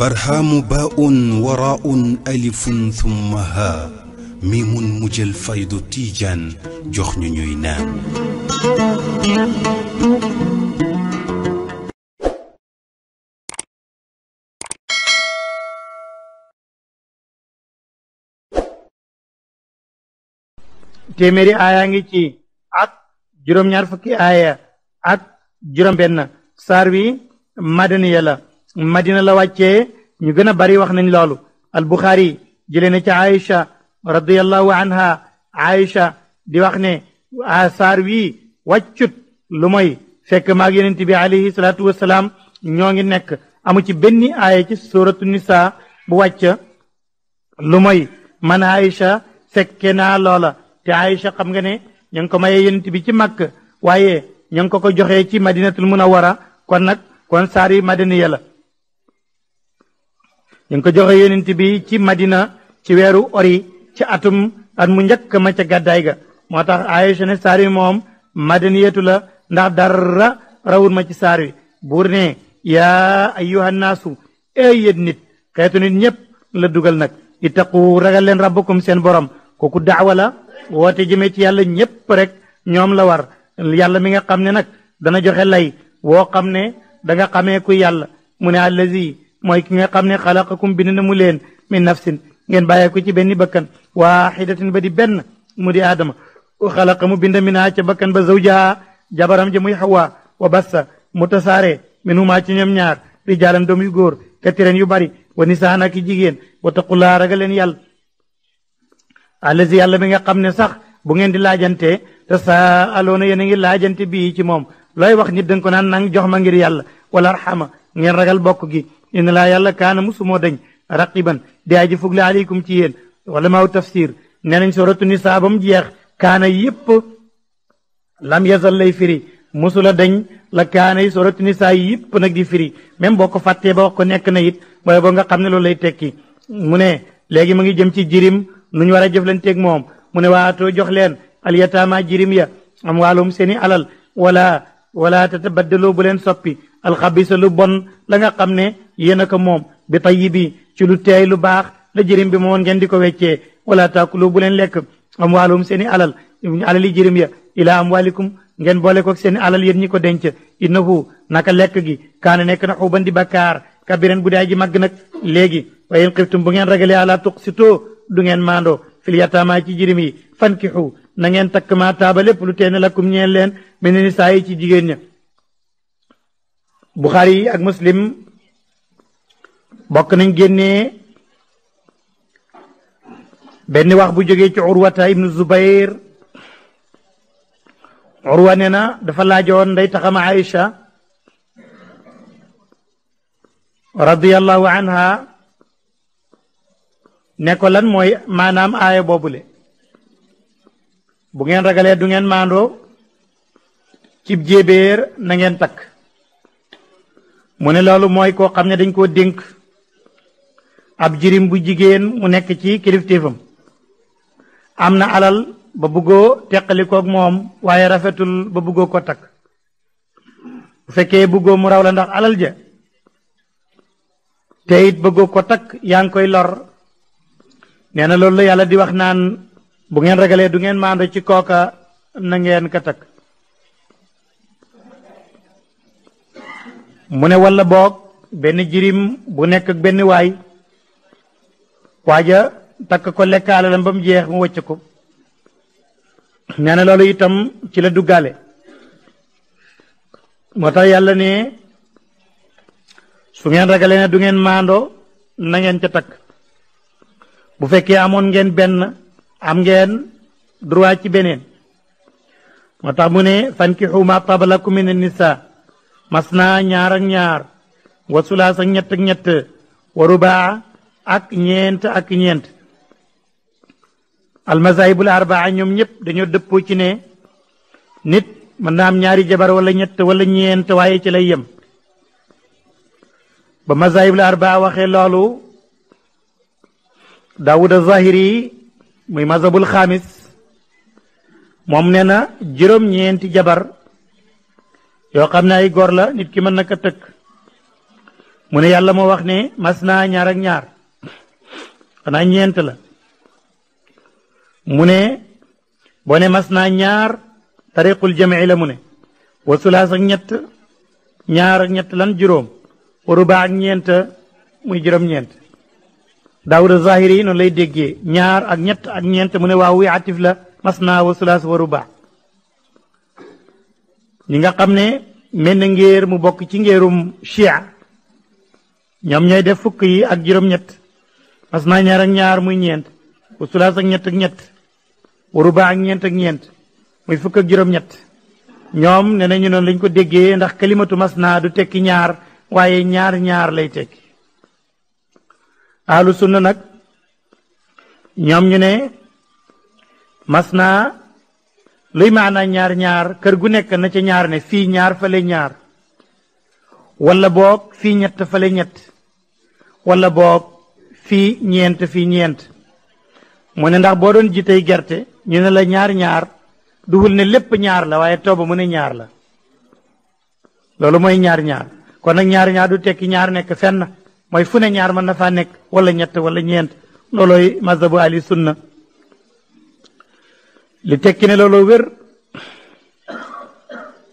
barhaamu baaun waraaun alifun thumma haa miimun mu jël faydu tiijaan jox ñu ñuy naan téeméeri aaya ngi ci ak juróom-ñaar fukki aaya ak juróom benn saar wi madaniya la madina la wàccee ñu gën a bari wax nañ loolu al Bukhari jëlee na ci aïcha radiallahu anha aïcha di wax ne saar wii wàccut lu moy fekk ak yonent bi alayhi salatu wasalaam ñoo ngi nekk amu ci benn aaya ci suratu nisa bu wàcc lu moy man aïcha fekke loola te aïcha xam nga ne ñang ko maye bi ci wae, waaye ñang ko ko joxee ci madinatul munawara kon nag kon madina ñu joxe yonent bi ci madina ci weeru ori ci atum at mu njëkk ma gàddaay ga moo tax Aïcha ne saar wi moom madaniyatu la ndax dara rawut ma ci saar wi buur ne yaa ayyuha naasu ey yéen nit xeetu nit ñëpp la dugal nag ittaqu ragal leen rabbakum seen borom kooku daawa la woote jëme ci yàlla ñëpp rek ñoom la war yàlla mi nga xam ne nag dana joxe lay woo xam ne da xamee ku yàlla mu ne allazi moy ki nga xamne khalaqakum xalaqakum bind len min nafsin ngeen baye ko ci benni bakkan wahidatin badi ben mudi adam di khalaqamu binda min ha bakkan ba zawja jabaram je muy wabasa wa bassa mutasare tasaare min humaa ci ñoom ñaar rijaalan doom yu góor katiran yu bari wa nisaana ki jigen wa taqulla ragal yal alazi yalla mi nga xamne sax bu ngeen di lajante ta sa alona yene ngi lajante bi ci mom looy wax ni da ko nan nang jox ma ngir yalla wala arxama ngeen ragal bokk gi inna laa yàlla kaana musu moo dañ raqiban di aji fugle aleykum ci yéen wala maaw tafsir nee nañ suratu nisaa ba mu jeex kaana yépp lam yazal lay firi musu la dañ la kaana yi suratu nisaa yi yépp nag di firi même boo ko fàttee ba wax ko nekk na it mooy boo nga xam ne loolu lay tekki mu ne léegi mu ngi jëm ci jirim nu ñu war a jëflanteeg moom mu ne waatoo jox leen alyataama jirim ya am wàllum seeni alal wala wala tatabaddalu bu leen soppi alxabisa lu bon la nga xam ne yéen a ko moom bi tayyibi ci lu teey lu baax la jërim bi moomoon ngeen di ko weccee wala taakulu bu leen lekk amwaalum seeni alal alali jërim ya ilaa amwaalikum ngeen boole ko seeni alal yéen ñi ko denc innahu naka lekk gi kaane nekk na xuuban di bakkaar kabiran bu daay ji màgg nag léegi waaye xiftum bu ngeen ragalee àla tuqsitoo du ngeen maandoo fil yataama ci jirim yi fankixu na ngeen takk maa taaba lépp lu teene lakkum ñeen leen mel ne ni saa ci jigéen ña bok nañ génnee benn wax bu jógee ci urwata ibnu zubair urwa nena, na dafa laajoon nday taxam aisha radiyallahu anha ne ko lan moy manam aaya bobule bu ngeen ragalé du ngeen mando ci jéebéer na ngeen tak mune moy ko dañ ko denk ab jirim bu jigéen mu nekk ci kiliftéefam am na alal ba bëggoo teqalikoog moom waaye rafetul ba bëggoo ko takk bu fekkee bëggoo mu raw la ndax alal ja te it bëggoo ko takk yaa ngi koy lor nee na loolu la yàlla di wax naan bu ngeen ragalee du ngeen maando ci kooka na ngeen ka takk mu ne walla boog benn jirim bu nekk ak benn waay waja tak ko lekk alalam ba jeex mu wëcc ko neena na itam ci la duggaale moo yalla ne su ngeen ragalee ne du ngeen mando na ngeen ci tak bu fekke amoon ngeen ben am ngeen droit ci benen moo mu ne fankihu ma tablakum min nisa masna naa ñaar ak ñaar wa sulaas ak ak ñett wa rubaa ak ñeent ak ñeent almazahibul arbaa ñoom ñëpp dañoo dëppoo ci ne nit mën na am ñaari jabar wala ñett wala ñeent waaye ci lay yem ba mazahibul arbaa waxee loolu daawuda zahiri muy mazhabul xaamis moom nee na juróom-ñeenti jabar yoo xam ne ay góor la nit ki mën na ko tëkk mu ne yàlla moo wax ne mas naa ñaar ñaar xanaa ñeent la mu ne boo mas naa ñaar tariqul jamii la mu ne wa sulaas ak ñett ñaar ak ñett lan juróom wa rubaa ak ñeent muy juróom-ñeent daawuda zahiri noonu lay déggee ñaar ak ñett ak ñeent mu ne waaw wi atif la mas naa wa sulaas wa rubaa ñi nga xam ne mel na mu bokk ci ngéerum chia ñoom ñooy def fukk yi ak juróom-ñett mas ñaar ak ñaar muy ñeent wa sulaas ak ñett ak ñett wa rubaa ak ñeent ak ñeent muy fukk ak juróom-ñett ñoom ne nañu noonu lañ ko déggee ndax kalimatu mas naa du tekki ñaar waaye ñaar ñaar lay tekki ahlu sunna nag ñoom ñu ne mas naa luy maanaa ñaar ñaar kër gu nekk na ca ñaar ne fii ñaar fale ñaar wala boog fii ñett fale ñett wala boog fii ñeent fii ñeent mu ne ndax boo doon jitey gerte ñu ne la ñaar ñaar duwul ne lépp ñaar la waaye tooba mu ne ñaar la loolu mooy ñaar ñaar kon nag ñaar ñaar du tekki ñaar nekk fenn mooy fu ne ñaar mën na faa nekk wala ñett wala ñeent loolooy mazhabu ahli sunna lu tekki ne looloo wér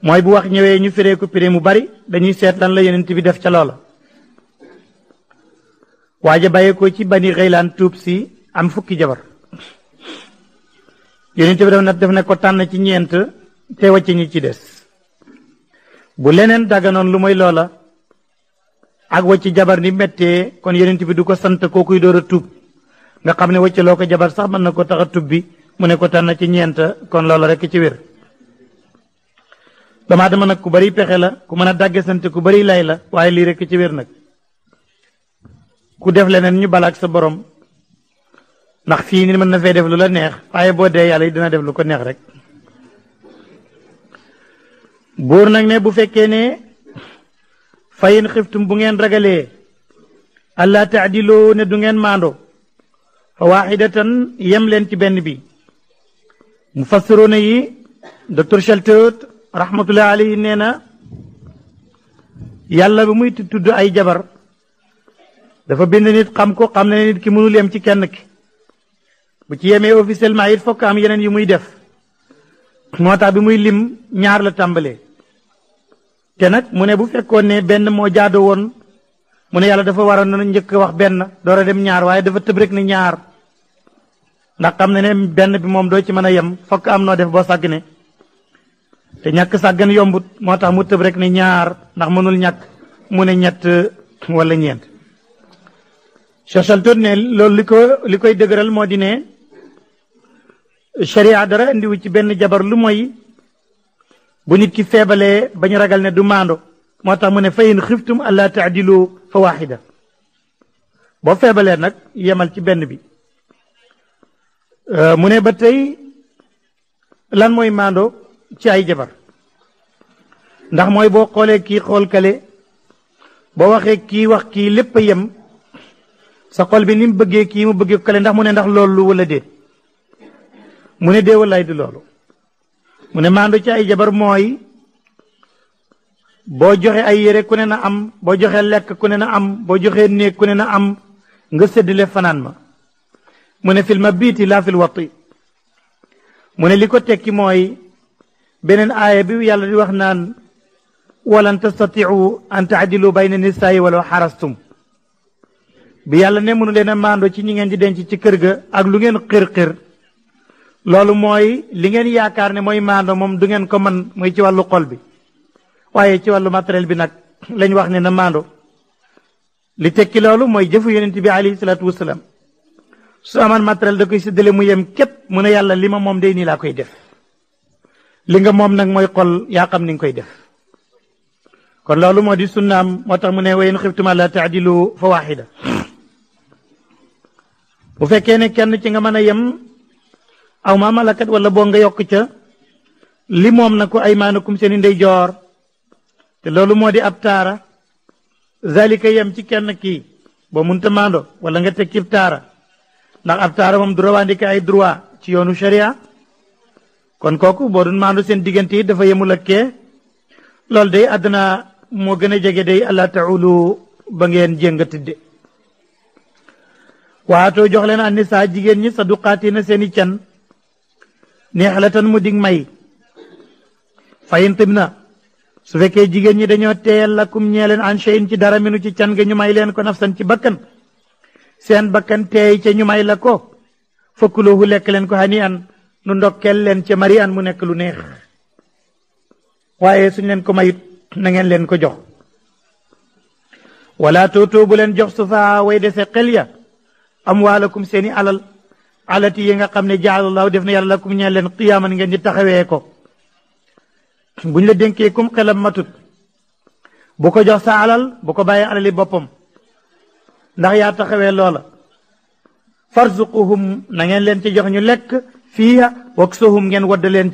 mooy bu wax ñëwee ñu firee ko pire mu bari dañuy seet lan la yonent bi def ca loola waaja bàyyi ko ci bani xëylaan tuub si am fukki jabar yonent bi def na def na ko tànn ci ñeent te wàcce ñi ci des bu leneen daganoon lu mooy loola ak wàcc jabar ni mettee kon yonent bi du ko sant koo door a tuub nga xam ne wàcc loo ko jabar sax man na ko tax a bi mu ne ko tànn ci ñeent kon loola rekk ci wér dama dama nag ku bari pexe la ku mën a dàgge sant ku bari lay la waaye lii rekk ci wér nag ku def leneen ñu balaak sa borom ndax fii ni mën na fay def la neex waaye boo dee yàlla yi dina def lu ko neex rek buur nag ne bu fekkee ne fayin xiftum bu ngeen ragalee allah taadiloo ne du ngeen maando fa waaxidatan yem leen ci benn bi mufassiroona yi docteur Chalteut rahmatullahi alayhi nee na yàlla bi muy tudd ay jabar dafa bind nit xam ko xam ne nit ki mënul yem ci kenn ki bu ci yemee officiellement it fokk am yeneen yu muy def moo tax bi muy lim ñaar la tàmbalee te nag mu ne bu fekkoon ne benn moo jaadoo woon mu ne yàlla dafa war a na njëkk wax benn door a dem ñaar waaye dafa tëb rek ne ñaar ndax xam ne ne benn bi moom doo ci mën a yem fokk am noo def boo sàgg ne te ñàkk sàggan yombut moo tax mu tëb rek ne ñaar ndax mënul ñàkk mu ne ñett wala sosaltut ne loolu li ko li koy dëgëral moo di ne sharia dara indiwu ci benn jabar lu mooy bu nit ki feebalee ba ñu ragal ne du maando moo tax mu ne fa in xiftum alla taadilu fa waxida boo feebalee nag yemal ci benn bi euh, mu ne ba tey lan mooy maando ci ay jabar ndax mooy boo xoolee kii xool kale boo waxee kii wax kii lépp a yem sa xol bi ni bëggee kii mu bëggee kale ndax mu ne ndax loolu wala dee mu ne dee walaay du loolu mu ne maandu ci ay jabar mooy boo joxe ay yére ku ne na am boo joxe lekk ku ne na am boo joxe ne ku ne na am nga séddale fanaan ma mu ne fil mabiiti laa fil wati mu ne li ko tekki mooy beneen aaya bi yàlla di wax naan walan tastatiu an taadilu bayna nisaayi walaw xarastum bi yàlla ne mënu leen a maando ci ñi ngeen di denc ci kër ga ak lu ngeen xir-xir loolu mooy li ngeen yaakaar ne mooy mando moom du ngeen ko man mooy ci wàllu xol bi waaye ci wàllu matériel bi nag lañ wax ne na mando li tekki loolu mooy jëfu yonent bi alayhi salaatu wasalaam su amaan matériel da koy séddale mu yem képp mu ne yàlla li ma moom day nii laa koy def li nga moom nag mooy xol yaa xam ni nga koy def kon loolu moo di sunnaam moo tax mu ne wayen xiftum la taadilu fa bu fekkee ne kenn ci nga mën a yem aw ma malakat wala boo nga yokk ca li moom na ko ay maanakum seen i ndeyjoor te loolu moo di ab taara zalika yem ci kenn kii boo munta maando wala nga teg ci taara ndax ab taara moom du rawaandike ay droit ci yoonu sharia kon kooku boo doon maando seen diggante yi dafa yemul ak kee loolu day àddina moo gën a jege day allah taulu ba ngeen jénga tëdde waato jox leen an nisaa jigéen ñi na seeni can neexlatan mu dig may fayintib na su fekkee jigéen ñi dañoo la kum ñee leen an cheyin ci dara minu ci can ga ñu may leen ko nafsan ci bakkan seen bakkan teey ca ñu may la ko fakkuloohu lekk leen ko xani an nu ndokkel leen ca mari an mu nekk lu neex waaye suñ leen ko mayut na ngeen leen ko jox wala tuutu leen jox sufaa way dese xel ya Amwalakum seni alal alati yi nga xamne ne jaalallahu def na yàlla lakum ñeen leen ngeen di taxawé ko buñ la denké kum xelam matut bu ko jox sa alal bu ko baye alali bopam ndax ya taxawé loola farzuquhum na ngeen leen ci jox ñu lek fiiha waksuhum ngeen wadd leen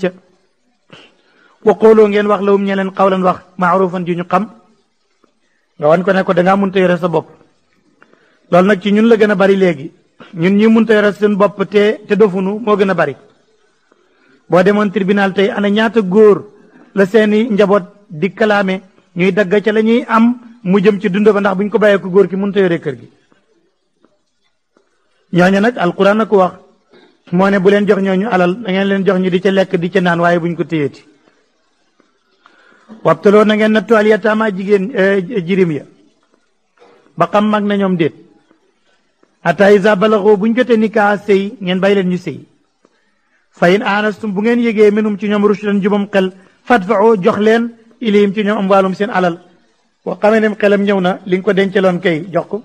wa qulu ngeen wax lawum ñe qawlan wax maarufan ju ñu xam nga wan ko ne ko sa bop loolu nag ci ñun la gën a bari léegi ñun ñi mënut yore seen bopp te te dofunu moo gën a bari boo demoon tribunal tey ana ñaata góor la seeni njaboot di kalaame ñuy dagg ca la ñuy am mu jëm ci dund ba ndax buñ ko bàyyee ko góor ki mënut a yore kër gi. ñooñu nag alquran a ko wax moo ne bu leen jox ñooñu alal da ngeen leen jox ñu di ca lekk di ca naan waaye buñ ko téyeeti wabtaloo na ngeen nattu al yataama jigéen eh, jirim ya ba xam mag na ñoom déet. hatta isa balaxoo buñ ni nikaa sëy ngeen bàyyi leen ñu sëy fa in aanastum bu ngeen yégee minum ci ñoom rushdan jubam xel fadfa'u jox leen ilayhim ci ñoom amwaalum seen alal boo xamee ne xelam ñëw na li nga ko denceloon kay jox ko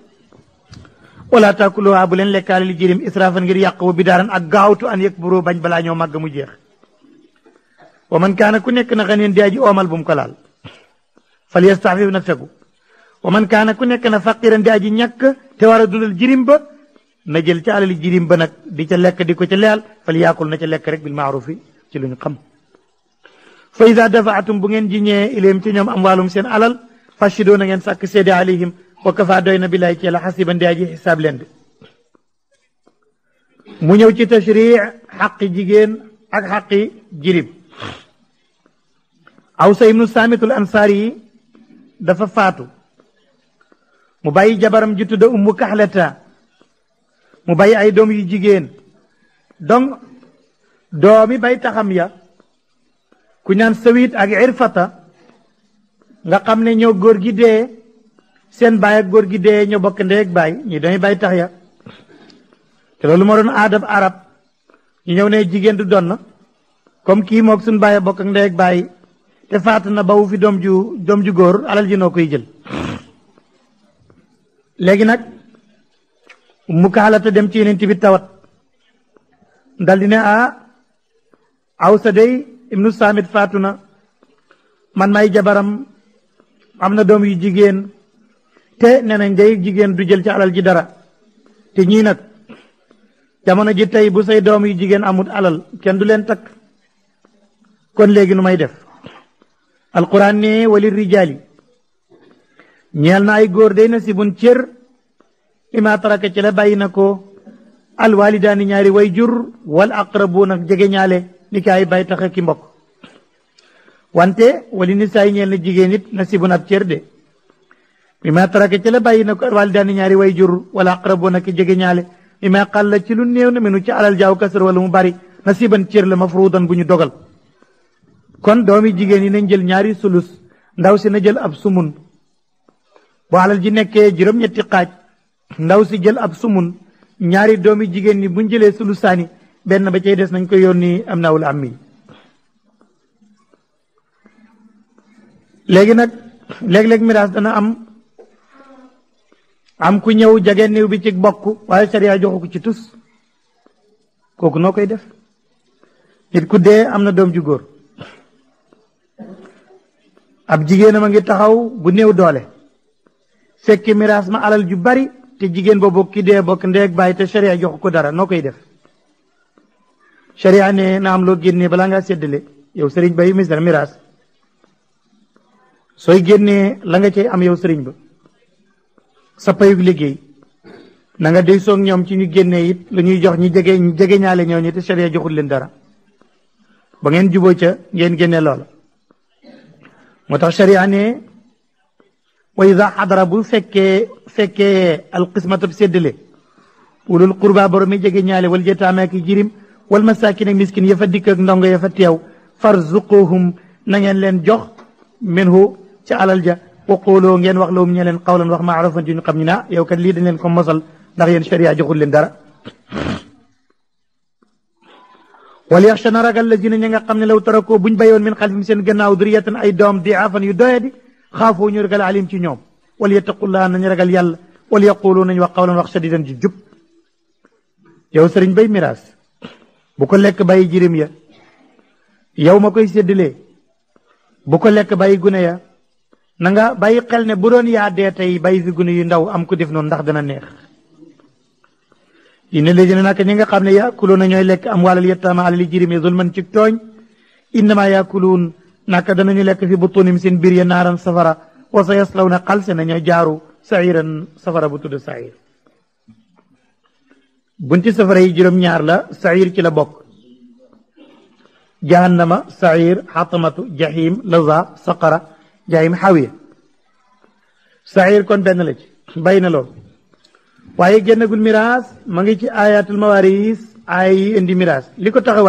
wala taakuluha bu leen lekkaale li jirim israfan ngir yàq wa bidaaran ak gaawtu an yakburu bañ balaa ñoo màgg mu jeex wa man kaana ku nekk na xaneen di aji oomal bu mu ko laal fal yastaxfif na fegu wa man kaana ku nekk na faqiran di aji ñàkk te war a dundal jirim ba na jël ca alali jirim ba nag di ca lekk di ko ca leyal fal yaakul na ca lekk rek bil maarufi ci lu ñu xam fa ida dafaatum bu ngeen jiñee ileem ci ñoom am wàllum seen alal fashido na ngeen sàkk seede alayhim wa kafa doy na bilaay ci la xasiban di aji xisaab leen bi mu ñëw ci tashrii xaqi jigéen ak xaqi jirim awsa ibnu saamit al ansaari dafa faatu mu bàyyi jabaram ji tudda ummu kaxlata mu bàyyi ay doom yu jigéen donc doomi bay taxam ya ku ñaan sawit ak irfata nga xam ne ñoo góor gi dee seen baay ak góor gi dee ñoo bokk ak ñi bay tax ya te loolu moo doon aadab arab ñu ñëw ne jigéen du donn comme kii moog suñ baay bokk ak ndee ak te faat na fi doom ju doom ju góor alal ji noo jël léegi nag mu kaalata dem ci yeneen tawat dal di ne ah awsa day ibnu saamit faatu na man may jabaram am na doom yu jigéen te ne nañ day jigéen du jël ci alal ji dara te ñii nag jamono ji tey bu say doom yu jigéen amut alal kenn du leen takk kon léegi nu may def alquran ne wali rijaali ñeel na ay góor day nasibun cër lima taraka ci la bàyyi na ko alwalidaani ñaari way jur wal aqrabuun ak jege ñaale ni ki ay ki mbokk wante wali nisaay ñeel na jigéen it nasibun ab cër de mimma taraka ci la bàyyi na ko alwalidaani ñaari way jur wala aqrabuun ak jege ñaale mimma qalla ci lu néew na minu ci alal jaaw kasar wala mu bari nasiban cër la mafruudan bu ñu dogal kon doomi jigéen yi nañ jël ñaari sulus ndaw si na jël ab sumun bu alal ji nekkee juróom-ñetti xaaj ndaw si jël ab sumun ñaari doomi jigéen ñi buñ jëlee sulu saani benn ba cay des nañ ko yónni am nawul am yi léegi nag léeg-léeg miraas dana am am ku ñëw jage néew bi ci bokk waaye sariya joxu ko ci tus kooku noo koy def nit ku dee am na doom ju góor ab jigéenam a ngi taxaw bu néew doole fekki mirage ma alal ju bari te bo bok ki de bok ndek bàyyi te sharia jox ko dara noo def sharia ne na am loo génnee balaa ngaa séddale yow serigne ba mis dara mirage soy la nga am yow serigne ba sa payug liggéey na nga dey sok ñom ci ñu génnee yit lu ñuy jox ñu jégué ñu jégué ñaale ñoo ñi te sharia joxul leen dara ba ngeen jubo ca ngeen génne lool motax sharia ne wa ida xadara bu fekkee fekkee alqismatu bi séddale ulul qurba borom yi jege ñaale wal jetaame ak jirim wal masakin ak miskin ya fa dikk ak ndongo ya fa teew farzuquhum na ngeen leen jox minhu ci alal ja wa quloo ngeen wax lawum ñe leen qawlan wax maarufan ci ñu xam ñu naa yow kat lii dañ leen ko mosal ndax yéen sharia joxul leen dara wal yaxsha na ragal la jina ña nga xam ne law tarakoo buñ bayoon min xalfim seen gannaaw duriyatan ay doom diafan yu doyadi xaafoo ñu ragal alim ci ñoom wal yattaqullaa nañu ragal yàlla wal yaqulu nañu wax qawlan wax sadidan ji jub yow sëriñ bay miraas bu ko lekk bàyyi jirim ya yow ma koy séddalee bu ko lekk bàyyi gune ya na nga bàyyi xel ne bu doon yaa dee tey bàyyi si gune yu ndaw am ku def noon ndax a neex inna lladiina naka ñi nga xam ne yaakuluuna ñooy lekk am waalal yettaama alali jirim ya zulman ci tooñ innamaa yaakuluun naka danañu lekk fi butunim seen biir ya naaran safara wa sa yaslawna xalse nañu jaaru sairan safara bu tudd sair bunti safara yi juróom-ñaar la sair ci la bokk jahannama sair xatamatu jahim laza saqara jahim xawiya sair kon benn la ci na lool waaye génnagul miraas ma ngi ci ayatul mawaris aaya indi miraas li ko tax a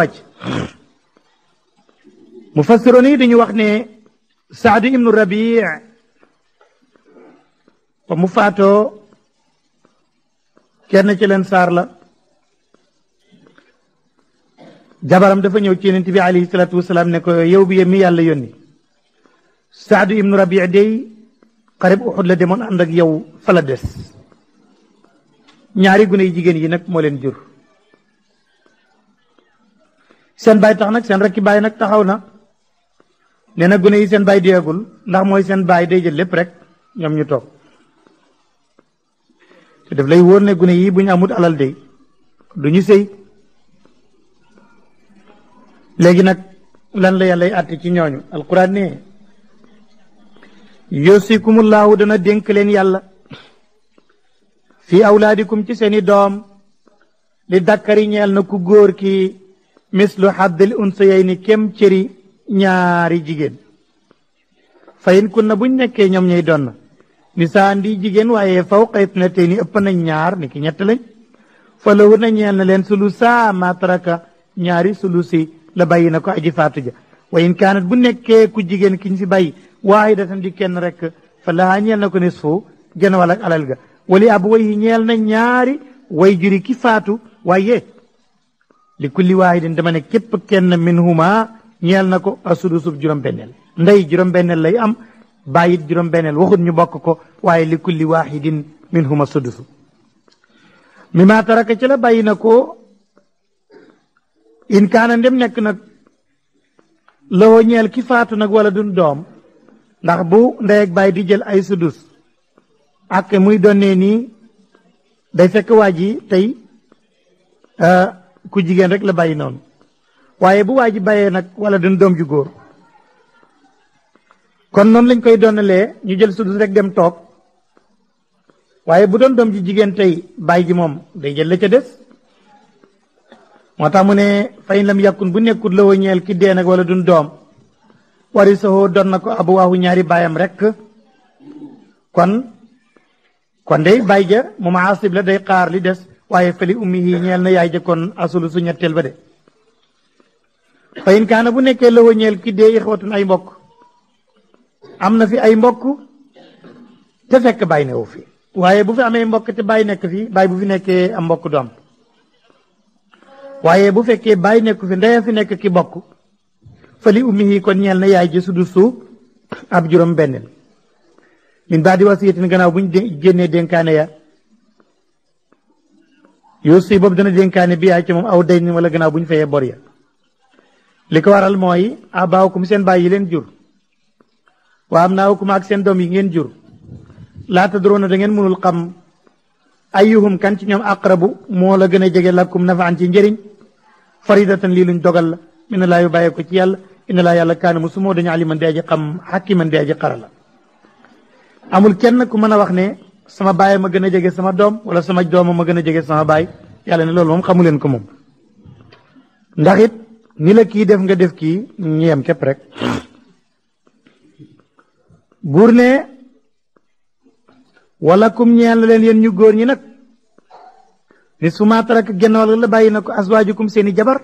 mufassiroon yi dañu wax ne saadu ibnu rabi ba mu faatoo kenn ci leen saar la jabaram dafa ñëw ci yonent bi alayhi salaatu wasalaam ne ko yow bi mi yàlla yoon saadu ibnu rabi day xareb uxud la demoon ànd ak yow fala des ñaari gune jigéen yi nag moo leen jur seen baay tax nag seen rakki baay nag taxaw na nee gune yi seen bay deegul ndax moy seen bay day jël lepp rek ñom ñu tok te def lay wóor ne gune yi buñ amut alal de duñu sey legi nak lan la yàllay àtte ci ñooñu alquran ne yusikumullahu dana denk len yalla fi awladikum ci seeni dom, li dakari ñeel na ku goor ki mislu xaddil unsayni kem cëri ñaari jigéen fayin kunna buñ nekkee ñoom ñooy donn nisaan di jigéen waaye fawqa ithnatayni ëpp nañ ñaar ni ki ñett la falawu na ñeel na leen sulusa ma taraka ñaari sulusi la bàyyi na ko aji faatu ja wa in bu nekkee ku jigéen kiñ si bàyyi waahidatan di kenn rek fa lahaa ñeel na ko nisfu genn wàll ak alal ga wali abawayhi ñeel na ñaari way juri ki faatu waaye li kulli waahidin dama ne képp kenn minhuma ñeel na ko asudusub juróom-benneel ndey juróom-benneel lay am bàyyit juróom-benneel waxut ñu bokk ko waaye li kulli waaxidin huma sudusu mi maa taraka ci la bàyyi na in kaana ndem nekk nag lawoo ñeel ki faatu nag wala dun dom, ndax bu ndey ak bàyyi di jël ay sudus ak muy donnee nii day fekk waa ji tey euh, ku jigéen rek la bàyyi noonu waaye bu waa ji bàyyee nag wala dun doom ju góor kon noonu lañ koy donnalee ñu jël sudus rek dem toog waaye bu doon doom ji jigéen tey bàyyi ji moom day jël la ca des moo tax mu ne fayin lam yàkkun bu nekkul la woo ki dee nag wala dun doom wari soxoo doon na ko abu waawu ñaari baayam rek kon kon day bàyyi ja moom asib la day xaar li des waaye feli ummi yi ñeel na yaay ja kon asulu su ba de fa kaana bu nekkee la wëñeel ki dee ixwatun ay mbokk am na fi ay mbokk te fekk bay newu fi waaye bu fi amee mbokk te nekk fi bàyyi bu fi nekkee am mbokk waaye bu fekkee bay nekku fi ndeya fi nekk ki bokk fali ummihi kon ñeel na yaay ji sudu suuf ab juróom benn min baadi wasiyatin gannaaw bu ñu génnee dénkaane ya yoosu boobu dana dénkaane bi yaay ci moom aw day wala gannaaw bu ñu fayee bor li ko waral mooy abaakum seen baay yi leen jur waa am naa naawakum ak seen doom yi ngeen jur laata droona da ngeen mënul xam ayyuhum kan ci ñoom aqrabu moo la gën a jege lakum nafaan ci njëriñ faridatan lii luñ dogal la mina laa yu bàyyee ko ci yàlla inna laa yàlla kaana mu sumoo dañu aliman di aji xam xakiman di aji xara la amul kenn ku mën a wax ne sama baay ma gën a jege sama doom wala sama dooma a gën a jege sama baay yàlla ne loolu moom xamu leen ko moom ndax ni la kii def nga def kii ñu yem képp rek buur ne wala kum ñeel na leen yéen ñu góor ñi nag ni su ma tarak genn la bàyyi na ko aswaajukum seeni jabar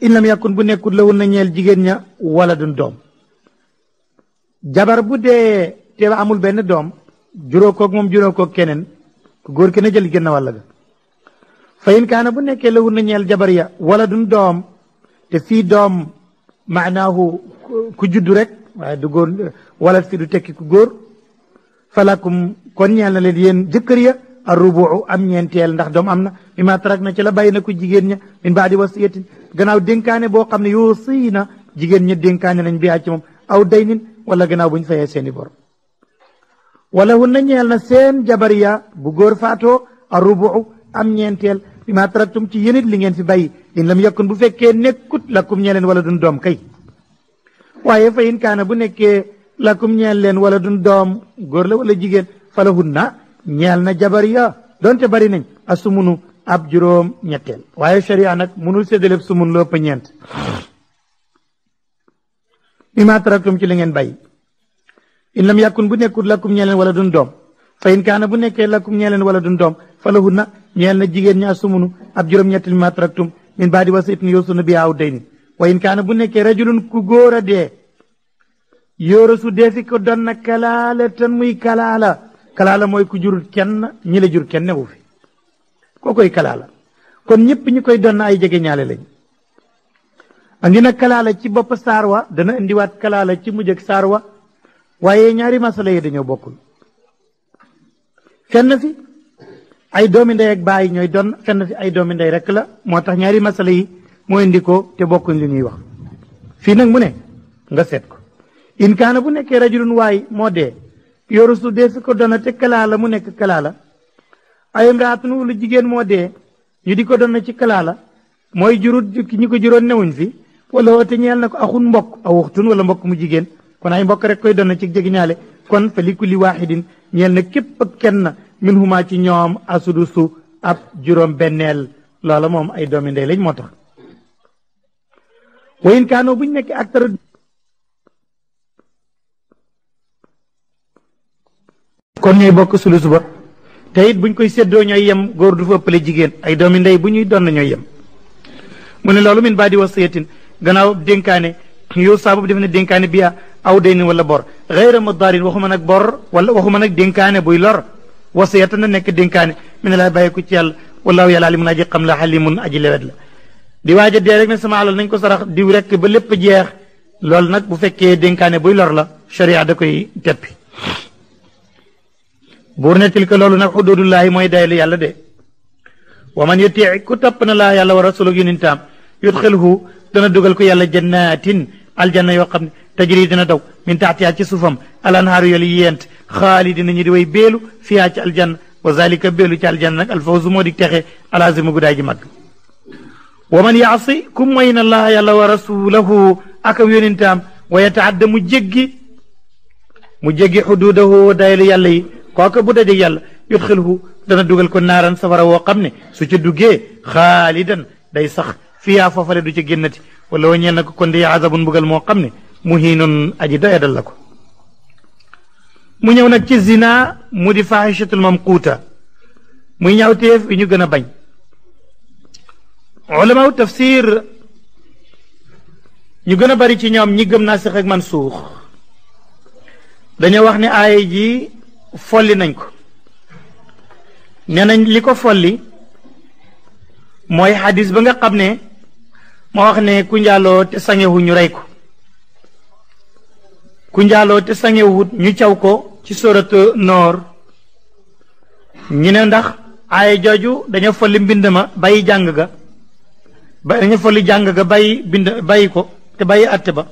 in lam yakun bu nekkul la woon na ñeel jigéen ña wala dun doom jabar bu dee te amul benn doom juróo kook moom juróo koog keneen góor ki na jël genn wàll fayin kaana bu nekkee la wun na ñeel jabar ya wala dun doom te fii doom maanaahu ku juddu rek du góor wala fi du tekki ku góor falakum kon ñeel na leen yéen jëkkër ya arrubu am ñeenteel ndax doom am na mi ma tarak na ci la bàyyi na ku jigéen ña min baadi wasiyatin ganaaw dénkaane boo xam ne yuusi na jigéen ña dénkaane nañ bi ci aw daynin wala bu buñ fayee seeni bor wala hun ñeel na seen jabar bu góor faatoo arrubu am ñeenteel bi ma taraktum ci si bayi. li ngeen fi bayyi in lam yakun bu fekkee nekkut lakum ñeleen waladun wala dun doom kay waaye fa in kaana bu nekkee lakum ñeel leen wala dun doom góor la wala jigéen falahunna ñeel na jabar ya donte bari nañ asumunu ab juróom ñetteel waaye sharia nag munul séddale sumun lo ñeent bi ma taratum ci li ngeen bayyi in lam yakun bu nekkut lakum ñeleen waladun wala dun doom fa in kaana bu nekkee lakum ñee leen wala dun doom fa lahunna ñeel na jigéen ñaa sumunu ab juróom-ñetti li ma taraktum min baadi wasiyatin yuusuna bihaa aw daynin wa in kaana bu nekkee rajulun ku góor a dee yóoru su dee si ko doon kalaala tan muy kalaala kalaala mooy ku jurul kenn ñi la jur kenn newu fi koo koy kalaala kon ñëpp ñi koy doon na ay jege ñaale lañ andi na kalaala ci bopp saar wa dana indiwaat kalaala ci mujj ak saar wa waaye ñaari masala yi dañoo bokkul fenn fi ay doomi ndey ak baay ñooy donn fenn fi ay doomi ndey rek la moo tax ñaari masala yi moo indi ko te bokkuñ li ñuy wax fii nag mu ne nga seet ko in kaana bu nekkee rajulun waay moo dee yorusu de su ko dona te kalaa la mu nekk kalaa la ay imraatun wala jigéen moo dee ñu di ko dona ci kalaa la mooy jurut ñi ko juróon newuñ fi wala woote ñeel na ko axun mbokk aw waxtun wala mbokk mu jigéen kon ay mbokk rek koy dona ci jegi ñaale kon ñeel na képp kenn ci ñoom asudusu ab juróom benneel loola moom ay doomi ndey lañ moo tax wayin kaanoo buñ nekk ak tara kon ñooy bokk sulus ba te it buñ koy séddoo ñooy yem góor du fa ëppale jigéen ay doomi ndey bu ñuy donn ñooy yem mu ne loolu min baa di wasiyatin gannaaw dénkaane yow saabu def ne dénkaane biya aw daynin wala bor xayra mudaarin waxuma nag bor wala waxuma nag dénkaane buy lor wasiyata na nekk dénkaane min laa bàyyi ko ci yàlla walaahu yàlla alimun aji xam la xalimun aji lewet la di waaj a dee rek ne sama alal nañ ko sarax diw rek ba lépp jeex loolu nag bu fekkee dénkaane buy lor la sharia da koy teppi buur ne tilka loolu nag xududullaahi mooy daylu yàlla de wa man yutii ku topp na laa yàlla war rasuluk yunintaam yudxilhu dana dugal ko yàlla jannaatin aljanna yoo xam tajri dina daw min taxtiha ci suufam al anhaaru yolu yent xaalidi nañu di way beelu fiha ci aljanna wa zalika beelu ci aljanna nag alfawzu moo di texe alazimu gudaay ji mag wa man yaasi ku moy na laa yàlla wa rasulahu ak am wa yataadda mu jéggi mu jéggi xuduudahu dayalu yàlla yi kooka bu dajeg yàlla yudxilhu dana dugal ko naaran safara woo xam ne su ca duggee xaalidan day sax fiyaa foofale du ca génnati wala wa ñeel ne mu muhiinun aji doyadal la ko mu ñëw nag ci zina mu di fahishatul mamquuta muy ñaawteef yi ñu gën a bañ ulamaw tafsir ñu gën a bari ci ñoom ñi gëm naa naasix man suux dañoo wax ne aaya ji folli nañ ko nee li ko folli mooy xadis ba nga xam ne moo wax ne ku njaaloo te sangewu ñu rey ko ku njaaloo te sangewut ñu caw ko ci soratu noor ñu ne ndax aaya jooju dañoo folli mbind ma bàyyi jàng ga ba dañoo folli jàng ga bàyyi bind bàyyi ko te bàyyi atte ba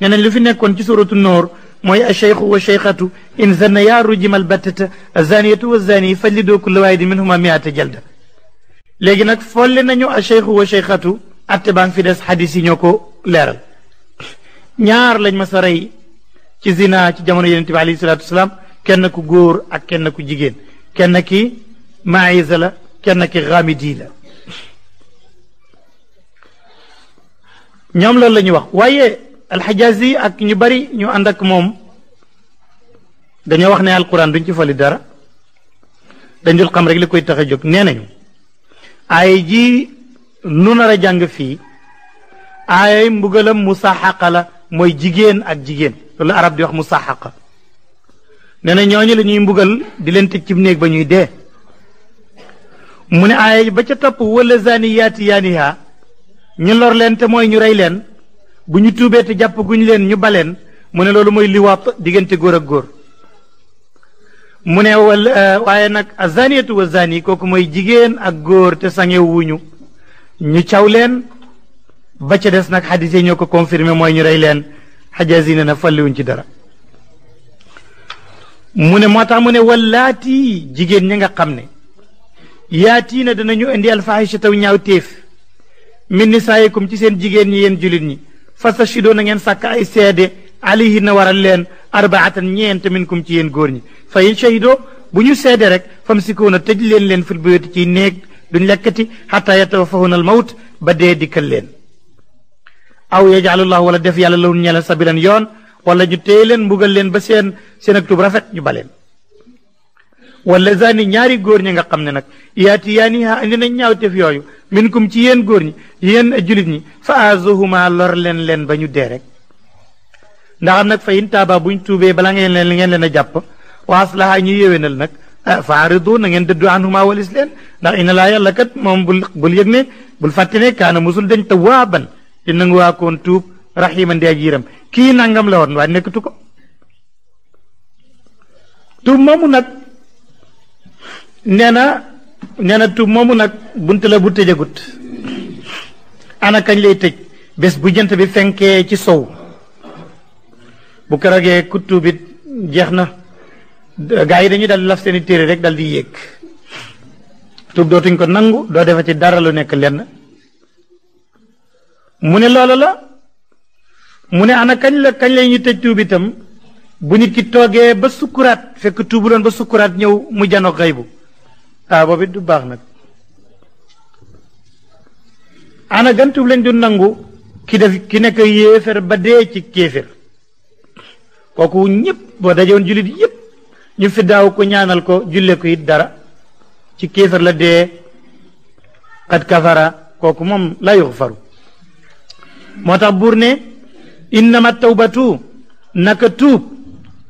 nee nañ lu fi nekkoon ci soratu noor mooy acheikhu wa cheikhatu in zanna yaaru jimal battata azaniyatu wa zani fajlidu kulla waahidin minhuma miata jalda léegi nag folli nañu acheikhu wa cheikhatu atte baa ngi fi des xadis yi ñoo ko leeral ñaar lañ ma sa rey ci zina ci jamono yonente bi alayhi salatu wasalaam kenn ku góor ak kenn ku jigéen kenn ki maïsa la kenn ki xamidi la ñoom loolu la ñu wax waaye alxajazi ak ñu bari ñu ànd ak moom dañoo wax ne alquran duñ ci fali dara dañ dul xam rek li koy tax a ay ji nu nar a jàng fii ay mbugalam musaxaqa mooy jigéen ak jigéen loolu arab di wax mu saxaqa nee na ñooñu la ñuy mbugal di leen te ci néeg ba ñuy dee mu ne aaya ba ca topp walla wala zaniyaati yaaniha ñu lor leen te mooy ñu rey leen bu ñu tuubee te jàpp guñ leen ñu baleen mu ne loolu mooy liwaat diggante góor ak góor mu ne wala eh, waaye nag azaniyatu wa zani kooku mooy jigéen ak góor te sange ñu caw leen ba ca des nag xadis yi ñoo ko confirmé mooy ñu rey leen xajaas yi ne na wuñ ci dara mu ne moo tax mu ne wallaati jigéen ña nga xam ne yaati na danañu indi alfahisha taw ñaaw téef min ni nisaayikum ci seen jigéen ñi yéen julit ñi fastashidoo na ngeen sàkk ay seede alayhi na waral leen arbaatan ñeent min kum ci yéen góor ñi fa in shahidoo bu ñu seede rek fam sikoona tëj leen leen fil buyuti ciy néeg duñ lekkati xataa yatawaffahuna al mawt ba dee dikkal leen aw yajalullahu wala def yàlla lawun ñela sabilan yoon wala ñu téye leen mbugal leen ba seen seen rafet ñu baleen wala zani ñaari góor ñi nga xam ne nag yaati yaani ha andi nañ ñaawteef yooyu minkum ci yéen góor ñi yéen julit ñi fa azuhuma lor leen leen ba ñu dee rek ndax am nag fa in taaba buñ tuubee bala ngeen leen ngeen leen a jàpp wa aslaha ñu yéwénal nag faaridu na ngeen dëddu anhuma walis leen ndax ina laa yàlla kat moom bul bul yëg ne bul fàtte ne kaana musul dañ tawaaban di nanguwaa koon tuub raximan di ak yërëm kii nangam la woon waaye nekkatu ko tuub moomu nag nee na nee na tuub moomu nag bunt la bu tëjagut ana kañ lay tëj bés bu jant bi fenkee ci sow bu kerogee ku tuubit jeex na gaa yi dañuy dal laf seeni téere rek dal di yéeg tuub dootuñ ko nangu doo defa ci dara lu nekk lenn mu ne loola la mu ne ana kañ la kañ la ñu tëj tuub itam bu nit ki toogee ba sukkuraat fekk tuubuloon ba sukkuraat ñëw mu jano xaybu ah boobu du baax nag ana gan tuub lañ du nangu ki def ki nekk yéefér ba dee ci kéefér kooku ñëpp boo dajoon jullit yëpp ñu fi ko ñaanal ko julle ko it dara ci kéefér la dee xat kafara kooku moom la yuxfaru moo tax buur ne innama tawbatu naka tuub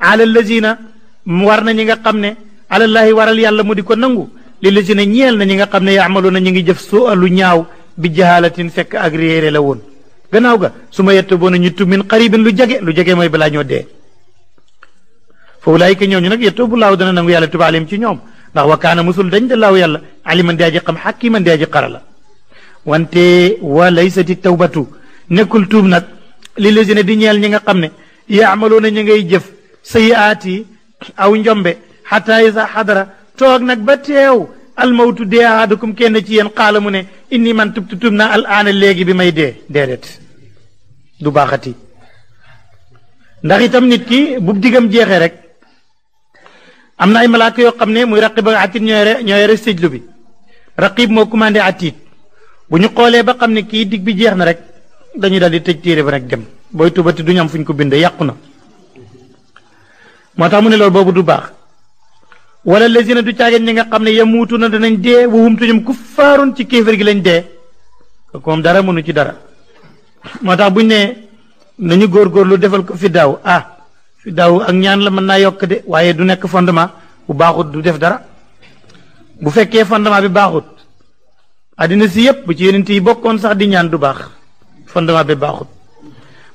ala lazina war na ñi nga xam ne alallaahi waral yàlla mu di ko nangu li lazina ñeel na ñi nga xam ne yaamaluuna ñu ngi jëf soo lu ñaaw bi jahalatin fekk ak réere la woon gannaaw ga su ma yett boona ñu tub min qaribin lu jege lu jege mooy balaa ñoo dee fa ulaayika ñooñu nag yetto bu laaw dana nangu yàlla tuba alim ci ñoom ndax wa kaana musul dañ da laaw yàlla aliman di aji xam xakiman di aji xara la wante wa laysati tawbatu nekkul tuub nag li lésine di ñeel ñi nga xam ne yaamaluuna ñi ngay jëf sayiaati aw njombe xataa isa xadara toog nag ba teew almawtu dee ahadukum kenn ci yéen xaala mu ne inni man tubtu tub na al aana léegi bi may dee déedéet du baaxati ndax itam nit ki bu diggam jeexee rek am na ay malaaka yoo xam ne muy raqib ak atit ñooy ñooy rek sëjlu bi raqib moo commandé atit bu ñu xoolee ba xam ne kii dig bi jeex na rek dañuy daal di tëj téere ba rek dem booy tubati duñu am fu ñu ko bindee yàqu na moo tax mu ne loolu boobu du baax wala lazina du caageen ñi nga xam ne yamuutu na danañ dee wahum tuñum kuffaaroon ci kéefér gi lañ dee kooku moom dara mënu ci dara moo tax buñ ne nañu góorgóorlu defal ko fi daaw ah daaw ak ñaan la mën naa yokk de waaye du nekk fondement bu baaxut du def dara bu fekkee fondement bi baaxut addina si yépp bu ci yeneen yi bokkoon sax di ñaan du baax fondement bi baxut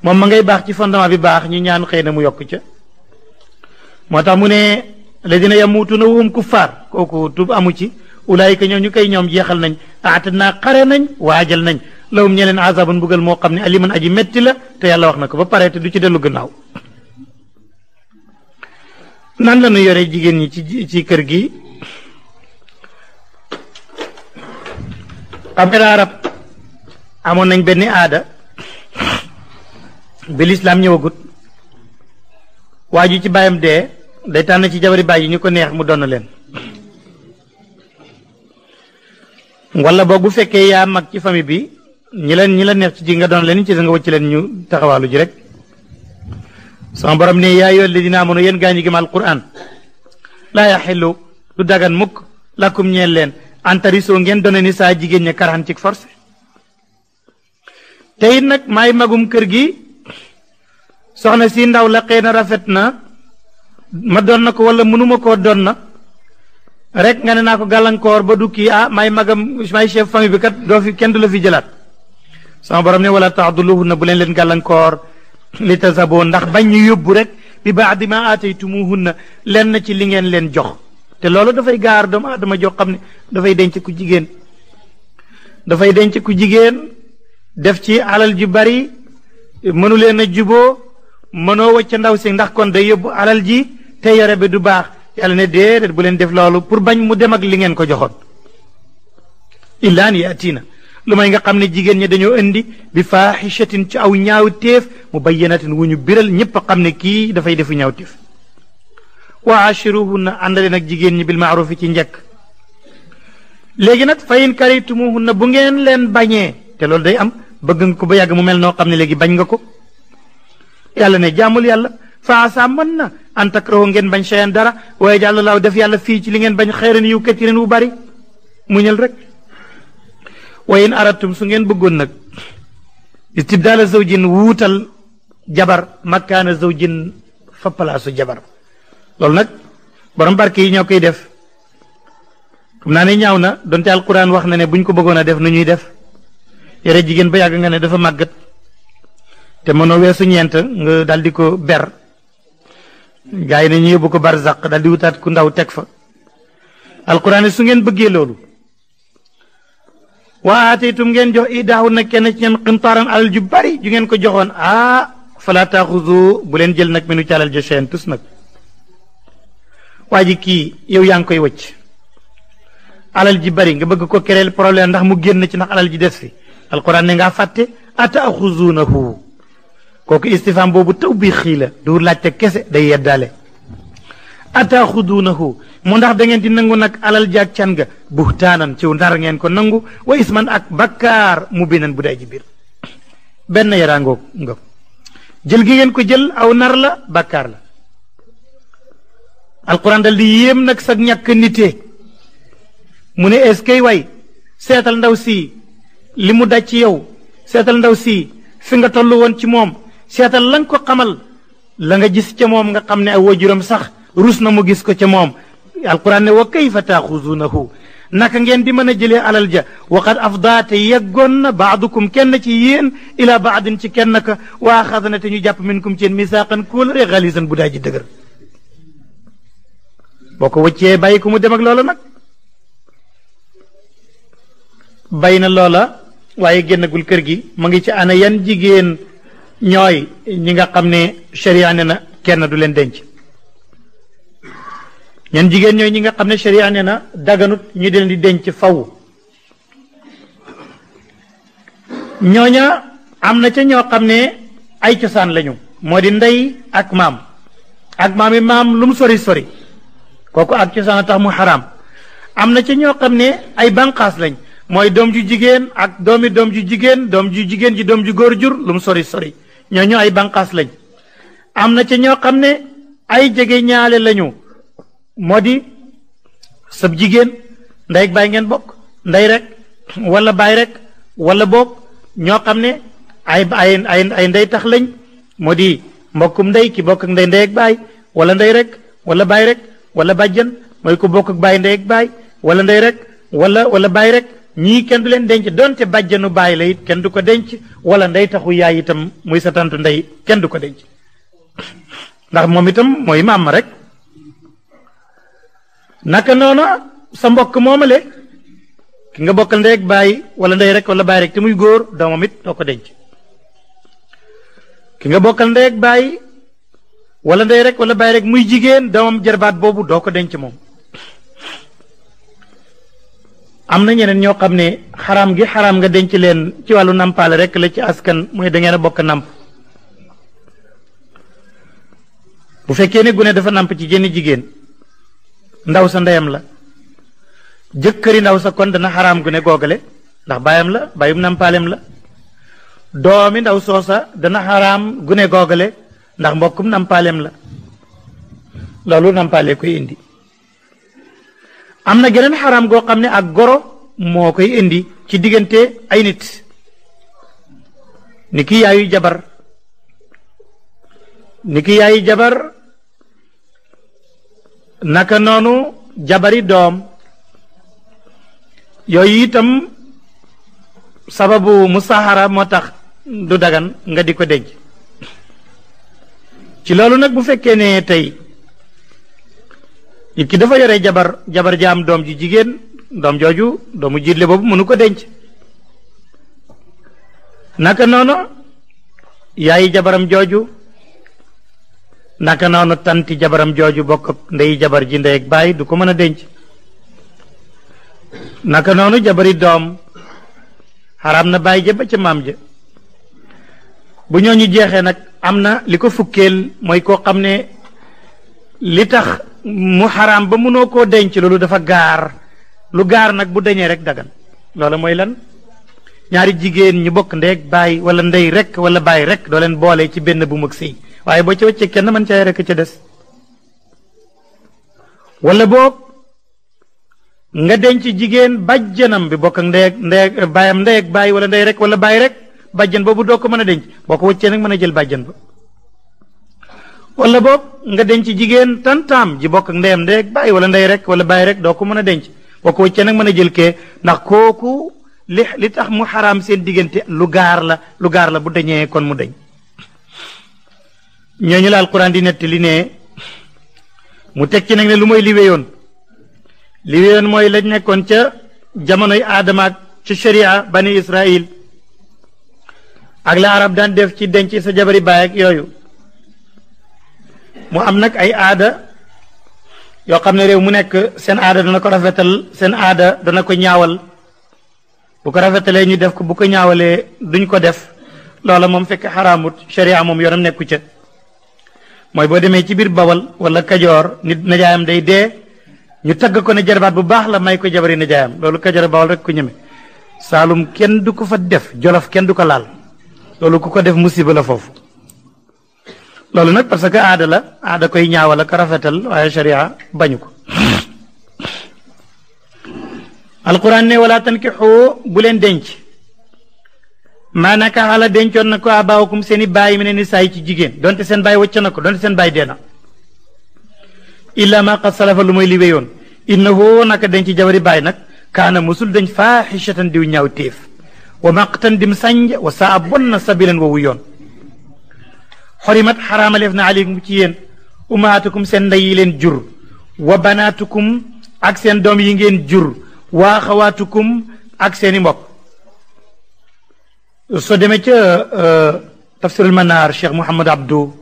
mom ma ngay bax ci fondement bi bax ñu ñaan xeyna mu yok ci motax mu ne ladina yamutuna wahum kuffar koku tub amu ci ulaayika ñoom ñu koy ñom jexal nañ atna xare nañ wajal nañ lawum azabun bugal mo xamni aliman aji metti la te yalla wax nako ba pare te du ci delu gannaaw nan la ñu yore jigen ñi ci ci kër gi arab amon nañ benn aada bi lislaam ñëwagut waa ci bàyyam dee day tànn ci jabari bàyyi ñu ko neex mu donn leen wala boog bu fekkee yaa mag ci famille bi ñi leen ñi la neex ci ji nga doon leen ci nga wacc leen ñu taxawaalu ji rek sama borom ne yaa yoon li dina amoon yéen gaa Qur'an laa yaxillu du dagan mukk lakum ñeel leen antarisoo ngeen done ni saa jigéen ña karaan ci forcé tey nak may magum kër gi soxna si ndaw la xëy na rafet na ma don nako wala munuma ko don na rek nga ne nako galankor ba du ki ah may magam may chef fami bi kat do fi kenn la fi jelat sama borom ne wala taxduluhu na bu len len galankor li tazabu ndax bañ ñu yóbbu rek bi ba'd ma ataytumuhun len na ci li ngeen len jox te fay gar do ma aadama jox xamni da fay denc ku da fay denc ku jigen def ci alal ju bari mënu leen a juboo mënoo wacc ndaw si ndax kon day yóbbu alal ji te yore bi du baax yàlla ne déedéet bu leen def loolu pour bañ mu dem ak li ngeen ko joxoon illaan yaatiina lu may nga xam ne jigéen ñi dañoo indi bi faaxishatin ci aw ñaaw teef mu bay bayyanatin wu ñu biral ñëpp xam ne kii dafay defu ñaaw téef wa ashiruhunna àndale nag jigéen ñi bil maarufi ci njëkk léegi nag fayin na bu ngeen leen bañee te loolu day am bëgg nga ko ba yàgg mu mel noo xam ne léegi bañ nga ko yàlla ne jaamul yàlla faasa mën na an takrahu ngeen bañ cheyan dara waaye jàlla laaw def yàlla fii ci li ngeen bañ xayran yu katirin wu bari mu muñal rek waaye in aratum su ngeen bëggoon nag istibdaala zawjin wuutal jabar makkaana zawjin fa palaasu jabar loolu nag borom barke yi ñoo koy def xam naa ne ñaaw na donte alquran wax na ne buñ ko bëggoon a def nu ñuy def yere jigen ba yag nga ne dafa màggat te mono wessu ñent nga daldi ko ber gaay na ñu yebbu ko barzak daldi wutat ku ndaw tek fa alquran su ngeen bëgge lolu wa atitum ngeen jox idahu nak ken ci ñen qintaran alal ju ju ngeen ko joxon ah fala takhuzu bu len jël nak minu ci alal ja sheen yow yang koy wëcc alal ji bari nga bëgg ko kereel problème ndax mu génn ci nak alal ji fi alquran ne ata fàtte ataaxuzuunahu kooku istifam bobu taw bi xii la du laajte kese day yeddaale ataaxuduunahu mo ndax da ngeen di nangu nak alal jak can ga buhtanan ci ndar ngeen ko nangu wa isman ak bakar mubinan binan jibir ben yarango ngop jël gi ngeen ko jël aw nar la bakkaar la alquran dal di yem nak sak ñak nité mune eskay way setal ndaw si li mu daj ci yow seetal ndaw sii fi nga toll woon ci moom seetal la nga ko xamal la nga gis ca moom nga xam ne ay waajuram sax rus na mu gis ko ca moom alquran ne wa kayfa taaxuzunahu naka ngeen bi mën a jëlee alal ja waqad afdaa te yeggoon na baadukum kenn ci yéen ila baadin ci kenn ka waa xasana te ñu jàpp minkum ci yéen misaaqan kóolare xalisan bu daay ji dëgër boo ko wëccee bàyyi ko mu dem ak loola nag bay na loola waye gennagul kër gi ma ngi ci ana yan jigen ñoy ñi nga xamne sharia neena na kenn du len denc ñan jigen ñoy ñi nga xamne sharia neena na daganut ñi di leen di denc faw ñoña amna ci ño xamne ay lañu modi ndey ak mam ak mam imam lum mu sori sori koku ak cosaan tax mu haram amna ci ño xamne ay bankas lañ mooy doom ju jigéen ak doomi doom ju jigéen doom ju jigéen ji doom ju góor jur lu sori sori ñoo ñooñu ay banqaas lañ am na ca ñoo xam ne ay jege ñaale lañu moo di sab jigéen ndey ak baay ngeen bokk ndey rek wala baay rek wala bokk ñoo xam ne ay ay ay ay ndey tax lañ moo di mbokkum ndey ki bokk ak ndey ndey baay wala ndey rek wala baay rek wala bàjjan mooy ku bokk ak baay ndey baay wala ndey rek wala wala baay rek ñii kenn du leen denc donte bàjjanu bàyyi la kenn du ko denc wala ndey taxu yaay itam muy sa tantu ndey kenn du ko denc ndax moom itam mooy maam rek naka noona sa mbokk moomale ki nga bokkal ndey ak wala ndey rek wala bàyyi rek muy góor doomam it doo ko denc ki nga bokkal ndey ak bàyyi wala ndey rek wala bàyyi rek muy jigéen doomam jarbaat boobu doo ko denc moom am na ñeneen ñoo xam ne xaraam gi xaraam nga denc leen ci wàllu nampaale rek la ci askan mooy da ngeen a bokk namp bu fekkee ne gune dafa namp ci jenn jigéen ndaw sa ndeyam la jëkkëri ndaw sa kon dana xaraam gune googale ndax baayam la baayum nampaalem la doomi ndaw soosa dana xaraam gune googale ndax mbokkum nampaalem la loolu nampaale koy indi am na geneen haram go xamne ne ak goro moo koy indi ci diggante ay nit niki jabar niki ki jabar naka noonu jabari dom yooyu itam sababu musahara moo tax du dagan nga di ko dégg ci loolu nag bu fekkee ne tey nit ki dafa yore jabar jabar ja am doom ji jigéen doom jooju doomu jiitle boobu mënu ko denc naka noonu yaayi jabaram jooju naka noonu tanti jabaram jooju bokk ak jabar ji ndey ak baay du ko mën a denc naka noonu jabari doom xaram na baay ja ba maam ja bu ñooñu jeexee nag am na li ko fukkeel mooy koo xam ne li tax mu xaraam ba mënoo koo denc loolu dafa gaar lu gaar nag bu deñee rek dagan loola mooy lan ñaari jigéen ñu bokk ndeeg bàyyi wala ndey rek wala bàyyi rek doo leen boole ci benn bu mag sëy waaye boo ca wëccee kenn mën caa rek ca des wala boo nga denc jigéen bàjjanam bi bokk ak ndeeg ndeeg baayam ndeeg wala ndey rek wala bàyyi rek bàjjan boobu doo ko mën a denc boo ko wëccee nag mën a jël bàjjan ba wala boog nga denc jigéen tantaam ji bokk ak ndeyam de bàyyi wala ndey rek wala bàyyi rek doo ko mën a denc boo ko wëccee nag mën a jël kee ndax kooku li li tax mu xaraam seen diggante lu gaar la lu gaar la bu dañee kon mu dañ ñooñu la alquran di nett li ne mu teg ci nag ne lu moy li wéyon li wéyon mooy lañ nekkoon ca jamonoy aadama ak ci sharia bani israil ak la arab daan def ci denc sa jabari baay ak yooyu mu am nag ay aada yoo xam ne réew mu nekk seen aada dana ko rafetal seen aada dana ko ñaawal bu ko rafetalee ñu def ko bu ko ñaawalee duñ ko def loola moom fekk xaraamut sharia moom yoonam nekku ca mooy boo demee ci biir bawal wala kajoor nit najaayam day dee ñu tagg ko ne jarbaat bu baax la may ko jabari najaayam loolu kajoor bawal rek ku ñeme saalum kenn du ko fa def jolof kenn du ko laal loolu ku ko def musiba la foofu loolu nag parce que aada la aada koy ñaawal ak rafetal waaye sharia bañu ko alquran ne wala tankixu bu leen denc maanaka ala dencoon na ko abaawakum seen i baay mi ne saay ci jigéen donte seen baay wëcc na ko donte seen baay dee na illa ma qad salafa lu mooy li wéyoon innahu naka denc jabari baay nag kaana musul denc faaxishatan diw ñaaw téef wa maqtan dim sànj wa saa bon na sabilan wowu yoon xorimat xaraamaleef na mu ci yéen umaatukum seen ndey yi leen jur wa banaatukum ak seen doom yi ngeen jur waa xawaatukum ak seeni mbokk soo demee ca euh, tafsirul manaar cheikh mouhamad abdou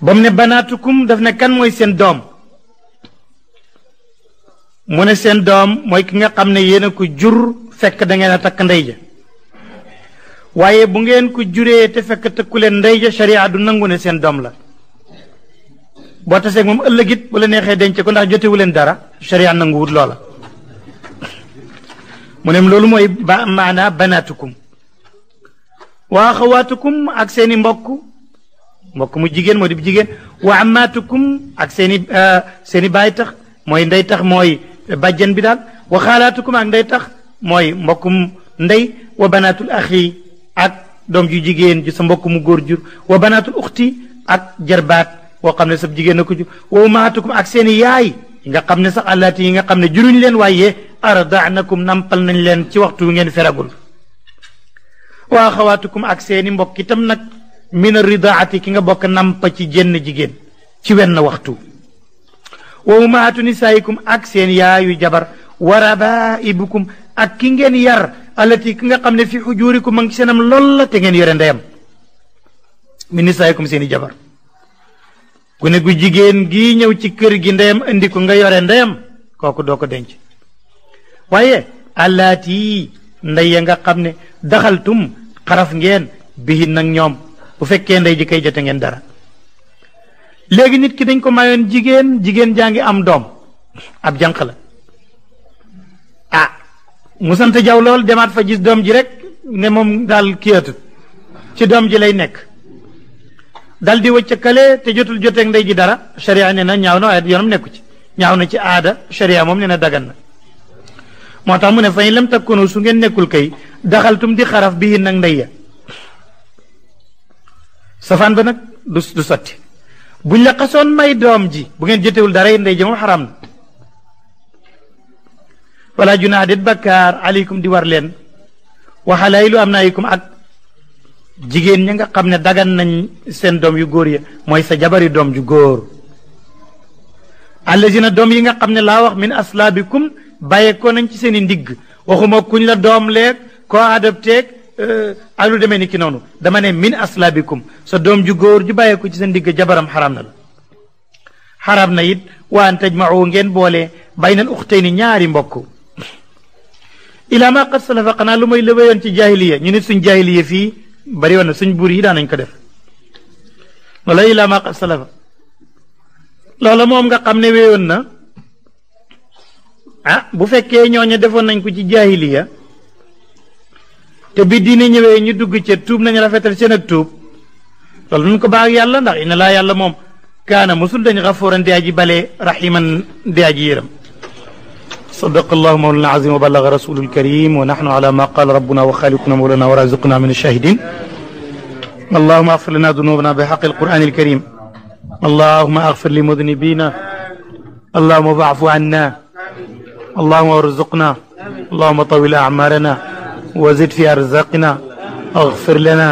ba mu ne banaatukum daf ne kan mooy seen doom mu ne seen doom mooy ki nga xam ne yéen a ko jur fekk dangeen a takk ndey ja waye bu ngeen ko juré te fekk tëkku leen ndey ja sharia du nangu ne seen doom la bo tassé mom ëllëgit bu la nexé denc ko ndax jotté wu len dara sharia nangu wut loola mu ne loolu mooy ba mana banatukum wa akhawatukum ak seeni mbokk mbokk mu jigen moo di jigéen wa amatukum ak seeni seeni bay tax moy ndey tax moy bàjjen bi dal wa khalatukum ak ndey tax moy mbokum ndey wa banaatul axi ak dom ju jigéen ju sa mbokk mu góor jur wa banaatul uxti ak jarbaat wa xam ne sa jigéen ko jur wa umaatukum ak seeni yaay yi nga xam ne sax allaati yi nga xam ne juruñ leen waaye ardaanakum nampal nañ leen ci waxtu ngeen feragul wa khawatukum ak seeni mbokk itam nag min ridaati ki nga bokk nampa ci jenn ci wenn waxtu wa umaatu nisaayikum ak seen yaayu jabar wa ak ki ngeen yar allati ki nga xam ne fi ujurikum ma ngi seenam lool la te ngeen yore ndeyam min nisaayikum seeni jabar ku ne gu jigéen gi ñëw ci kër gi ndeyam indi ko nga yore ndeyam kooku doo ko denc waaye allaati ndey ya nga xam ne daxaltum xaraf ngeen bihin nag ñoom bu fekkee ndey ji kay jote ngeen dara léegi nit ki dañ ko mayoon jigéen jigéen jaa ngi am doom ab jànq la ah, mu sant jaw lool demaat fa gis doom ji rek ne moom daal kiyatut ci doom ji lay nekk dal di wëccëkale te jotul joteeg ndey ji dara sharia nee na ñaaw na waaye yoonam nekku ci ñaaw na ci aada sharia moom nee na dagan na moo tax mu ne fay lam takkunu su ngeen nekkul kay daxaltum di xaraf bi nag ndey ya safaan ba nag du sotti bu la xasoon may doom ji bu ngeen jotewul dara ndey ji xaram na wala junadit bakar alaykum di war len wa halailu amnaikum ak jigen ñi nga xamne dagan nañ sen dom yu ya moy sa jabari dom ju góor allazina dom yi nga xamne la wax min baye ko nañ ci seen ndig waxuma kuñ la dom lek ko ak alu demé ni ki nonu dama né min aslabikum sa dom ju góor ju ko ci seen ndig jabaram haram na Haram na yit wa antajma'u ngeen boole baynal uxtayni ñaari mbokku ila ma qad xanaa lu may lëwéyoon ci jaahiliya ñu nit suñ jaahiliya fii bari na suñ buur yi daan nañ ko def wala ila ma qad salafa moom nga xam ne wéyoon na ah bu fekkee ñooñu defoon nañ ko ci jaahiliya te bi diine ñëwee ñu dugg ca tuub nañ rafetal seen ak tuub loolu nun ko baax yàlla ndax ina laa yàlla moom kaana mosul dañ xafooran di aji bale raximan di aji yërëm صدق الله مولانا العظيم وبلغ رسول الكريم ونحن على ما قال ربنا وخالقنا مولانا ورازقنا من الشاهدين اللهم اغفر لنا ذنوبنا بحق القرآن الكريم اللهم اغفر لمذنبينا اللهم اعف عنا اللهم ارزقنا اللهم طول أعمارنا وزد في أرزاقنا اغفر لنا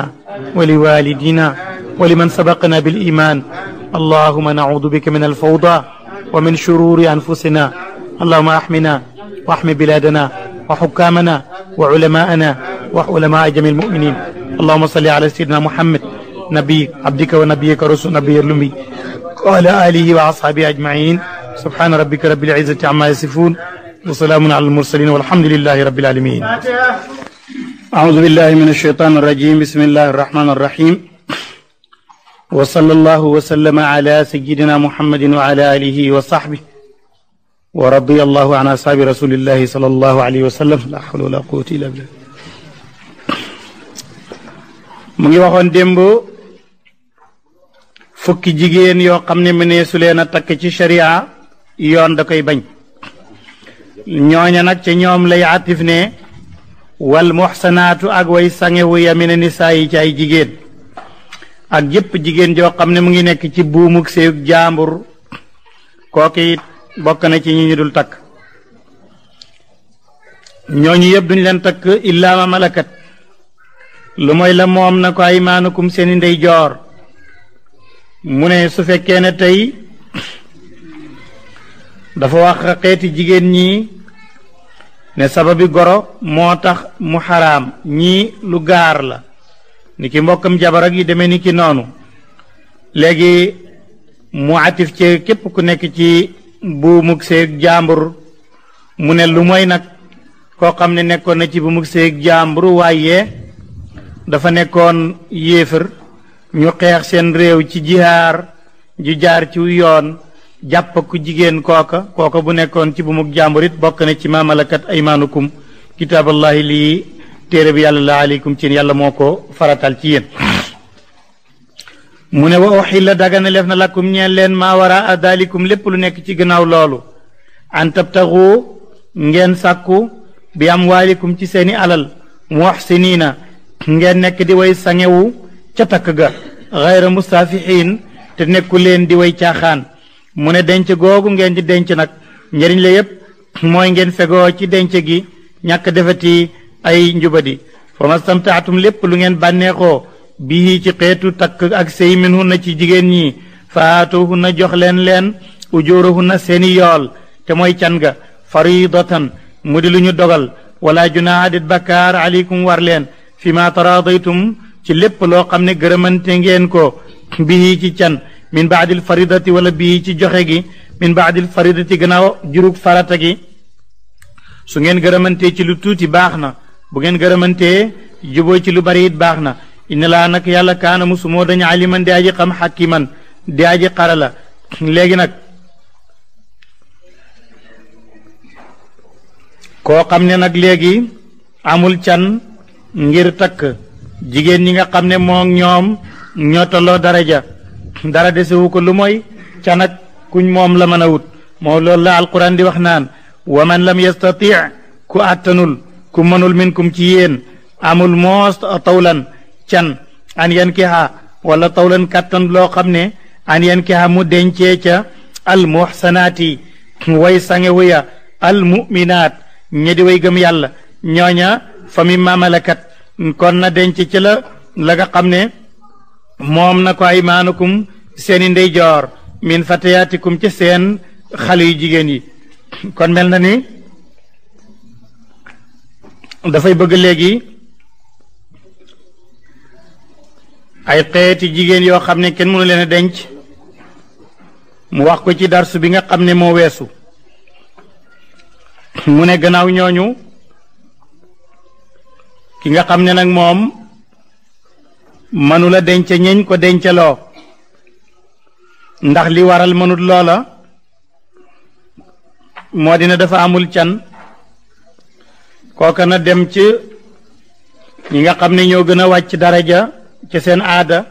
ولوالدينا ولمن سبقنا بالإيمان اللهم نعوذ بك من الفوضى ومن شرور أنفسنا اللهم احمنا واحم بلادنا وحكامنا وعلماءنا وعلماء جميع المؤمنين اللهم صل على سيدنا محمد نبي عبدك ونبيك رسول نبي الأمي وعلى آله وأصحابه أجمعين سبحان ربك رب العزة عما يصفون وسلام على المرسلين والحمد لله رب العالمين أعوذ بالله من الشيطان الرجيم بسم الله الرحمن الرحيم وصلى الله وسلم على سيدنا محمد وعلى آله وصحبه wa radiya allahu an ashaabi rasulillahi sallallahu alayhi la hawla wala mu ngi waxoon démb fukki jigéen yoo xam ne mu ne su a takk ci sharia yoon da koy bañ ñooña nag ca ñoom lay atif ne wal muxsanaatu ak way sangewu yamina nisaa ci ay jigéen ak yépp jigéen joo xam ne mu ngi nekk ci buumuk séyug jaambur kooku bokk na ci ñi ñu dul takk ñooñu yëpp duñ leen takk illaa ma malakat lu mooy la moom na ko aymaanukum seeni ndeyjoor mu ne su fekkee ne tey dafa wax xeeti jigéen ñi ne sababi goro moo tax mu xaraam ñii lu gaar la ni ki mbokkam jabar ak yi demee ni ki noonu léegi mu atif ci képp ku nekk ci bu seeg jambur mu ne lu moy nak ko xamne nekkon na ci buumug seeg jambur waye dafa nekkon yéefar ñu xex seen réew ci jihar ju jaar ci yoon japp ku jigen koka koka bu nekkon ci bu muk jamburit bok na ci mamalakat malakat aymaanukum li tere bi yalla la ci faratal ci yeen mu ne wa uxilla daganaleef na lakkum ñeen leen maa waraa daalikum lépp lu nekk ci gannaaw loolu an tabtaxu ngeen sàkku bi am waalikum ci seeni alal muxsiniina ngeen nekk di way sangewu ca takk ga xayra mustaafixiin te nekku leen di way caaxaan mu ne denc googu ngeen di denc nag njëriñ la yépp mooy ngeen fegoo ci denc gi ñàkk defeti ay njubadi fa ma stamtaatum lépp lu ngeen bànneexoo bii ci xeetu takk ak sëy min hun na ci jigéen ñi faatoohun na jox leen leen ujoorahun na seeni yool te mooy can ga faridatan mu di lu ñu dogal wala junaa adit bakkaar aleykum war leen fi ma taradaytum ci lépp loo xam ne gërëmante ngeen ko bii ci can min baadil faridati wala bii ci joxe gi min baadil faridati gannaaw jurug farata gi su ngeen gërëmante ci lu tuuti baax na bu ngeen gërëmante jibo ci lu bari it baax na Inilah nak yalla kana kaana mu dañu aliman di aji xam xakiman di aji xarala léegi nak koo amul can ngir tak, jigen ñi nga xam ne moo ñoom ñoo daraja dara desewu ko lu moy can nak kuñ mom la mëna wut mo lol la alquran di wax naan wa man lam yastati ku atanul ku manul minkum ci yeen amul most tawlan can an yan ki ha wala tawlan kàttan loo xam ne an yan ki mu dencee ca almuhsanaati way sangewu ya almuminaat ñe di way gëm yàlla ñooña fa mi mamalakat kon na denc ci la la xam ne moom na ko ay maanukum seeni ndeyjoor min fatayaatikum ca seen xale yu jigéen yi kon mel na ni dafay bëgg léegi ay xeeti jigéen yoo xam ne kenn mënu leen a denc mu wax ko ci darsu bi nga xam ne moo weesu mu ne gannaaw ñooñu ki nga xam ne nag moom mënula denc ñeñ ko denceloo ndax li waral mënut loola moo dina dafa amul can kooka na dem ci ñi nga xam ne ñoo gën a wàcc daraja ci seen aada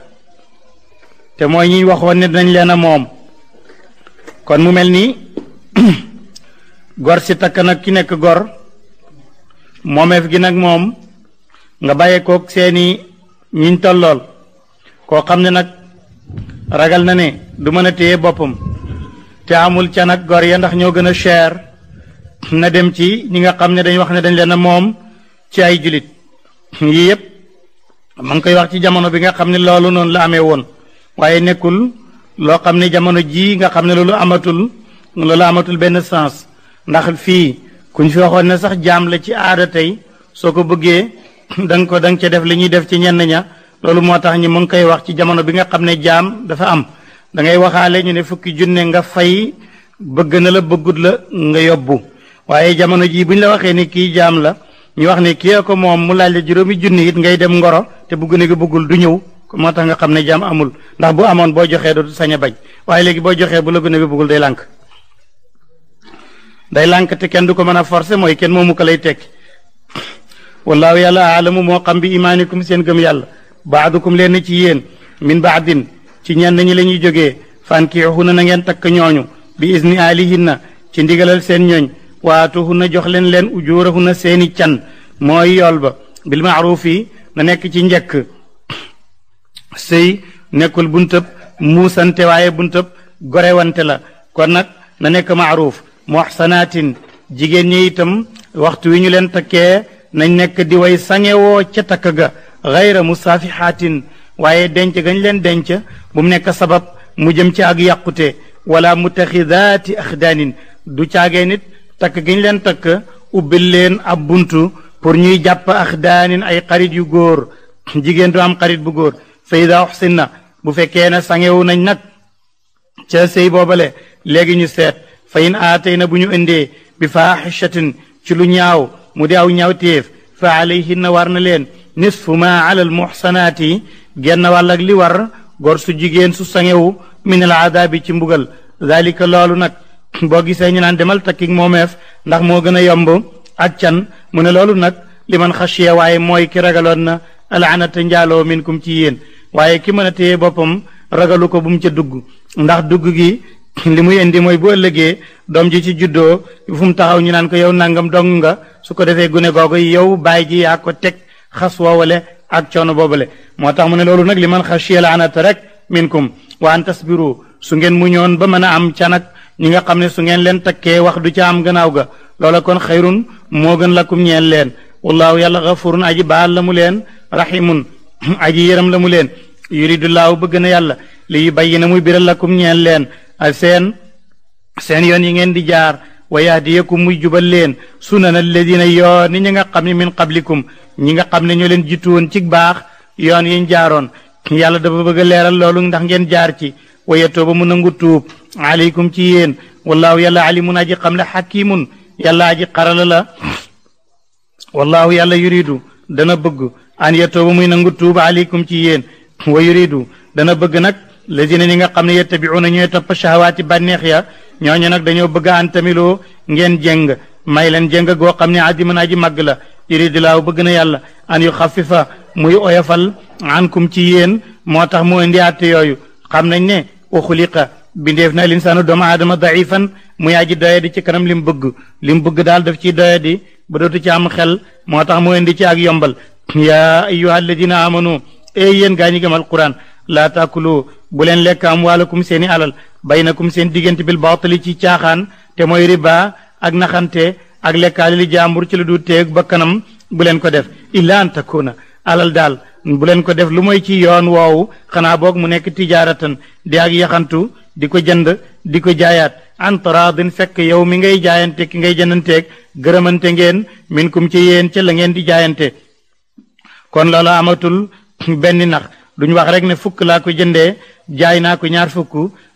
te mooy ñuy waxoon ne dañ leen a moom kon mu mel nii gor si takk nag ki nekk gor moomeef gi nag moom nga kook seeni ñiñ tollool koo xam ne nag ragal na ne du mën a téye boppam te amul ca nag gor ya ndax ñoo gën a cher na dem ci ñi nga xam ne dañ wax ne dañ leen a moom ci ay julit yi yépp ma ngi koy wax ci jamono bi nga xam ne loolu noonu la amee woon waaye nekkul loo xam ne jamono jii nga xam ne loolu amatul loolu amatul benn sens ndax fii kuñ fi waxoon ne sax jaam la ci aada tey soo ko bëggee da ko danga nga ca def li ñuy def ci ñenn ña loolu moo tax ñi mu ngi koy wax ci jamono bi nga xam ne jaam dafa am da ngay waxaale ñu ne fukki junne nga fay bëgg na la bëggut la nga yóbbu waaye jamono jii bu ñu la waxee ni kii jaam la ñu wax ne kii ko moom mu laaj la juróomi junni it ngay dem ngoro te bu gën a bëggul du ñëw moo tax nga xam ne jaam amul ndax bu amoon boo joxee du sañ a bañ waaye léegi boo joxee bu la gën a bëggul day lànk day lànk te kenn du ko mën a forcer mooy kenn moomu ko lay tekki wallaahu yàlla aalamu moo xam bi imaanikum seen gëm yàlla baadukum leen ci yéen min baadin ci ñenn ñi la ñuy jógee fankiixuna na ngeen takk ñooñu bi izni alihinna ci ndigalal seen ñooñ waatuhunna jox leen leen ujuurahunna seeni can mooy yool ba na nekk ci njëkk sëy nekkul buntëb muusante waaye buntëb gorewante la kon nag na nekk maaruuf muhsanaatin jigéen ñi itam waxtu wi ñu leen takkee nañ nekk di way sangewoo ca takk ga xayra musaafihaatin waaye denc gañ leen denc bu mu nekk sabab mu jëm ci ag yàqute wala mutaxidaati axdaanin du caagee nit takk giñ leen takk ubbil leen ab bunt pour ñuy jàpp ax daanin ay xarit yu góor jigéen du am xarit bu góor fa ida uxsin na bu fekkee ne sangewu nañ nag ca sëy boobale léegi ñu seet fa in aatay na bu ñu indee bi faaxishatin ci lu ñaaw mu di aw ñaaw téef fa alayhinna war na leen fu ma ala almuxsanaati genn wàll ak li war gor su jigéen su sangewu min al adaabi ci mbugal dalika loolu nag boo gisee ñu naan demal takkik moomeef ndax moo gën a yomb ak can mu ne loolu nag li man waaye mooy ki ragaloon na alaanata njaaloo minkum ci yéen waaye ki mën a téye boppam ragalu ko bu mu ca dugg ndax dugg gi li muy indi mooy bu ëllëgee doom ji ci juddoo fu mu taxaw ñu naan ko yow nangam dong nga su ko defee gune googu yow baay ji yaa ko teg xas woowale ak coono boobale moo tax mu ne loolu nag li man xashiya laanata rek minkum wa an tasbiru su ngeen muñoon ba mën a am canag ñi nga xamne su ngeen leen takke wax du ci am gannaaw ga kon khairun mo gën lakum ñeel leen wallahu yalla ghafurun aji baal la mu leen rahimun aji yëram la mu leen llahu bëgg na yalla li yu muy biral lakum ñeel leen seen seen yoon yi ngeen di jaar di muy jubal leen sunan alladina yo ni nga xam min qablikum ñi nga xamne ñoo leen jitu won ci baax yoon yiñ jaaroon yalla dafa bëgg leral loolu ndax ngeen jaar ci wa yetooba mu nangu Ali aleykum ci yéen ya yàlla alimun aji qamla hakimun ya yàlla aji xarala la wallaahu yàlla yuridu dana bëgg an yetooba muy nangu tuub aleykum ci yeen wa yuridu dana bëgg nak lazina ni nga yete bi yettabiuuna ñooy topp shahawaati bànneex ya ñooñu nak dañoo bëgg an tamilo ngeen jeng may leen jeng go xamne ne adiman aji mag la yuridu la bëgg na yalla an yu xafifa muy oyafal ankum ci yeen motax mo indi àtte ne wa xuliqa bindeef na linsaanu doomu aadama daifan mu yaa ji doyadi ci kanam li mu bëgg li mu bëgg daal daf ciy doyadi ba dootu ci am xel moo tax mu indi ci ak yombal yaa ayyuha dina amanu ey yéen gaa ñi gëm alquran laa taakulu bu leen lekk amwaalakum seeni alal baynakum seen diggante bil baatili ci caaxaan te mooy riba ak naxante ak lekkaali li jaambur ci lu du teeg bakkanam bu leen ko def illa an takuna alal daal bu leen ko def lu mooy ci yoon woowu xanaa boog mu nekk tijaaratan di ak yaxantu di ko jënd di ko jaayaat antaraadin fekk yow mi ngay jaayante ki ngay jëndanteeg gërëmante ngeen min kum ci yéen ca la ngeen di jaayante kon loolu amatul benn nax duñ wax rek ne fukk laa ko jëndee jaay naa ko ñaar fukk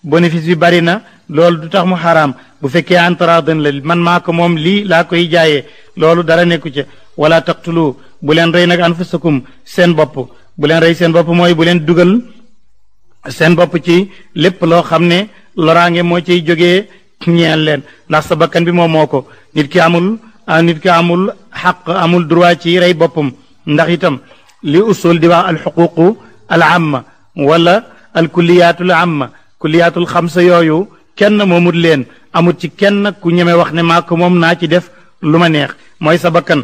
bénéfice bi bari na loolu du tax mu xaraam bu fekkee antaraadin la man maa ko moom lii laa koy jaayee loolu dara nekku ca wala taqtulu bu leen rey nag anfusakum seen bopp bu leen rey seen bopp mooy bu leen dugal seen bopp ci lépp loo xam ne loraange moo ciy jóge ñeen leen ndax sa bakkan bi moom moo ko nit ki amul ah, nit ki amul xaq amul droit ci rey boppam ndax itam li usul di wax alxuququ al amma wala alkulliyaatul amma kulliyaatul xamsa yooyu kenn moomut leen amut ci kenn ku ñeme wax ne maa moom naa ci def lu ma neex mooy sa bakkan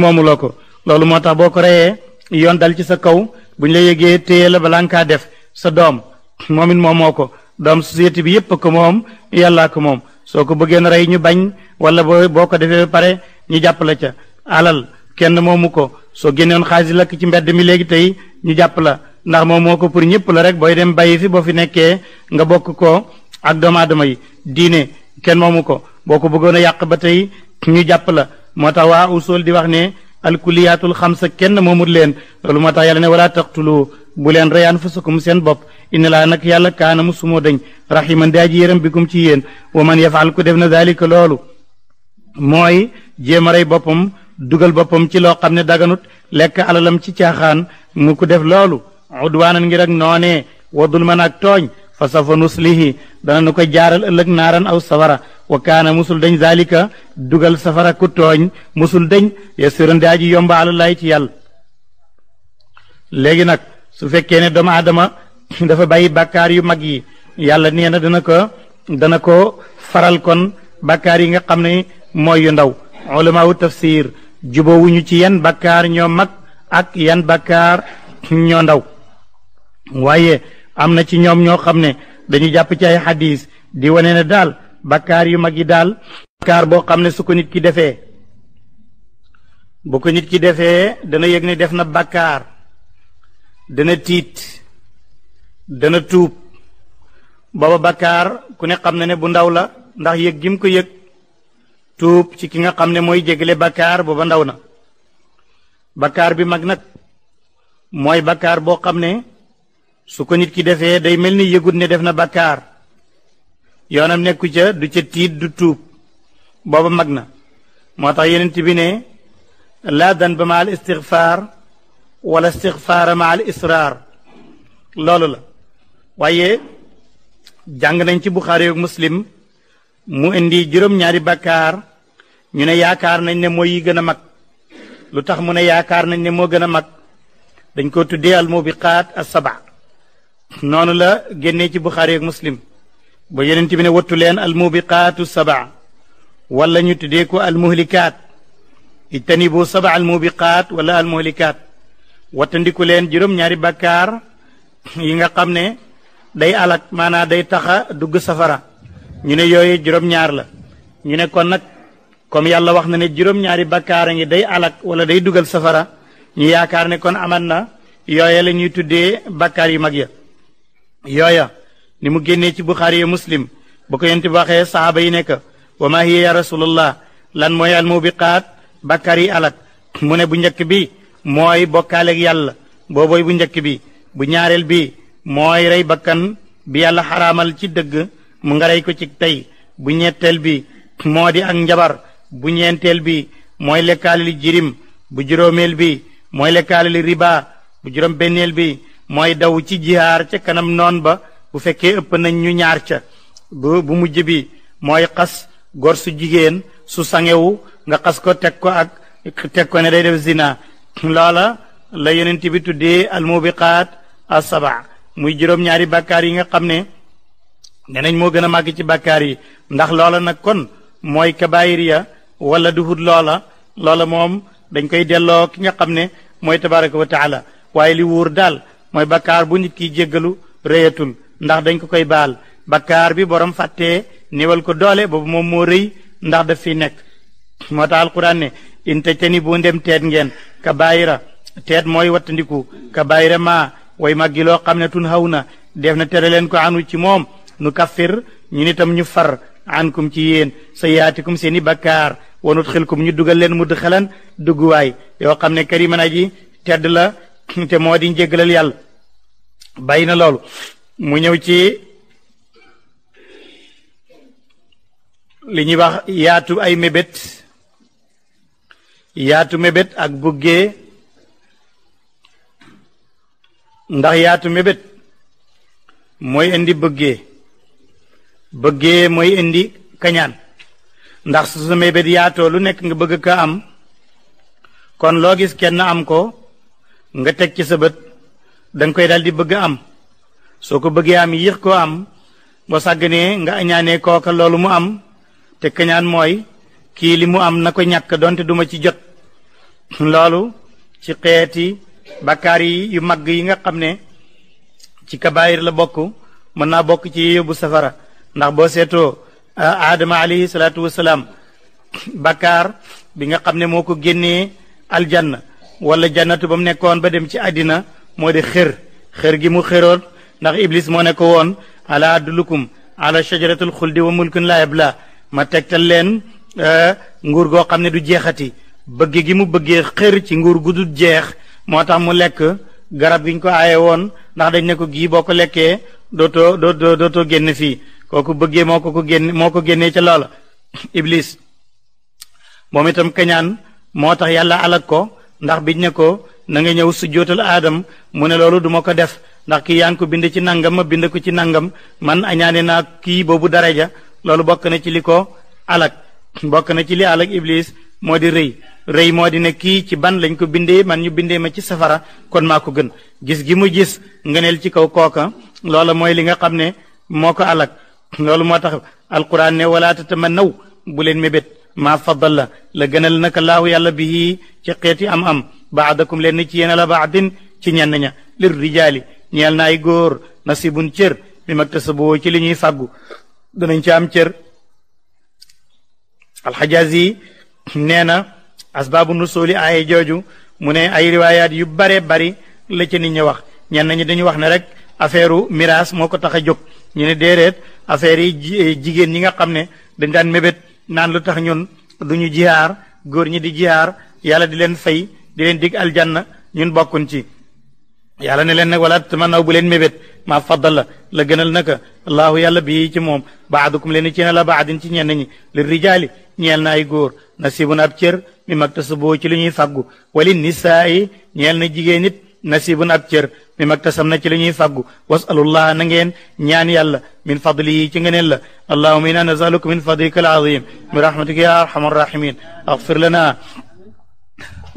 moomuloo ko lolou moo boko boo yon dal ci sa kaw buñ la yëgee téye la def sa dom momin it moom moo ko société bi yépp ko mom yalla ko mom soko ko na ray ñu bañ wala boko boo paré ñu japp la ca alal kenn momuko so soo génnewoon lak ci mbedd mi léegi tay ñu japp la ndax moom moo pour ñëpp la rek boy dem bàyyi fi bo fi nekké nga bokk ko ak dom adamay diiné kenn momuko boko boo ko ba tay ñu japp la moo tax usul di wax né xam xamsa kenn moomut leen loolu moo tax yàlla ne wala taqtulu bu leen rey anfusakum seen bopp inna laa nag yàlla kaana mu sumoo dañ raximan daa ji yéram bikum ci yéen wa man yafaal ku def na dalika loolu mooy jéem a rey boppam dugal boppam ci loo xam ne daganut lekk alalam ci caaxaan mu ku def loolu udwaanan ngir ak noonee ak tooñ fa safa nuslihi dana nu ko jaaral ëllëg naaran aw safara wa kaana mosul deñ zalika dugal safara ku tooñ mosul deñ yasiran daa ji yomba àlalaay ci yàlla léegi nag su fekkee ne doomu adama dafa bàyyi bàkkaar yu mag yi yàlla nee na dana ko dana ko faral kon bakkaar yi nga xam ne mooy yu ndaw ulamaawu tafsir jubóowuñu ci yan bàkkaar ñoo mag ak yan bàkkaar ñoo ndaw waaye am na ci ñoom ñoo xam ne dañu jàpp ci ay xadis di wane na daal bakkaar yu mag yi daal bakkaar boo xam ne su ko nit ki defee bu ko nit ki defee dana yëg ne def na bakkaar dana tiit dana tuub booba bakkaar ku ne xam ne ne bu ndaw la ndax yëg gim ko yëg tuub ci ki nga xam ne mooy jégle bakkaar booba ndaw na bakkaar bi mag nag mooy bakkaar boo xam ne su ko nit ki defé day melni yëgut ne def na bàkkaar yoonam nekku ca du ca tit du tup boba magna na yenenti bi ne la dan ba mal istighfar wala istighfar ma al israr lolou la waye jàng nañ ci bukhari ak muslim mu indi juróom-ñaari bakar ñu ne yaakaar nañ ne moy yi gëna mag lutax mu ne yaakar nañ ne mo gëna mag dañ ko tuddé al mubiqat as saba noonu la génne ci buxaari ak muslim ba yonent bi ne wattu leen almubiqaatu saba wala ñu tuddee ko almuhlikaat ijtanibu saba almubiqaat wala almuhlikaat wattandiku leen juróom-ñaari bakkaar yi nga xam ne day alak maanaa day taxa dugg safara ñu ne yooyu juróom-ñaar la ñu ne kon nag comme yàlla wax na ne juróom-ñaari bakkaar a ngi day alak wala day dugal safara ñu yaakaar ne kon aman na yooye la ñuy tuddee bakkaar yu mag ya yooya ni mu génnee ci buxaari ya muslim ba ko yonent bi waxee saxaaba yi nekk wa ma hiya ya rasulallah lan mooy al mubiqaat bàkkaar yi mu ne bu njëkk bi mooy bokkaaleeg yàlla boobooy bu njëkk bi bu ñaareel bi mooy rey bakkan bi yàlla xaraamal ci dëgg mu nga ko ci tey bu ñetteel bi moo di ak njabar bu ñeenteel bi mooy lekkaale li jirim bu juróomeel bi mooy lekkaale li riba bu juróom benneel bi mooy daw ci jihaar ca kanam noon ba bu fekkee ëpp nañ ñu ñaar ca bu bu mujj bi mooy xas gor su jigéen su sangewu nga xas ko teg ko ak teg ko ne day def na loola la yeneen yonent bi tuddee almubiqaat asaba muy juróom-ñaari bàkkaar yi nga xam ne ne nañ moo gën a màgg ci bàkkaar yi ndax loola nag kon mooy kabaayir ya wala duhut loola loola moom dañ koy delloo ki nga xam ne mooy tabaraka wa taala waaye li wóor daal mooy bakkaar bu nit ki jéggalu réyatul ndax dañ ko koy baal bakaar bi borom fàttee néewal ko doole boobu moom moo rëy ndax daf fi nekk moo tax alquran ne in tajtani bu ndem teet ngeen ka baayira teet mooy wattandiku ka baayira maa way maggi loo xam ne tun xaw na def na tere leen ko anu ci moom nu kaffir ñu nitam ñu far ankum ci yéen sa yaatikum seeni bakkaar wanut xilkum ñu dugal leen mudd xelan dugguwaay yoo xam ne kariman aji tedd la te moo di njéggalal yàlla bay na loolu mu ñëw ci li ñuy wax yaatu ay mébét yaatu mébét ak buggee ndax yaatu mébét mooy indi bëggee bëggee mooy indi kañaan ndax su sa mébét yaatoo lu nekk nga bëgg ka am kon loo gis kenn am ko nga teg ci sa bët danga koy daal di bëgg am soo ko bëggee am yéex ko am boo sàgganee nga añaanee kooka loolu mu am te kañaan mooy kii li mu am na ko ñàkk donte duma ci jot loolu ci xeeti bakkaar yi yu mag yi nga xam ne ci kabaayir la bokk mën naa bokk ci yóbbu safara ndax boo seetoo aadama alayhi salaatu wasalaam bakkaar bi nga xam ne moo ko génnee aljanna wala jannatu ba mu nekkoon ba dem ci àddina moy de xer xer gi mu xëroon ndax iblis mo ne ko won ala adlukum ala shajaratul khuldi wa mulkun la yabla ma tektal len euh, nguur goo xam du jeexati beug gi mu bëggee xer ci nguur gu du jeex moo mu lek garab gi ko ayé won ndax dañ ne ko gi boko lekke doto doto doto genn fi koku kooku moko ko genn moko genné ci iblis momitam itam kañaan moo tax yàlla ndax biñ ne ko na nga ñëw su jootal aadam mu ne loolu duma ko def ndax kii yaa ngi ko bind ci nangam ma bind ko ci nangam man añaane naa kii boobu daraja loolu bokk na ci li ko alak bokk na ci li alak iblis moo di rëy rëy moo di ne kii ci ban lañ ko bindee man ñu bindee ma ci safara kon maa ko gën gis gi mu gis ngeneel ci kaw kooka loola mooy li nga xam ne moo ko alak loolu moo tax alquran ne wala naw bu leen mébét maa faddal la la gënal naka laahu yàlla bi ci xeeti am am baadakum leen ci yéen la baadin ci ñenn ña lir rijaali ñeel na ay góor nasibun cër bi mag tasaboo ci li ñuy fàggu danañ ci am cër alxajazi nee na asbaabu sooli ay jooju mu ne ay riwaayaat yu bare bari la ci nit ñi wax ñenn ñi dañu wax ne rek affaire miraas moo ko tax a jóg ñu ne déedéet affaire yi eh, jigéen ñi nga xam ne dañ daan mébét naan lu tax ñun du ñu jihaar góor ñi di jihaar yàlla di leen fay di leen dig aljanna ñun bokkuñ ci yàlla ne len nak wala tamannaw bu len mébét ma faddal la gënal naka allah yàlla bi ci mom baadukum len ci la baadin ci ñen ñi li rijali ñel na ay góor nasibun ab cër mi mag ci li ñuy faggu wali nisaayi ñel na jigéen nit nasibun ab cër mi maktasam na ci li ñuy faggu wasalullah na ngeen ñaan yàlla min fadlihi ci ngeneen la allahuma inna nasaluka min fadlika al bi rahmatika ya arhamar rahimin axfir lana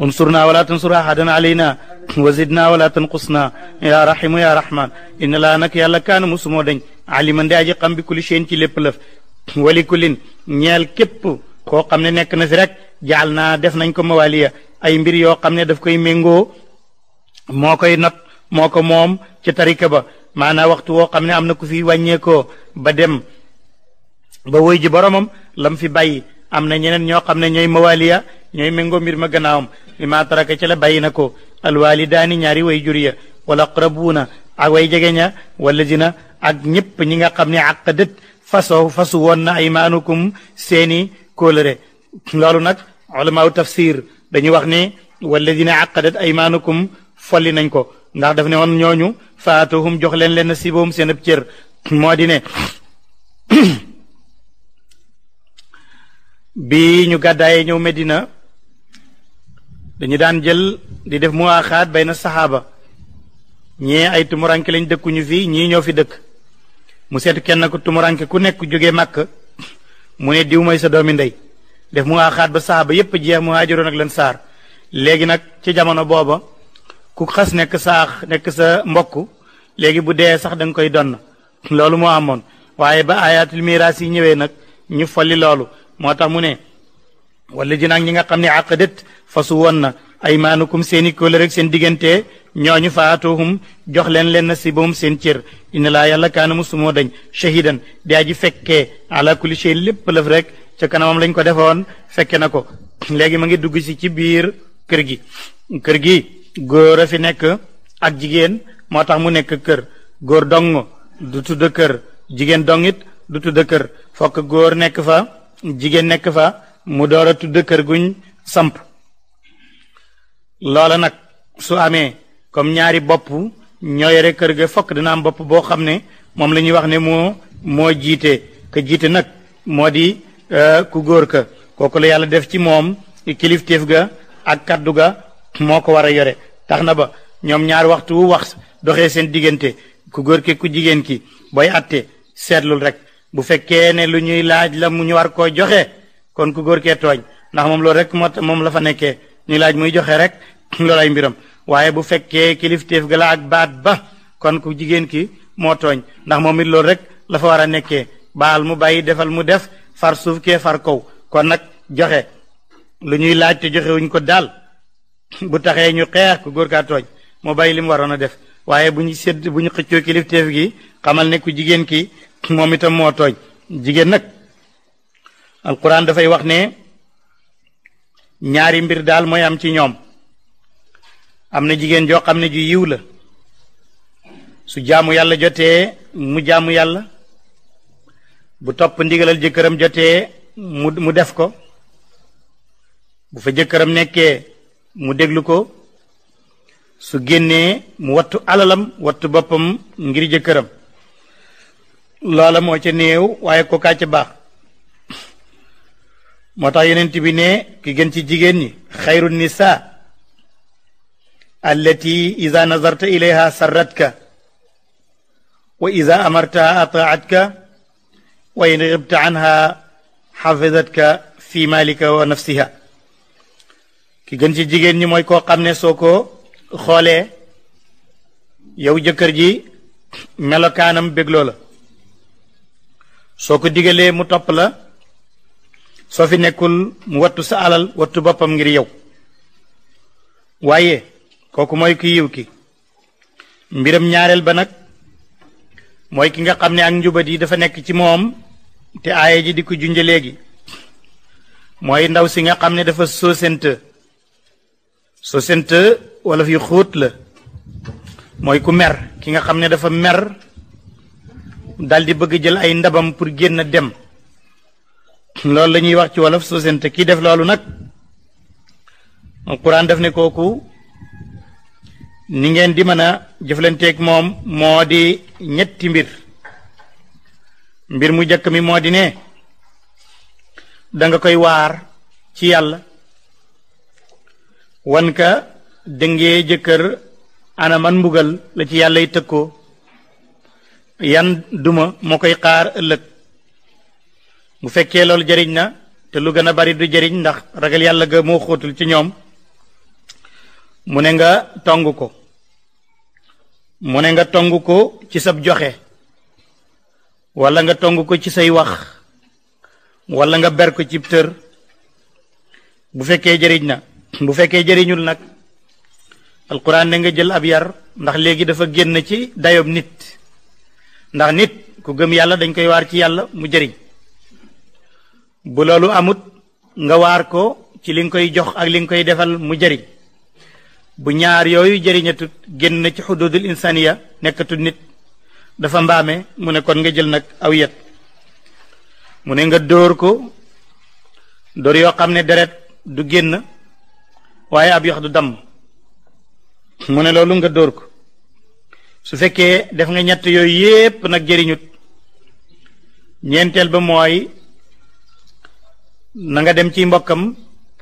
انصرنا ولا تنصر احدا علينا وزدنا ولا تنقصنا يا رحيم يا رحمن ان لا نك يلا كان مسمودن علي من داجي قام بكل شيء انت لبلف ولي كل نيال كيب كو قام نك نزرك جعلنا دف نكو مواليا اي مبير يو قام ندف كوي مينغو موكو ينط موكو موم تي طريقه با معنا وقت وو قام نك في وانيكو بدم با ويجي برامم لم في باي am na ñeneen ñoo xam ne ñooy mawaliya ñooy méngoo mbir ma gannaawam li ma taraka ci la bàyyi na ko alwalidaani ñaari way jur ya wala aqrabuuna ak way jege ña wala dina ak ñëpp ñi nga xam ne àqadat fasoo fasu woon na ay maanukum seeni kóolëre loolu nag ulamaaw tafsir dañuy wax ni wala dina àqadat ay maanukum folli nañ ko ndax def ne woon ñooñu faatuhum jox leen leen na siboom seen a cër moo di ne bi ñu gàddaayee ñëw Medina dañu daan jël di def muwaaxaat bay na saxaaba ñee ay tumuranke lañ dëkkuñu fii ñii ñëw fi dëkk mu seetu kenn ku tumuranke ku nekk jógee màkk mu ne diw mooy sa doomi ndey def muwaaxaat ba saxaaba yépp jeex muhaajiroon ak lan saar léegi nag ci jamono booba ku xas nekk saax nekk sa mbokk léegi bu dee sax danga koy donn loolu mu amoon waaye ba ayatul miraas yi ñëwee nag ñu folli loolu moo tax mu ne walla ji ñi nga xam ne àqadat fasu woon na aymaanukum seeni kóllëre rek seen diggante ñooñu faatoohum jox leen leen nasibahum seen cër inna laa yàlla kaana musumoo dañ shahidan di aji fekkee ala kulli shay lépp lëf rek ca kanamam lañ ko defoon fekke na ko léegi ma ngi dugg si ci biir kër gi kër gi góor a fi nekk ak jigéen moo tax mu nekk kër góor dong du tudd kër jigéen dongit du tudd kër fokk góor nekk fa jigéen nekk fa mu door a tudd kër guñ samp loola nag su amee comme ñaari bopp ñoo yore kër ga fokk dina am bopp boo xam ne moom la ñuy wax ne moo moo jiite ka jiite nag moo di euh, ku góor ka kooku la yàlla def ci moom kilifteef ga ak kaddu ga moo ko war a yore tax na ba ñoom ñaar waxtu wu wax doxee seen diggante ku góor ki ku jigéen ki booy atte seetlul rek bu fekkee ne lu ñuy laaj la mu ñu war koo joxe kon ku góor kee tooñ ndax moom loolu rek moo moom la fa nekkee ñuy laaj muy joxe rek loolu ay mbiram waaye bu fekkee kilifteef ga la ak baat ba kon ku jigéen ki moo tooñ ndax moom it loolu rek la war a nekkee baal mu bàyyi defal mu def far suuf kee far kaw kon nag joxe lu ñuy laaj te joxe wuñ ko daal bu taxee ñu xeex ku góor kaa tooñ moo bàyyi li mu waroon a def waaye bu ñu sedd bu ñu xëccoo kilifteef gi xamal ne ku jigéen ki moom itam moo tooñ jigéen nag alquran dafay wax ne ñaari mbir daal mooy am ci ñoom am na jigéen joo xam ne ju yiw la su jaamu yàlla jotee mu jaamu yàlla bu topp ndigalal jëkkëram jotee mu def ko bu fa jëkkëram nekkee mu déglu ko su génnee mu wattu alalam wattu boppam ngir jëkkëram loola moo ci néew waaye ko kaa ca baax moo tax yonent bi ne ki gën ci jigéen ñi xayru nisa allati iza nazarta ilayha sarratka wa iza amartaha ataatka wa in xibta anha xafidatka fi malika wa nafsiha ki gën ci jigéen ñi mooy koo xam ne soo ko xoolee yow jëkkër ji melokaanam bégloo la soko ko mu top la so fi nekul mu wattu sa alal wattu bopam ngir yow waaye koku moy ki yiw ki mbiram ñaarel ba nak moy ki nga xam ak dafa nek ci mom te ayé ji di ko légui moy ndaw si nga xam dafa soosente soosente wala fi xóot la ku mer ki nga xam dafa mer dal di bëgg jël ay ndabam pour génn dem loolu la ñuy wax ci wolof soosente kii def loolu nag quran def ne kooku ni ngeen di mën a jëflanteeg moom moo di ñetti mbir mbir mu jëkk mi moo di ne da nga koy waar ci yàlla wan ka dëngee jëkkër ana man mbugal la ci yàlla yi tëkkoo yan duma moo koy xaar ëllëg bu fekkee loolu jariñ na te lu gën a bari du jariñ ndax ragal yàlla ga moo xóotul ci ñoom mu ne nga tong ko mu ne nga tong ko ci sab joxe wala nga tong ko ci say wax wala nga ber ko ci tër bu fekkee jëriñ na bu fekkee jëriñul nag alquran ne nga jël ab yar ndax léegi dafa génn ci dayob nit ndax nit ku gëm yàlla dañ koy waar ci yàlla mu jëriñ bu loolu amut nga waar ko ci li nga koy jox ak li nga koy defal mu jariñ bu ñaar yooyu jëriñatut génn ci xududul insaniya nekkatul nit dafa mbaame mu ne kon nga jël nag aw yet mu ne nga dóor ko dóor yoo xam ne deret du génn waaye ab yox du damm mu ne loolu nga dóor ko su fekkee def nga ñett yooyu yépp nag jëriñut ñeenteel ba mooy na nga dem ci mbokkam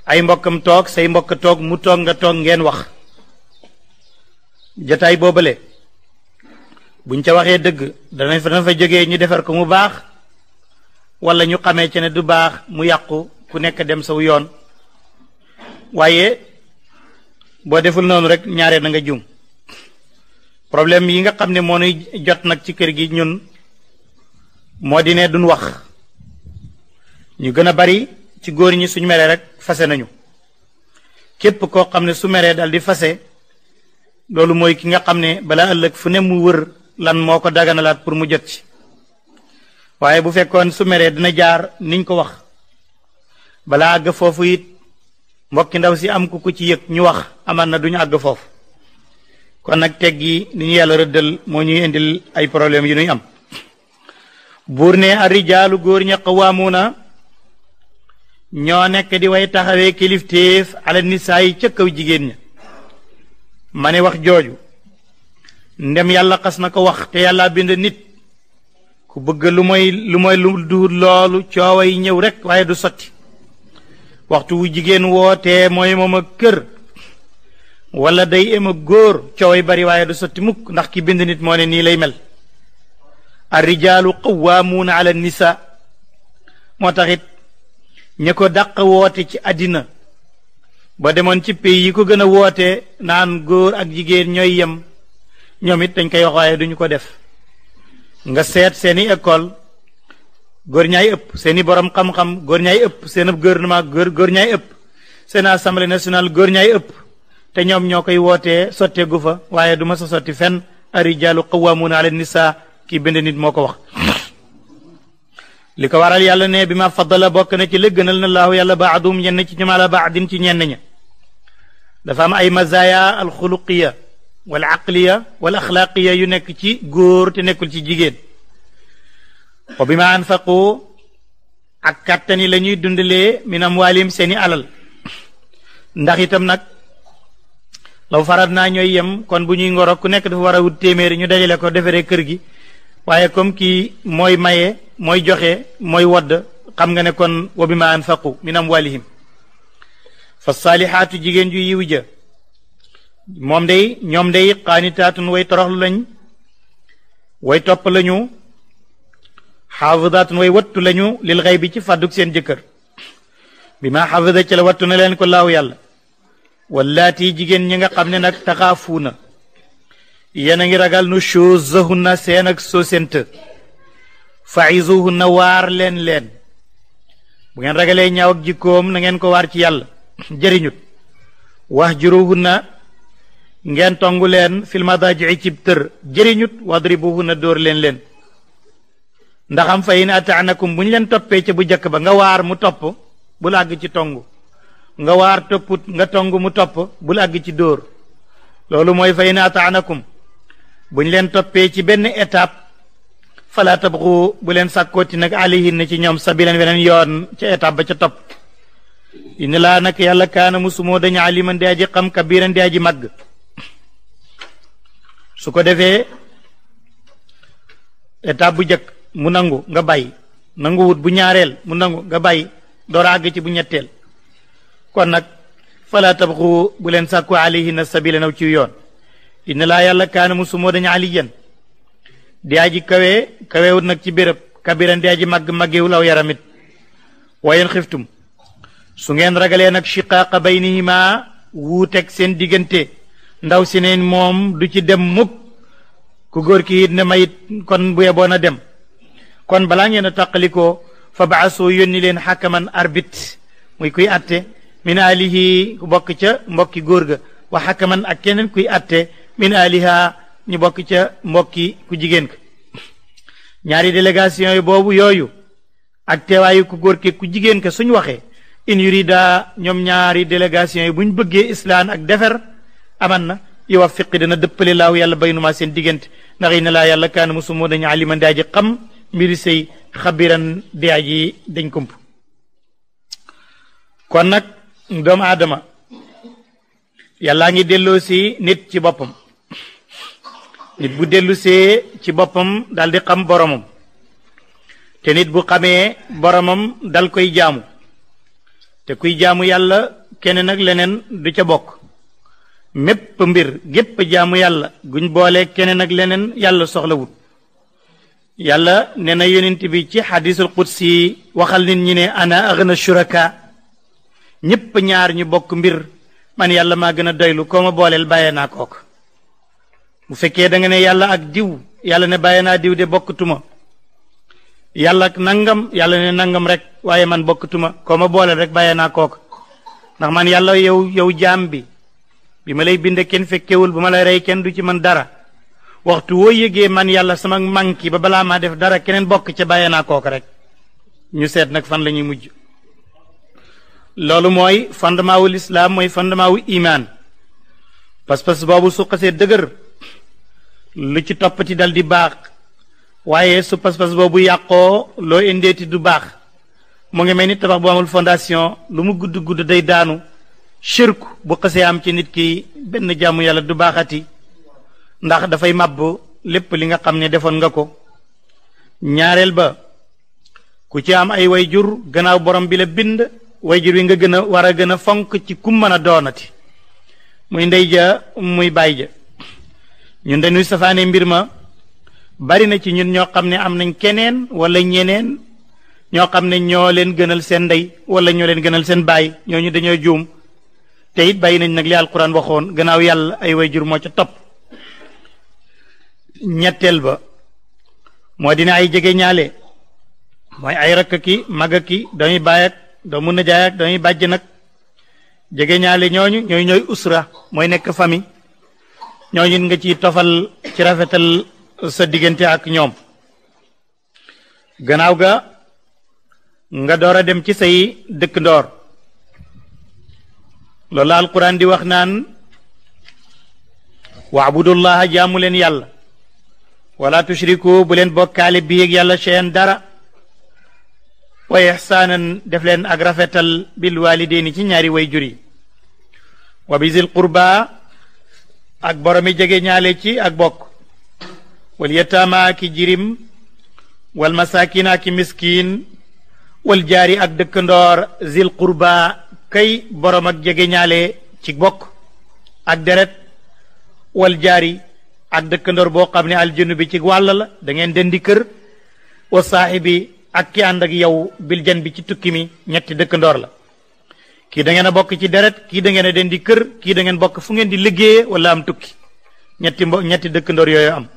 ay mbokkam toog say mbokk toog mu toog nga toog ngeen wax jataay boobale buñ ca waxee dëgg fa fa ñu defar ko mu baax wala ñu xamee ci ne du baax mu yàqu ku nekk dem saw yoon waaye boo deful noonu rek ñaaree na nga jum problème yi nga xam ne moo jot nak ci kër gi ñun mo di né duñ wax ñu gëna bari ci goor ñi suñu méré rek fase nañu képp ko xam su méré dal di fase lolu moy ki nga xam bala ëlëk fu né mu wër lan moko daganalat pour mu jot ci waye bu fekkoon su méré dina jaar niñ ko wax bala ag fofu it mbokk ndaw si am ku ko ci yek ñu wax amana duñu ag fofu kon nag teg gi ni ñu yàlla rëddal moo ñuy indil ay problème yu ñuy am buur ne arrijaalu góor ña na ñoo nekk di way taxawee kilifteef ala nisaa yi ca kaw jigéen ña ma wax jooju ndem yàlla xas na ko wax te yàlla bind nit ku bëgg lu mooy lu mooy lu duur loolu coowa yi ñëw rek waaye du sotti waxtu wu jigéen wootee mooy moom ak kër wala day ëm ak góor cooway bari waaye du sotti mukk ndax ki bind nit moo ne nii lay mel arrijaalu qawaamuuna ala nisa moo taxit ña ko daq woote ci àddina ba demoon ci pays yi ko gën a woote naan góor ak jigéen ñooy yem ñoom it dañ koy wax waaye duñu ko def nga seet seeni école góor ñaay ëpp seeni borom xam-xam ñaay ëpp seen ab gouvernement góor ñaay ëpp seen assemblée nationale góor ñaay ëpp te ñoom ñoo koy wootee sotteegu fa waaye du ma sa sotti fenn arijaalu qawamun ala nisa ki bind nit moo ko wax li ko waral yàlla ne bi ma faddala bokk na ci la na laahu yàlla baadum yenn ci ñoom ala baadin ci ñenn ña dafa am ay mazaya alxuluqiya wal aqliya wal axlaaqiya yu nekk ci góor te nekkul ci jigéen wa bi ma anfaqu ak kàttan la ñuy dundalee min amwaalim seeni alal ndax itam nag law farat naa ñooy yem kon bu ñuy ngoro ku nekk dafa war a wut téeméeri ñu dajale ko defaree kër gi waaye comme kii mooy maye mooy joxe mooy wadd xam nga ne kon wa bi ma anfaqu min amwalihim fa saalihaatu jigéen ju yiw ja moom day ñoom day qaanitaatun way toroxlu lañ way topp lañu xaafidaatun way wattu lañu lil xay bi ci fàdduk seen jëkkër bi ma xaafida ci wattu na leen ko laaw yàlla wallaati jigéen ñi nga xam ne nag taxaafuuna yéen a ngi ragal nu chuzahunna seen ak sosent faizuhunna waar leen leen bu ngeen ragalee ñaaw ak jikkoom na ngeen ko waar ci yàlla jëriñut wahjuruhunna ngeen tongu leen fil madaaji'i cib tër jëriñut wadribuhunna dóor leen leen ndaxam fa in ataanakum bu ñu leen toppee ca bu jëkk ba nga waar mu topp bu làgg ci tongu nga waar topput nga tong mu topp bul àgg ci dóor loolu mooy fay na ataanakum buñ leen toppee ci benn étape fala tabxu bu leen sàkkooti nag alayhin ci ñoom sabilan weneen yoon ca étape ba ca topp ina laa nag yàlla kaana musumoo dañu aliman di aji xam kabiran di aji màgg su ko defee étape bu jëkk mu nangu nga bàyyi nangu wut bu ñaareel mu nangu nga bay door àgg ci bu ñetteel kon nag falaa tabxu bu leen sàkku alayhinna sabila naw ci yoon inna laa yàlla kaana mu sumoo dañu aliyan di aji kawe kawewut nag ci béréb kabiran di aji màgg màggewul aw yaramit wayen xiftum su ngeen ragalee nag shiqaaqa baynihima wuuteg seen diggante ndaw si neen moom du ci dem mukk ku góor ki it ne mayit kon bu yeboon a dem kon balaa ngeen a tàqalikoo fa baasoo yónni leen xakaman arbit muy kuy atte min alihi ku bokk ca mbokki góor ga wa xakaman ak keneen kuy atte min aliha ñu bokk ca mbokki ku jigéen ka ñaari délégation yi boobu yooyu ak teewaayu ku góor ke ku jigéen ka suñ waxee in yurida ñoom ñaari délégation yi buñ bëggee islaan ak defer aman na yuwaffiqi dana dëppale laaw yàlla baynuma seen diggante ndax yi ne laa yàlla kaana musumoo dañu aliman di aji xam mbiri sëy xabiran di aji dañ kump kon nag doomu aadama yàllaa ngi delloo si nit ci boppam nit bu dellu ci boppam dal di xam boromam te nit bu xamee boromam dal koy jaamu te kuy jaamu yàlla keneen ak leneen du ca bokk mépp mbir gépp jaamu yàlla guñ boole keneen ak leneen yàlla soxlawut yàlla nee na bi ci xadiisul qudsi waxal nit ñi ne ana agna shuraka ñépp ñaar ñu bokk mbir man yàlla maa gën a doylu koo ma booleel bàyyee naa kook bu fekkee danga ne yàlla ak diw yàlla ne bàyyee naa diw de bokkatuma yàlla ak nangam yàlla ne nangam rek waaye man bokkatuma koo ma booleel rek bàyyee naa kook ndax man yàlla yow yow jaam bi bi ma lay binde kenn fekkewul bu ma lay rey kenn du ci man dara waxtu woo yëgee man yàlla sama manki ba balaa maa def dara keneen bokk ca bàyyee naa kook rek ñu seet nag fan la ñuy mujj loolu mooy fondement wu lislaam mooy fondement wu imaan pas-pas boobu su xasee dëgër lu ci toppati dal di baax waaye su pas-pas boobu yàqoo loo indeeti du baax mu ngi mel ni tabax bu amul fondation lu mu gudd gudd day daanu shirk bu xasee am ci nit ki benn jàmm yàlla du baaxati ndax dafay màbb lépp li nga xam ne defoon nga ko ñaareel ba ku ci am ay way jur gannaaw borom bi la bind wayjur wi nga gën a war a gën a fonk ci kum mën a doonati muy ndey ja muy baay ja ñun dañuy safaane mbir ma bari na ci ñun ñoo xam ne am nañ keneen wala ñeneen ñoo xam ne ñoo leen gënal seen ndey wala ñoo leen gënal seen baay ñooñu dañoo juum te it bàyyi nañ nag li alquran waxoon gannaaw yàlla ay way wayjur moo ca topp ñetteel ba moo dina ay jege ñaale mooy ay rakk ki mag ki doomi baay Doa-mu jaay ak dañuy bàjj nak jege ñaale ñooñu ñoy ñoy usra mooy nekk famille ñooñu nga ci tofal ci rafetal sa digënté ak ñoom gannaaw ga nga doora dem ci sey dëkk ndoor loolu alquran di wax naan waabudullaha jaamu leen yàlla wala tushriku bu leen bi ak yalla sheen dara wa ihsanan def len ak rafetal bil walidin ci ñaari way juri wa bi zil qurba ak boromi jege ñaale ci ak bok wal yatama ki jirim wal masakin ki miskin wal jari ak ndor zil qurba kay borom ak jege ñaale ci bok ak deret wal jari ak ndor bo xamni al aljënu bi ci walla la da ngeen dendi keur wa sahibi ak ki and ak yow bil jan bi ci tukki mi ñetti ndor la ki da ngeen bok ci deret ki da ngeen den di kër ki da ngeen bok fu ngeen di wala am tukki ñetti ñetti dekk ndor am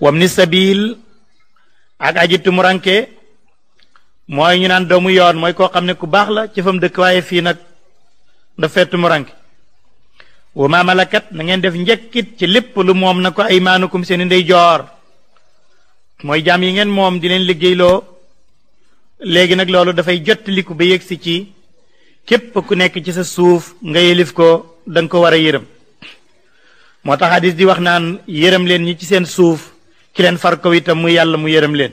wam min sabil ak aji tumuranke moy ñu naan doomu yoon moy ko xamne ku bax la ci fam waye fi nak da dafay tumuranke wa ma malakat na ngeen def ci lepp lu mom nako aymanukum seen ndey jor mooy jaam yi ngeen moom di leen liggéeyloo léegi nag loolu dafay jottaliku ba yëgsi ci képp ku nekk ci sa suuf nga yelif ko da ko war a yërëm moo tax hadis di wax naan yërëm leen ñi ci seen suuf ki leen far ko itam mu yàlla mu yërëm leen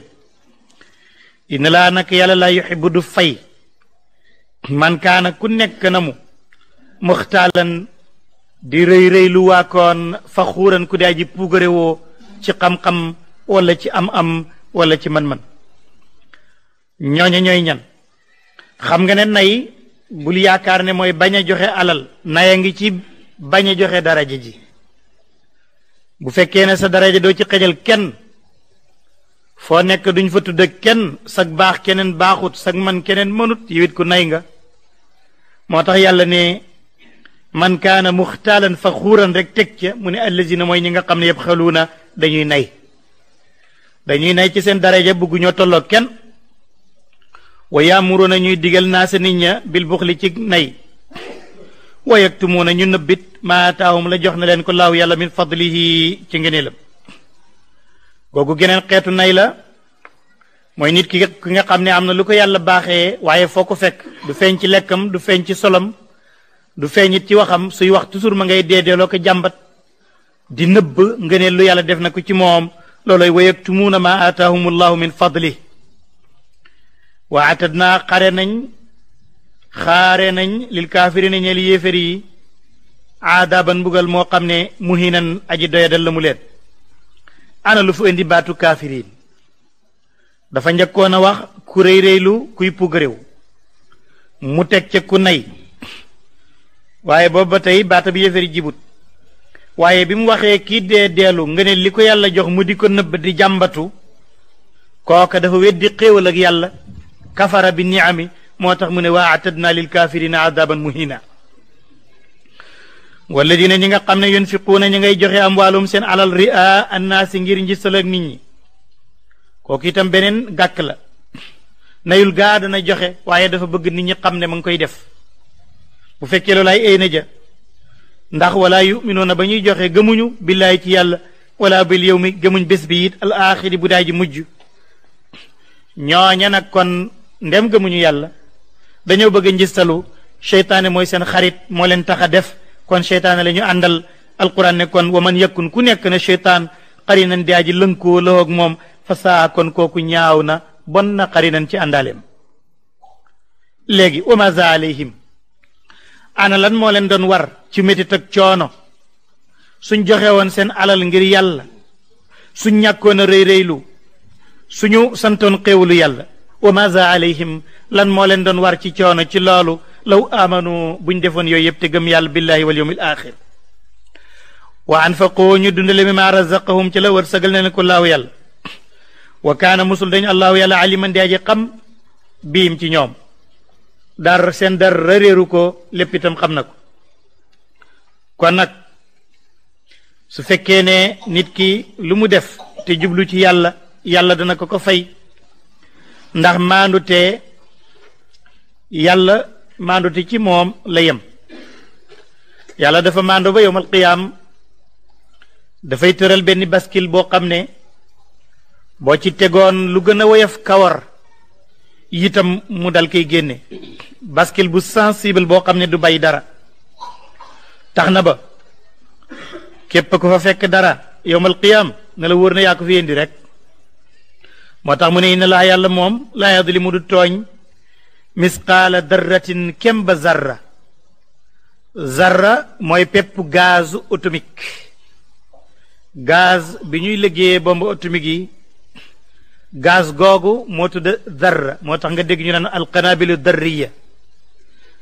inna laa nag yàlla laa yuxibu du fay man kaana ku nekk na mu muxtaalan di rëy rëy lu waakoon fa ku daa ji puugare ci xam-xam wala ci am-am wala ci man man ñooñu ñoy ñan xam nga ne nay li yaakar ne moy baña joxe alal naya ngi ci baña joxe daraja ji bu fekke ne sa daraja do ci xejal kunai fo nek duñ fa tudde ken sak bax kenen baxut sak man kenen manut yewit ku nay nga motax yalla ne man kana mukhtalan fakhuran rek tekke ca allazina dañuy nay dañuy nay ci seen daraja ñoo tolloog kenn wa yaamuruna ñuy digal naa sa nit ña bil buxli ci nay wa yaktumuna ñu nëbbit maa taawum la jox na leen ko laaw yàlla min fadlihi ci ngëneelam googu geneen xeetu nay la mooy nit ki ki nga xam ne am na lu ko yàlla baaxee waaye foo ko fekk du feeñ ci lekkam du feeñ ci solam du feeñit ci waxam suy wax toujours ma ngay deedeeloo ko jàmbat di nëbb ngëneel lu yàlla def na ko ci moom looloy wa yaktumuuna maa aataahum allahu min fadli wa atadnaa xare nañ xare nañ lil kaafirina ñeel yéefér yi aadaban mbugal moo xam ne muhinan aji doyadal la mu leen ana lu fu indi baatu kaafiriin dafa njëkkoon a wax ku réy réylu kuy pugaréew mu teg ca ku nay waaye ba tey baata bi yéeféri jibut waaye bi mu waxee kii dee deelu nga ne li ko yàlla jox mu di ko nëbb di jàmbatu kooka dafa weddi xéewal ak yàlla kafara bi niami moo tax mu ne waa atadna lil kaafirina adaban muhina walladina ñi nga xam ne yunfiquuna ñi ngay joxe amwaalum seen alal ria annaasi ngir njistal ak nit ñi kooku itam beneen gàkk la nayul gaa dana joxe waaye dafa bëgg nit ñi xam ne ma ngi koy def bu fekkee loolu ay ay na ja ndax wala yuminuuna ba ñuy joxe gëmuñu billahi ci yàlla wala bil yow gëmuñ bés bi it al axiri bu daay ji mujj ñooña nag kon ndem gëmuñu yàlla dañoo bëgg a njistalu seytaane mooy seen xarit moo leen tax a def kon seytaane la ñu àndal alquran ne kon wa man yakkun ku nekk na seytaan xarinan daa ji lënkoo lawoog moom fa saa kon kooku ñaaw na bon na xarinan ci àndaleem léegi wa ma za ana lan moo leen doon war ci métit ak coono suñ joxe woon seen alal ngir yàlla suñ ñàkkoon a rëy rëylu suñu santoon xéewlu yàlla wa maza alayhim lan moo leen doon war ci coono ci loolu law amanu buñ defoon yooyu yëpp te gëm yàlla billahi wal yawmil axir wa anfaqoo ñu dundale mi ma razaqahum ci la wër sëgal na ne ko laahu yàlla wa kaana musul dañu allahu yàlla aliman di aji xam biim ci ñoom dar seen dar réeru ko lépp itam xam na ko kon nag su fekkee ne nit ki lu mu def te jublu ci yàlla yàlla dana ko ko fay ndax maandute yàlla maandute ci moom la yem yàlla dafa maandu ba yowmal qiyaam dafay tëral benn baskil boo xam ne boo ci tegoon lu gën a woyof kawar itam mu dal koy génne baskil bu sensible boo xam ne du bay dara tax na ba képp ku fa fekk dara yowmal qiyaam na la wóor na yaa ko fi indi rek moo tax mu ne inna laa yàlla moom laa mu du tooñ misqaala darratin kem ba zarra zarra mooy pepp gaz atomique gaz bi ñuy liggéeyee bombe atomique yi gaz googu moo tudd zarra moo tax nga dégg ñu naan alqanabilu darriya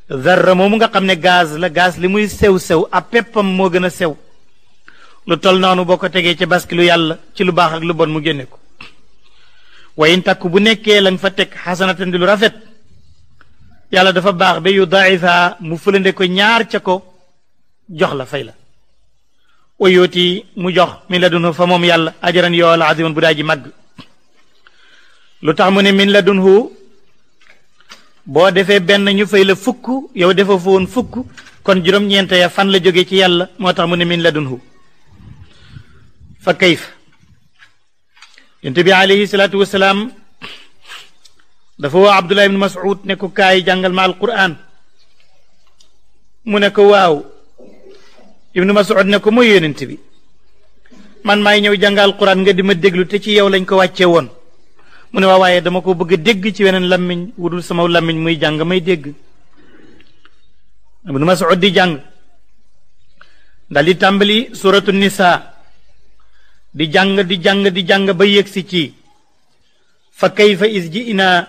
zarra moomu nga xam ne gaz la gaz li muy sew-sew ab peppam moo gën a sew lu tol noonu boo ko tegee ci baskilu yàlla ci lu baax ak lu bon mu génne ko wayin takku bu nekkee la nga fa teg xasanatan lu rafet yàlla dafa baax ba yu mu fulande ko ñaar ca ko jox la fay la wayooti mu jox mi la dunu fa moom yàlla ajaran yool lutax mu ne min ladunhu boo defee benn ñu fay la fukk yow defa woon fukk kon juróom-ñeent ya fan la jóge ci yàlla moo tax mu ne min ladunhu fa kayf yonent bi alayhi salaatu wasalaam dafa woo abdullah ibn mas'ud ne ko kaay jàngal ma alquran mu ne ko waaw ibnu mas'ud ne ko mooy yonente bi man maay ñëw jàngal alquran nga di ma déglu te ci yow lañ ko wàcce woon mu ne ma waaye dama ko bëgg dégg ci weneen lammiñ wudul sama lammiñ muy jàng may dégg Ibnu Mas'ud di jàng daal di tàmbali suratu nisa di jàng di jàng di jàng ba ci fa kayfa is ji'naa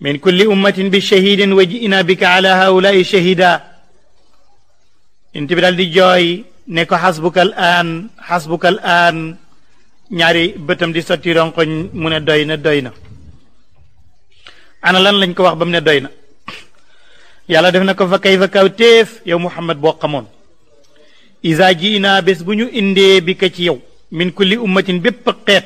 min kulli ummatin bi shahidin wa ji'naa bika ala haulaai shahida inti bi daal jooy ne ko xasbuka al aan xasbuka ñaari bëtam di sotti ronkoñ mu ne doy na doy na ana lan lañ ko wax ba mu ne doy na yàlla def na ko fa kay fa kaw téef yow muhammad boo xamoon isa ji inaa bés bu ñu indee bi ka ci yow min kulli ummatin bépp xeet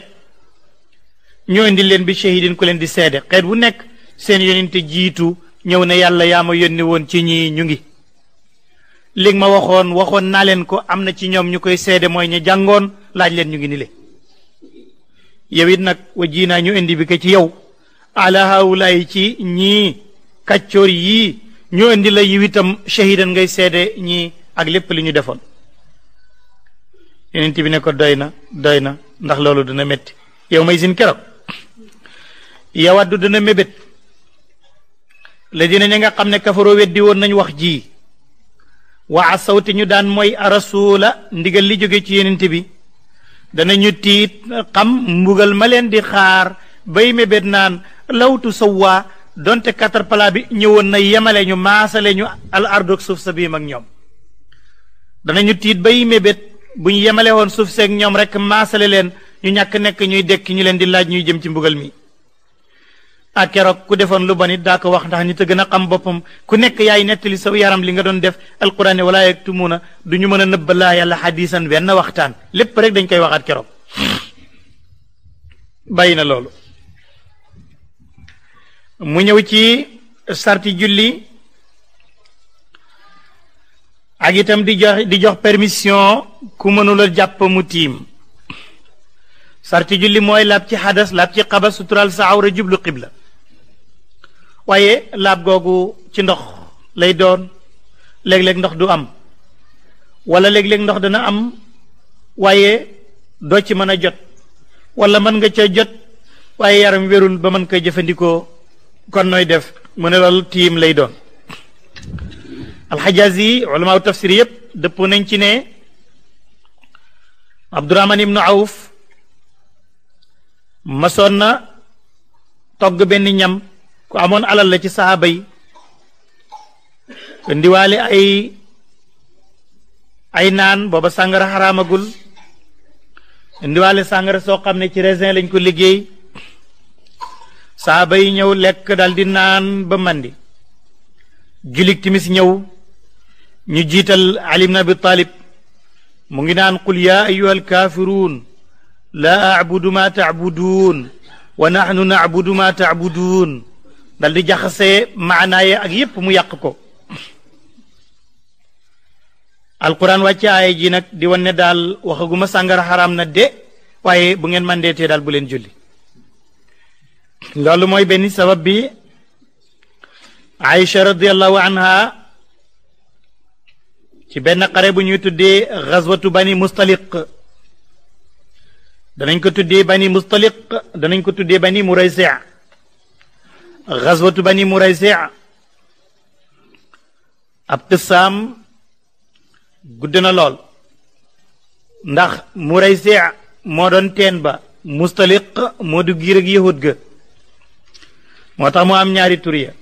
ñoo indi leen bi shahidin ku leen di seede xeet bu nekk seen yonente jiitu ñëw na yàlla yaa ma yónni woon ci ñii ñu ngi léegi ma waxoon waxoon naa leen ko am na ci ñoom ñu koy seede mooy ñu jàngoon laaj leen ñu ngi ni le yow it nag wa ji naa ñu indi bi ko ci yow ala haawulaay ci ñii kàccoor yii ñu indi la yiw itam shahidan ngay seede ñii ak lépp li ñu defoon yonent bi ne ko doy na doy na ndax loolu dina metti yow may sin keroog yawaddu dina mébét la dina ña nga xam ne kafaroo weddi woon nañ wax ji waa a asawte ñu daan mooy rasula ndigal li jóge ci yonent bi danañu tiit xam mbugal ma leen di xaar bay mébét naan lawtu sawwa donte caterpillar bi ñëwoon na yemale ñu maasale ñu al ardog suuf sa biim ak ñoom danañu tiit bay mébét bu ñu yemale woon suuf seeg ñoom rek maasale leen ñu ñàkk nekk ñuy dekki ñu leen di laaj ñuy jëm ci mbugal mi ak keroog ku defon lu banit da ko wax ndax nit a gën xam bopam ku nekk yaay netti saw yaram li nga doon def alquran wala yaktumuna du ñu mën a nëbb laa yàlla xadiisan wenn rek dañ koy waxat bayina lolu mu ñew ci sarti julli ak itam di jox di jox permission ku mënula japp mu tim sarti julli moy lap ci hadas lap ci qabas sutural sa jublu qibla waaye laab googu ci ndox lay doon léeg-léeg ndox du am wala léeg-léeg ndox dana am waaye doo ci mën a jot wala mën nga ca jot waaye yaram wérul ba mën koy jëfandikoo kon nooy def mu ne loolu tiim lay doon alxajaas yi ulamaaw tafsir yépp dëpp nañ ci ne abdurahman ibnu awf masoon na togg benn ñam ku amon alal la ci sahaba yi ndiwaale ay ay naan baba sangara haramagul indi wale sangara so ne ci raisin lañ ko liggéey sahaba yi ñew lek dal di naan ba mandi julik timis ñew ñu jital ali ibn abi talib mu ngi naan qul ya ayyuhal kafirun la abudu ma ta'budun wa nahnu nabudu ma ta'budun dal di jaxase maanaaye ya ak yépp mu yàq ko alquran wàcc aaya ji nag di wan ne daal waxaguma sàngara xaraam na de waaye bu ngeen mandeetee daal bu leen julli loolu mooy benn sabab bi Aïcha radiallahu anha ci benn xare bu ñuy tuddee bani mustaliq danañ ko tuddee bani mustaliq danañ ko tuddee bani muraysia غزوة بني مريسع ab qissaam gudd na lool ndax muraysi' moo doon teen ba mustaliq moo du giir ak yahud ga moo tax mu am ñaari tur ya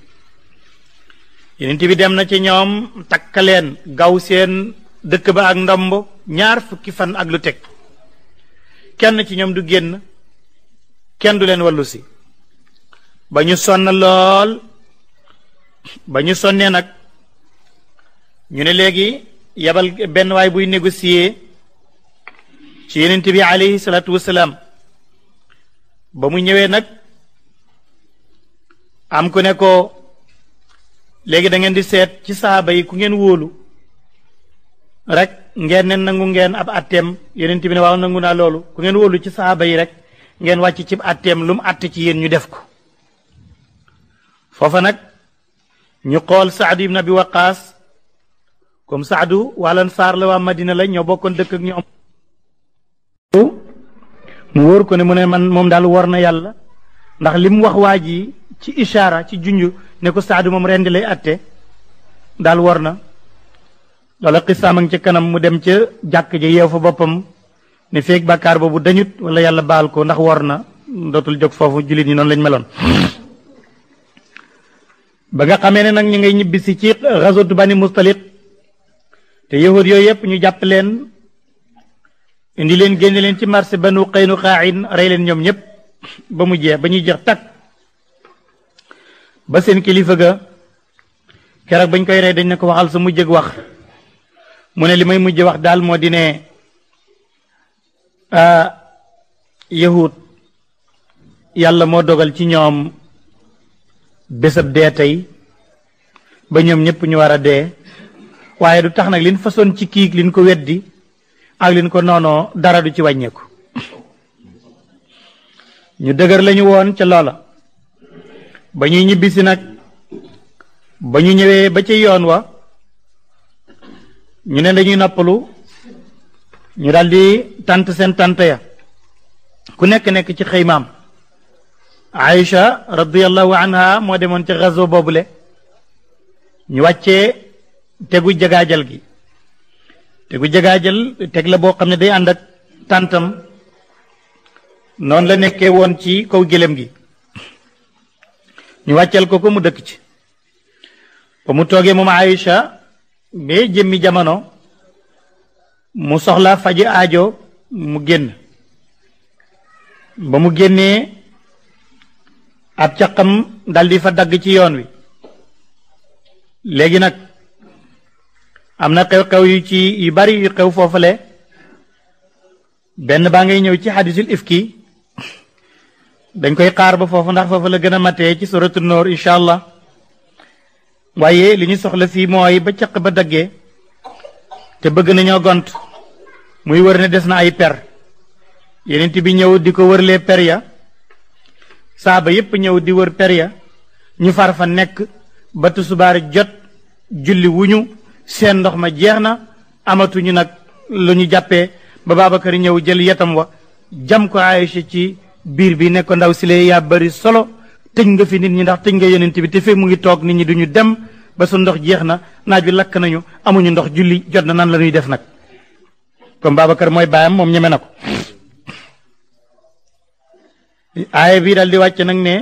yonent bi dem na ci ñoom takk leen gaw seen ba ak ndomb ñaar fukki fan ak lu kenn ci ñoom du kenn du wallu si ba ñu sonn lool ba ñu sonnee nag ñu ne léegi yabal benn waay buy négocier ci yeneen bi alayhi salaatu wasalaam ba mu ñëwee nag am ku ne ko léegi da ngeen di seet ci saaba yi ku ngeen wóolu rek ngeen ne nangu ngeen ab atteem yenent bi ne waaw nangu naa loolu ku ngeen wóolu ci saaba yi rek ngeen wàcc ci atteem lu mu àtt ci yéen ñu def ko fofa nak ñu xol sa'd ibn abi waqas comme saadu walan sar la wa madina la ñoo bokkoon dekk ak ñoom mu wor ko ne mu ne man mom dal wor na yalla, ndax lim wax waji ci ishara ci junju ne ko saadu mom rendi lay atté dal wor na lola xisaam ngi ci kanam mu dem ci jakk ji yew fa bopam ne fek bakkar bobu dañut wala yalla bal ko ndax wor na dotul jog fofu julit ni non lañ melone ba nga xamé né nak ñi ngay ñibbisi ci ghazwat bani mustalit te yahud yoy yep ñu japp leen indi leen génne leen ci marché banu qainu qa'in ray leen ñom ñëpp ba mu jé ba ñuy jeex tak ba seen kilifa ga bañ koy ray dañ waxal mujjëg wax mu né limay mujjë wax dal mo di ah, yahud yalla mo dogal ci ñom bésab dee tey ba ñoom ñëpp ñu war a dee waaye du tax nag lin fasoon ci kiig lin ko weddi ak liñ ko noonoo dara du ci wàññeeku ñu dëgër lañu woon ca loola ba ñuy ñibbisi nag ba ñu ñëwee ba ci yoon wa ñu ne dañuy noppalu ñu daldi tànt seen tant ya ku nekk nekk ci xëymaam Aïcha radiallahu anha moo demoon ci gazo boobule ñu wàccee tegu jagaajal gi tegu jagaajal teg la boo xam ne day ànd ak tàntam noonu la nekkee woon ci kaw gélém gi ñu wàcceel ko ko mu dëkk ci ba mu toogee moom Aïcha bee jëmmi jamono mu soxla faji ajo mu génn ba mu génnee ab caqam daldi fa dagg ci yoon wi léegi nag am na xew-xew yu ci yu bari yu xew foofale benn baa ngay ñëw ci xadisul ifki dañ koy xaar ba foofu ndax foofu la gën a matee ci suratu noor incha allah waaye li ñu soxla fii mooy ba caq ba daggee te bëgg nañoo gont muy wër ne des na ay per yenent bi ñëw di ko wërle per ya saaba yépp ñëw di wër per ya ñu far fa nekk ba tusubaar jot julli wuñu seen ndox ma jeex na ñu nag lu ñu jàppee ba Babacar ñëw jël yetam wa jam ko Aïcha ci biir bi ne ko ndaw si lee yaa bari solo tëj nga fi nit ñi ndax tëj nga yonent bi te mu ngi toog nit ñi duñu dem ba su ndox jeex na naaj bi lakk nañu amuñu ndox julli jot na nan la ñuy def nag comme Babacar mooy moom ñeme na aaya bi daal di wàcc nag ne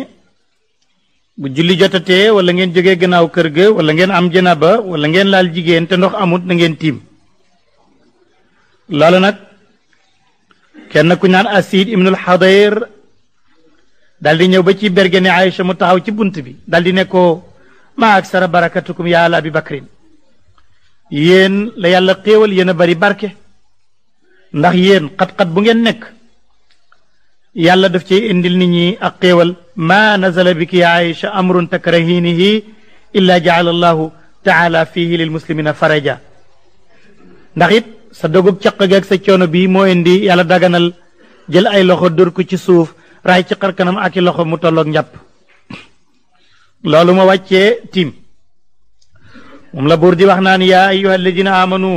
bu julli jotatee wala ngeen jóge gannaaw kër ga wala ngeen am janaba wala ngeen laal jigéen te ndox amut na ngeen tiim loolu nag kenn ku naan asid ibnul xadayr daal di ñëw ba ci bergene Aïcha mu taxaw ci bunt bi daal di ne ko maa ak sara barakatukum yaa ala abi bakrin yéen la yàlla xéewal yéen a bari barke ndax yéen xat-xat bu ngeen nekk yàlla daf ci indil nit ñi ak xéewal ma nazala biki ya aïcha amrun takrahinihi illa jaala allahu taala fihi lil muslimina faraja ndax it sa dogub caq gi ak sa coono bi moo indi yàlla daganal jël ay loxo dóor ko ci suuf raay ci xar kanam ak i loxo mu tolloog njàpp loolu ma wàccee tim moom la buur di wax naan yaa ayuha alladina amanu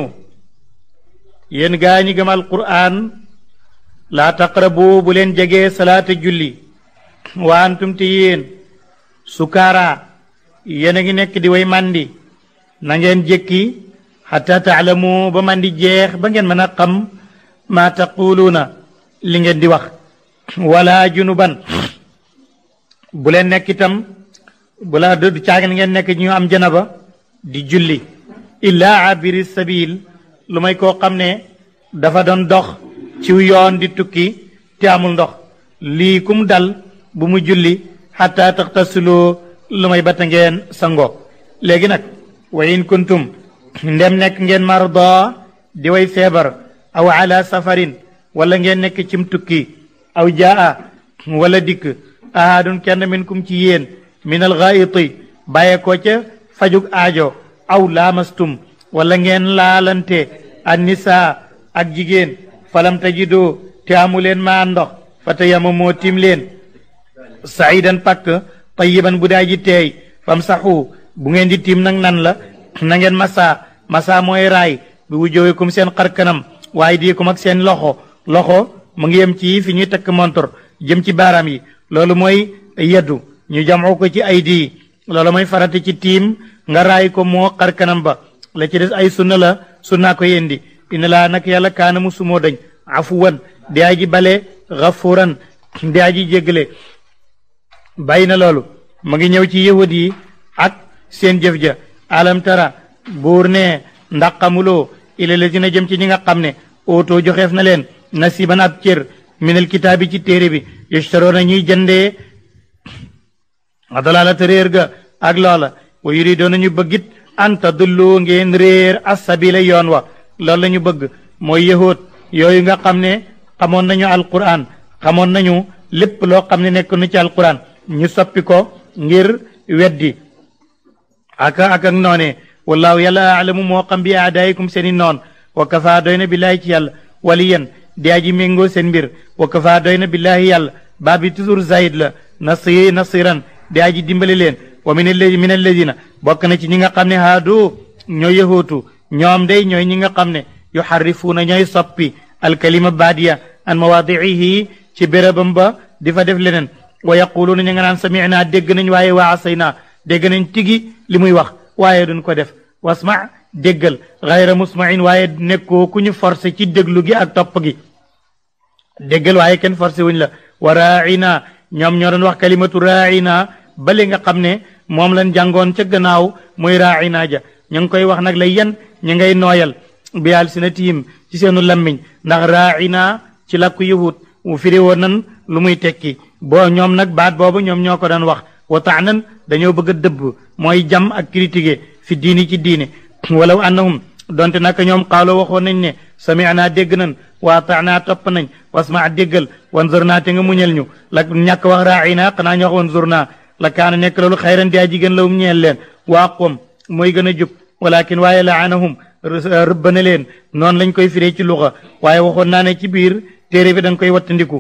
yéen gaa ñi gëm alquran laa taqrabu bu leen jege salaata julli wa antum te yéen sukaara yéen a ngi nekk di way màndi na ngeen jékki xataa taalamu ba màndi jeex ba ngeen mën a xam maa na li ngeen di wax wala junuban bu leen nekkitam itam bu laa du caagan ngeen nekk ñu am janaba di julli illaa abiri sabil lu may koo xam ne dafa doon dox ci yoon di tukki te amul ndox lii kum dal bu mu julli xataa taxtasiloo lu may bata ngeen sango léegi nag wa in kuntum ndem nekk ngeen marda di way feebar aw ala safarin wala ngeen nekk cim tukki aw jaa wala dikk ahadun kenn min kum ci yéen min al gaiti bàyye ko ca fajug aajo aw laamastum wala ngeen laalante an nisaa ak jigéen falam tajidu te amu leen maa ndox fa tayamamoo tim saidan pak tayiban budaji budaya ji fam bu ngeen di tim nang nan la na ngeen masa masa moy ray, bi kum sen xarkanam di kum ak sen loxo loxo mu ngi yem ci fi ñuy takk montor jëm ci baram yi lolu moy yeddu ñu jamu ko ci aidi lolu moy farata ci tim nga ray ko mo xarkanam ba la ci dess ay sunna la sunna ko yendi ina laa nag yàlla kaana mu sumoo dañ afuwan di aji bale xafuran di aji jéggale bàyyi na loolu ma ngi ñëw ci yahud yi ak seen jëf ja alam tara buur ne ndax xamuloo ila la jëm ci ñi nga xam ne oto joxeef na leen nasiban ab cër minal kitaabi ci téere bi yashtaroona ñuy jëndee adalaalata réer ga ak loola wa yuridoona ñu bëggit an tadullu ngeen réer asabila yoon wa loolu la bëgg mooy yëhoot yooyu nga xam ne xamoon nañu alquran xamoon nañu lépp loo xam ne nekk nu ci alquran ñu soppi ko ngir weddi aka ak ak noone wallaahu yàlla aalamu moo xam bi aadaayikum seen i noon wa kafa doy billaahi ci yàlla waliyan di aji méngoo seen mbir wa kafa doy na billaahi yàlla baa bi toujours zayid la nasiri nasiran di aji dimbale leen wa min alladina bokk na ci ñi nga xam ne haadu ñoo yëhootu ñoom day ñooy ñi nga xam ne na ñooy soppi alkalima baat ya an mawaadiihi ci bérébam ba di fa def leneen wa yaquluuna ñu nga naan samicnaa dégg nañ waaye waa asaynaa dégg nañ tigi li muy wax waaye duñ ko def wasma déggal xayra musmain waaye nekkoo ku ñu forcé ci déglu gi ak topp gi déggal waaye kenn forcé wuñ la wa raina ñoom ñoo doon wax kalimatu raina ba li nga xam ne moom lañ jàngoon ca gannaaw muy raina ja ñu ngi koy wax nag la yen ñu ngay nooyal bi alsinatihim ci seenu lammiñ ndax raaina ci làkku yahud firi woon nan lu muy tekki boo ñoom nag baat boobu ñoom ñoo ko doon wax wa taanan dañoo bëgg dëbb mooy jam ak kiritige fi diini ci diine walaw annahum donte naka ñoom xaaloo waxoon nañ ne sami'naa dégg nan waa naa topp nañ wasma déggal wan zornaa te nga muñal ñu la ñàkk wax raaina xanaa ñu wax wan zornaa la kaana nekk loolu xayran di a jigéen la um ñeel leen waa qoom mooy gën a jub walakin waaye laanahum eh, rëbb na leen noon lañ koy firee ci luxa waaye waxoon naa ne ci biir téere bi da nga koy wattandiku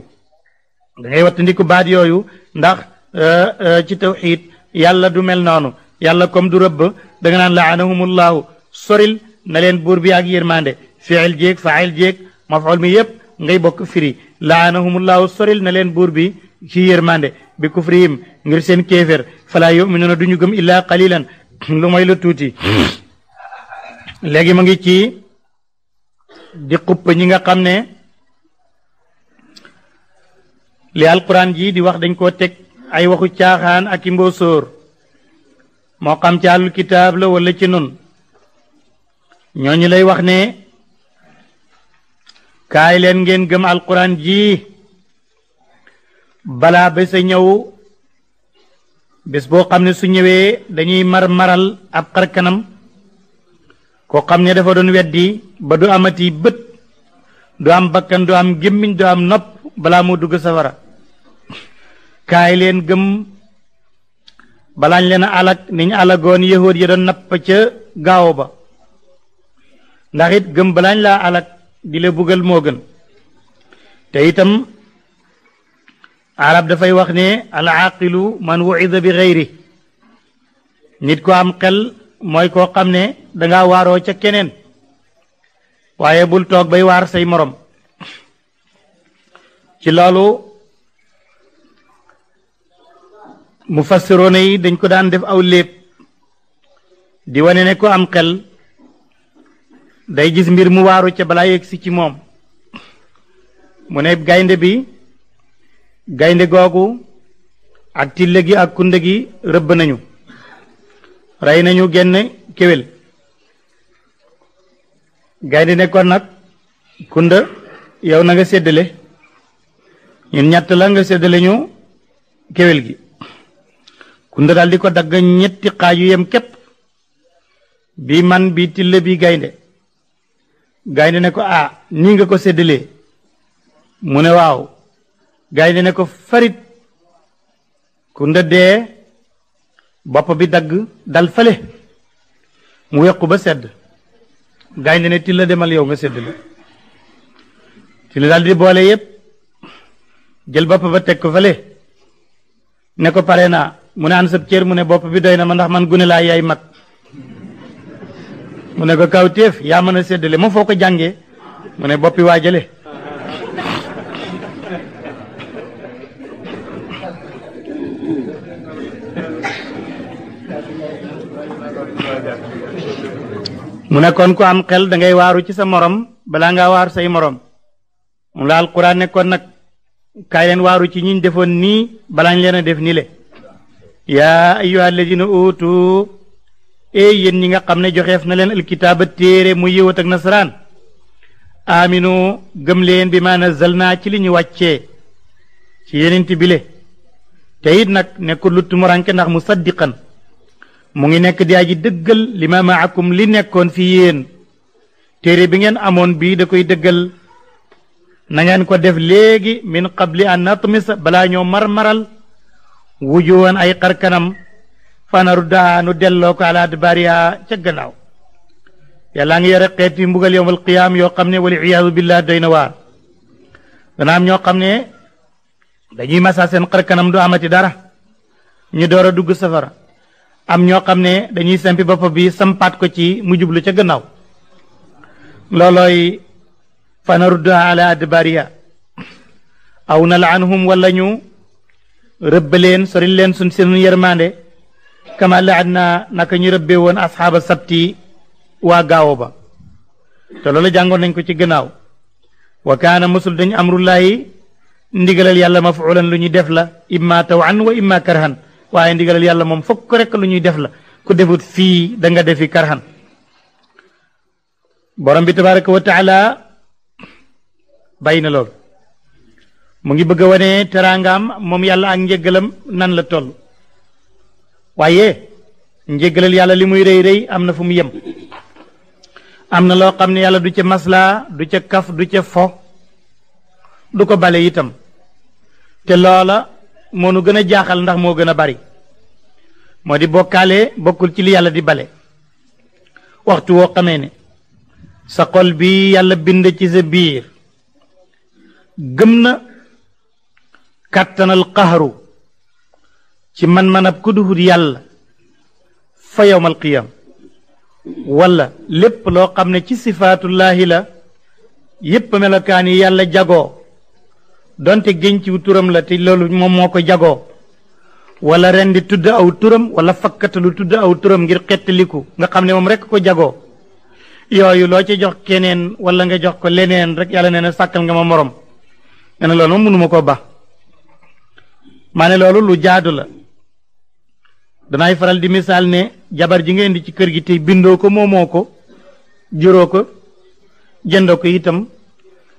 da ngay wattandiku baat yooyu ndax eh, eh, ci tawxiid yàlla du mel noonu yàlla comme du rëbb da nga naan laanahumullahu soril na leen buur bi ak yërmande fiil jéeg fail jéeg mafaul mi yépp ngay bokk firi laanahumullahu soril na leen buur bi ci yërmande bi kufrihim ngir seen kéefér falaa yuminuuna du ñu gëm illaa qalilan lu mooy lu tuuti léegi ma ngi ci di xupp ñi nga xam ne li alquran ji di wax dañ koo teg ay waxu caaxaan ak i mboosóor moo xam ci àllu kitaab la wala ci nun ñooñu lay wax ne kaay leen ngeen gëm alquran ji balaa ba sa ñëw bés boo xam ne su ñëwee dañuy mar maral ab xarkanam koo xam ne dafa doon weddi ba du amati bët du am bakkan du am gémmiñ du am nopp balaa moo dugg safara kaay leen gëm balaañ leen a alag niñ alagoon yahóot ya doon napp ca gaaw ba ndaxit it gëm balaañ laa alag di la bugal moo gën te itam arab dafay wax ne al aqilu man wuida bi xeyri nit ko am xel mooy koo xam ne danga waaroo ca keneen waaye bul toog bay waar say morom ci loolu mufassiroona yi dañ ko daan def aw léeb di wane ne ko am xel day gis mbir mu waaru ca balaa yegsi ci moom mu ne gaynde bi gaynde googu ak tillegi ak kunde gi rëbb nañu rey nañu genn kéwél gaynde ne kon nag kunda yow na nga séddale ñun ñett la nga séddale ñu kéwél gi kunda daldi ko dagg ñetti xaaj yu yem képp bi man bi tilla bi gaynde gaynde ne ko ah nii nga ko séddalee mu ne waaw gaynde ne ko farit kunda dee bopp bi dagg dal fële mu wequ ba sedd gaynde ne tilla demal yow nga sedd la tilla daal di boole yépp jël bopp ba teg ko fële ne ko pare naa mu ne an sab cër mu ne bopp bi doy na ma ndax man gune laa yaay mag mu ne ko kaw téef yaa mën a séddale ma foo ko jàngee mu ne boppi waajale mu nekkoon ku am xel da ngay waaru ci sa morom balaa ngaa waaru say morom mu laal alquran nekkoon nag kaay leen waaru ci ñiñ defoon nii balaañ leen a def nii le yaa ayyuha alladina uutu ee yéen ñi nga xam ne joxeef na leen alkitaaba téere muy yëwat ak nasaraan aaminu gëm leen bi ma naa ci li ñu wàccee ci yenent bile te it nag nekkul lu tumuranke ndax mu musaddiqan mu ngi nekk di aji dëggal li ma maakum li nekkoon fi yéen téere bi ngeen amoon bii da koy dëggal na ngeen ko def léegi min qabli an natmis balaa ñoo marmaral wujuwan ay xarkanam fanaru daa nu delloo ko ala adbaariha ca gannaaw yàlla ngi yore xeet yi mbugal yowmal qiyaam yoo xam ne wal iyaadu billah doy na dana ñoo xam dañuy seen xarkanam du amati dara ñu door a dugg safara am ñoo xam ne dañuy sampi bopp bi sampaat ko ci mu jublu ca gannaaw loolooy fanarudduha ala adbariya aw na la an nalaanhum wala ñu rëbba leen sori leen suñ sunu yërmande kama laat na naka ñu rëbbee woon asxaaba sabti waa gaawo ba te loolu jàngoon nañ ko ci gannaaw wa kaana musul dañu amrullahi ndigalal yàlla ma mafulan lu ñuy def la imma tawan wa imma karhan waaye ndigalal yàlla moom fokk rek lu ñuy def la ku defut fii da nga defi karhan borom bi tabaraka wa taala bàyyi na loolu ngi bëgg a wane teraangaam moom ak njëggalam nan la toll waaye njëggalal yàlla li muy rëy rëy am na fu mu yem am na loo xam du ca masla du ca kaf du ca fo du ko bale itam te loola moo nu gën a jaaxal ndax moo gën a bari moo di bokkaale bokkul ci li yàlla di bale waxtu woo xamee ne sa xol bi yàlla bind ci sa biir gëm na kàttanal qaxaru ci man-man ab ku duhut yàlla fa yowmal qiyam wala lépp loo xam ne ci sifaatullaahi la yépp melokaan yi yàlla jagoo donte géñ ci turam la te loolu moom moo ko jagoo walla ren di tudd aw turam wala lu tudd aw turam ngir xettaliku nga xam ne moom rekk ko jago yooyu loo ci jox keneen wala nga jox ko leneen rek yàlla nee na sàkkal nga ma moroom nee na loolu moom mënuma ko ba maa ne loolu lu jaadu la danaay faral di misaal ne jabar ji ngeen di ci kër gi te bindoo ko moomoo ko juroo ko jëndoo ko itam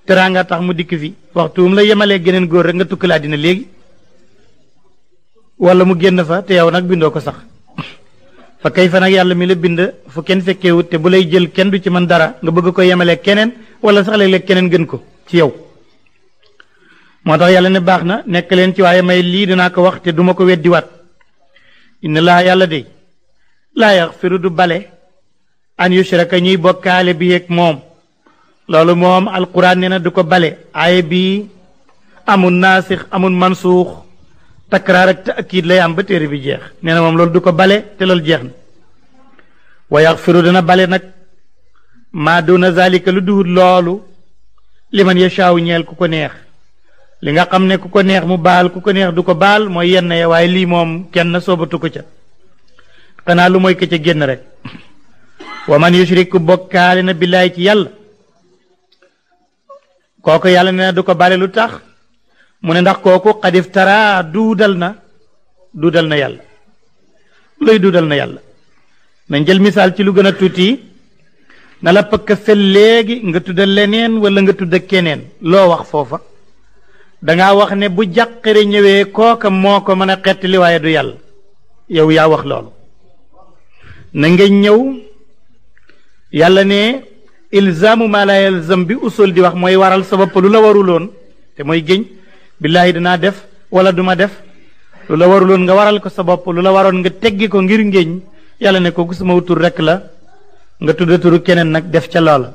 teraanga tax mu dikk fi waxtuum la yemalee geneen góor rek nga tukkal àddina léegi wala mu génn fa te yow nag bindoo ko sax fa kay fa nag yàlla mi la bind fu kenn fekkewut te bu lay jël kenn du ci mën dara nga bëgg ko yemalee keneen wala sax léeg keneen gën ko ci yow moo tax yàlla ne baax na nekk leen ci waaye may lii dinaa ko wax te duma ko weddiwaat inna laa yàlla de laa yaxfiru du bale an yushraka ñuy bokkaale bi yeeg moom loolu moom alquran nee na du ko bale aaya bi amul naasix amul mansuux takraar ak taakiid lay am ba téere bi jeex nee na moom loolu du ko bale te loolu jeex na wa yaxfiru dana bale nag maa duna zalika lu duhut loolu liman yashaawu ñeel ku ko neex li nga xam ne ku ko neex mu baal ku ko neex du ko baal mooy yenn ya waaye lii moom kenn soobatu ko ca xanaa lu mooy ko ca génn rek wa man yushrik bokkaale na billaay ci yàlla kooku yàlla nee na du ko bale lu tax mu ne ndax kooku xadif tara duudal na duudal na yàlla luy duudal na yàlla nañ jël misaal ci lu gën a tuuti na la pëkk sel léegi nga tudda leneen walla nga tudda keneen loo wax foofa danga wax ne bu jàqare ñëwee kooka moo ko mën a xettali waaye du yàlla yow yaa wax loolu na nga ñëw yàlla ne ilzaamu maa laa yalzam bi usul di wax mooy waral sa bopp lu la waruloon te mooy géñ billaahi dinaa def wala duma def lu la waruloon nga waral ko sa bopp lu la waroon nga teggi ko ngir ngéñ yàlla ne kooku sama tur rekk la nga tudda keneen nag def ca loola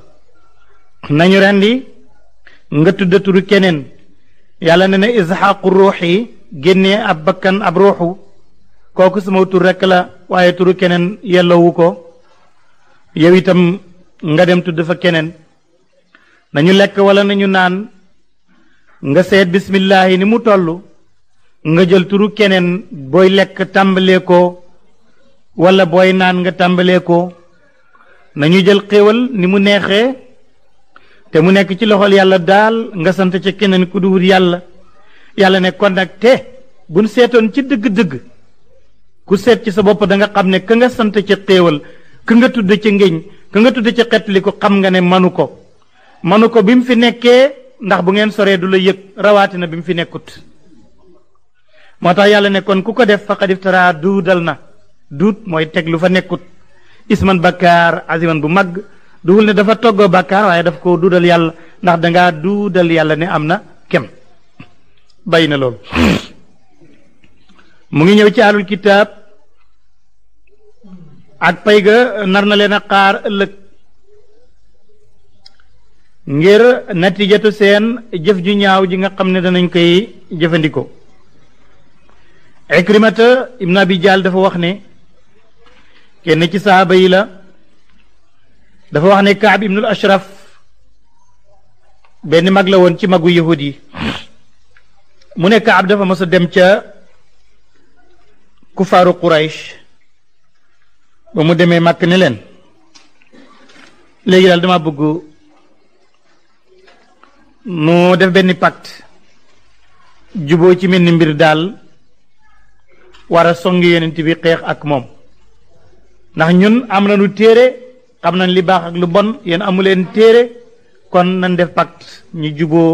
nañu rendi nga tudda keneen yàlla ne ne isxaaqu ruuxi génnee ab bakkan ab ruuxu kooku sama tur rekk la waaye turu keneen yellowu ko yow itam nga dem tudd fa keneen nañu lekk wala nañu naan nga seet bismillaahi ni mu toll nga jël turu keneen booy lekk tàmbalee ko wala booy naan nga tàmbalee ko nañu jël xéewal ni mu neexee te mu nekk ci loxol yàlla daal nga sant ca keneen ku duwut yàlla yàlla ne kon nag te buñ seetoon ci dëgg-dëgg ku seet ci sa bopp danga xam ne ka nga sant ca xéewal ka nga tudd ca ngéñ ka nga tudd ci xettaliku xam nga ne manu ko manu ko bi mu fi nekkee ndax bu ngeen soree du la yëg rawatina bi mu fi nekkut moo tax yàlla nekkoon ku ko def faqad iftara duudal na duut mooy teg lu fa nekkut isman bakkaar aziman bu mag duwul ne dafa toggoo bakkaar waaye daf ko duudal yàlla ndax dangaa duudal yàlla ne am na kem bàyyi na loolu mu ngi ñëw ci alul kitaab ak pay ga nar na leen a xaar ëllëg ngir natijatu seen jëf ju ñaaw ji nga xam ne danañ koy jëfandikoo ikrimata ibn bi jaal dafa wax ne kenn ci saaba yi la dafa wax ne kaab ibnul ashraf benn mag la woon ci magu yahud yi mu ne kaab dafa mos dem ca kufaaru quraysh ba mu demee màkk ne leen léegi daal dama bëgg nu def benn pacte juboo ci mel ni mbir daal war a songi yonent bi xeex ak moom ndax ñun am na nañu téere xam nañ li baax ak lu bon yéen amu leen téere kon nañ def pacte ñu juboo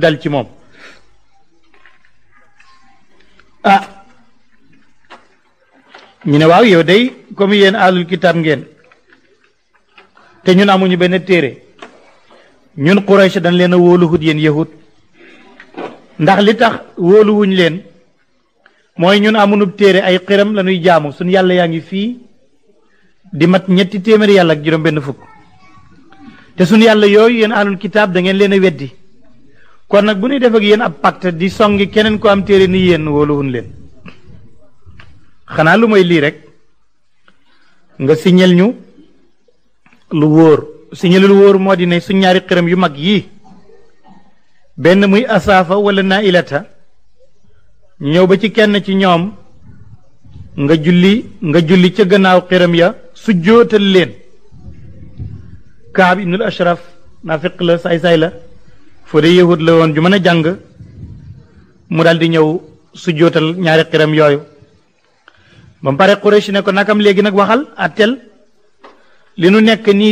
dal ci moom ah ñu ne waaw yow day comme yéen alul kitaab ngeen te ñun amuñu benn téere ñun Quraysh dañ leen a wóoluwut yéen yahut ndax li tax wóoluwuñ leen mooy ñun amunub téere ay xiram la ñuy jaamu suñu yàlla yaa ngi fii di mat ñetti téeméeri yàlla ak juróom benn fukk te suñu yàlla yooyu yéen alul kitaab da ngeen leen a weddi kon nag bu ñuy def ak yéen ab pacte di songi keneen ko am téere ni yéen wóoluwuñ leen xanaa lu may lii rek nga signal ñu lu wóor signal wóor moo di ne su ñaari xërëm yu mag yii benn muy asaafa wala nailata ñëw ba ci kenn ci ñoom nga julli nga julli ca gannaaw xërëm ya su jootal leen kaab ibnul ashraf naafiq la saay-saay la foo de yahud la woon ju mën a jàng mu daldi ñëw su ñaari xërëm yooyu ba pare Quraysh ne ko nakam léegi nak waxal atel li nu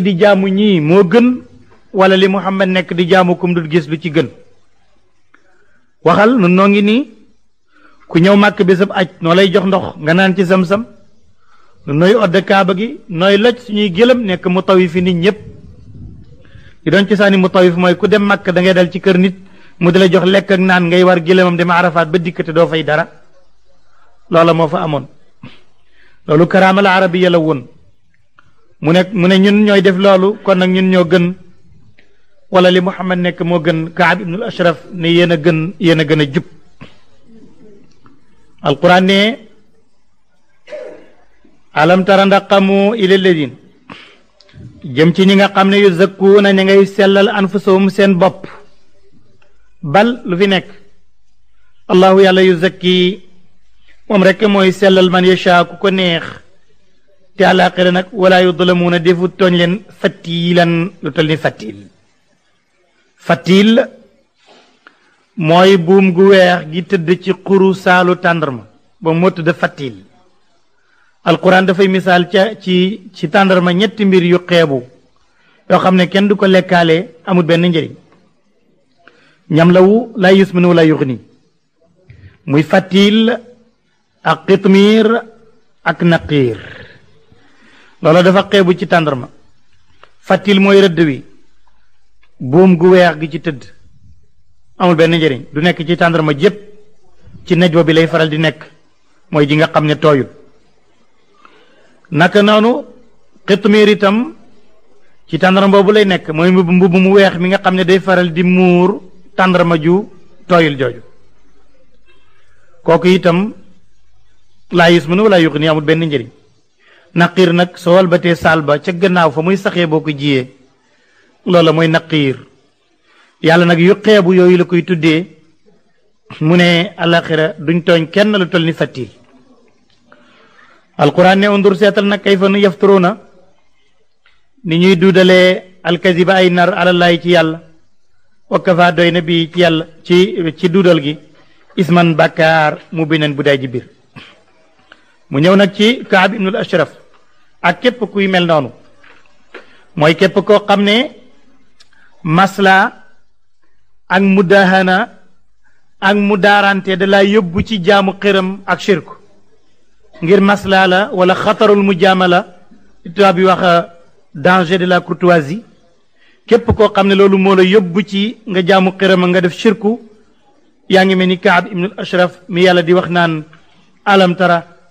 di jaamu ñii mo gën wala li Muhammad nek di jaamu kum dul gis lu ci gën waxal nu noo ngi nii ku mak bi bésab aj no lay jox ndox nga naan ci sam-sam nu nooy odd kaaba gi noy lacc suñuy gëlëm nek mutawif ni ñepp di don ci sani mutawif moy ku dem mak da ngay dal ci kër nit mu di jox lek ak naan ngay war gilam dem arafat ba dikkate do fay dara loola mo fa amone loolu karaamal arabiya la woon mu ne mu ne ñun ñooy def loolu kon nag ñun ñoo gën wala li muhammad nekk moo gën kaab ibnul ashraf ne yéen a gën yéen a gën a jub alquran ne alam tara ndax xamu ila ladin jëm ci ñi nga xam ne yu zakkuuna ña ngay sellal anfusahum seen bopp bal lu fi nekk allahu yàlla yu zakki umrake mooy sellal man yashaa ku ko neex te àllaaxira nag wala yudlamuuna defu tooñ leen fattiilan lu tol ni fattiil fattiil mooy buum gu weex gi tëdd ci xuru saalu tàndarma ba moo tëdd fattiil alquran dafay misaal ca ci ci tàndarma ñetti mbir yu xeebu yoo xam ne kenn du ko lekkaale amul benn njëriñ ñam lawu laa yusminu wala yuxni muy fattiil akitmir ak naqiir loola dafa xebu ci tandarma fatil moy redd wi boom gu weex gi ci teud amul ben njëriñ du nek ci tandarma jep ci najwa bi lay faral di nek. moy gi nga xamne toyul naka noonu xitmiir itam ci tandarma bobu lay nekk mooy mbubb mu weex mi nga xamne day faral di mur tandarma ju toyul joju koku itam laa yusminu la yuqni amul ben njëriñ naqiir nak soo bate salba ci gannaaw fa muy saxé boo jiyé lolo moy mooy yalla nak nag yu xeebu yooyu la koy tuddé mune Al alaxira duñ togn kenn lu tolni fatil al alquran ne undur setal nak kayfa nu yafturuuna ni ñuy al alkaziba ay nar alallaay ci yalla wa kafa doyna bi ci yalla ci ci dudal gi isman bakar mubinan budajibir. jibir mu ñëw nag ci Kaab ibnul Ashraf ak képp kuy mel noonu mooy képp koo xam ne masla ak mudahana ak mu mudaarante da laa yóbbu ci jaamu këram ak shirk ngir masla la wala xatarul mu jaama la tubaab wax danger de la courtoisie képp koo xam ne loolu moo la yóbbu ci nga jaamu xëram nga def shirku yaa ngi mel ni Kaab ibnul Ashraf mi yàlla di wax naan alam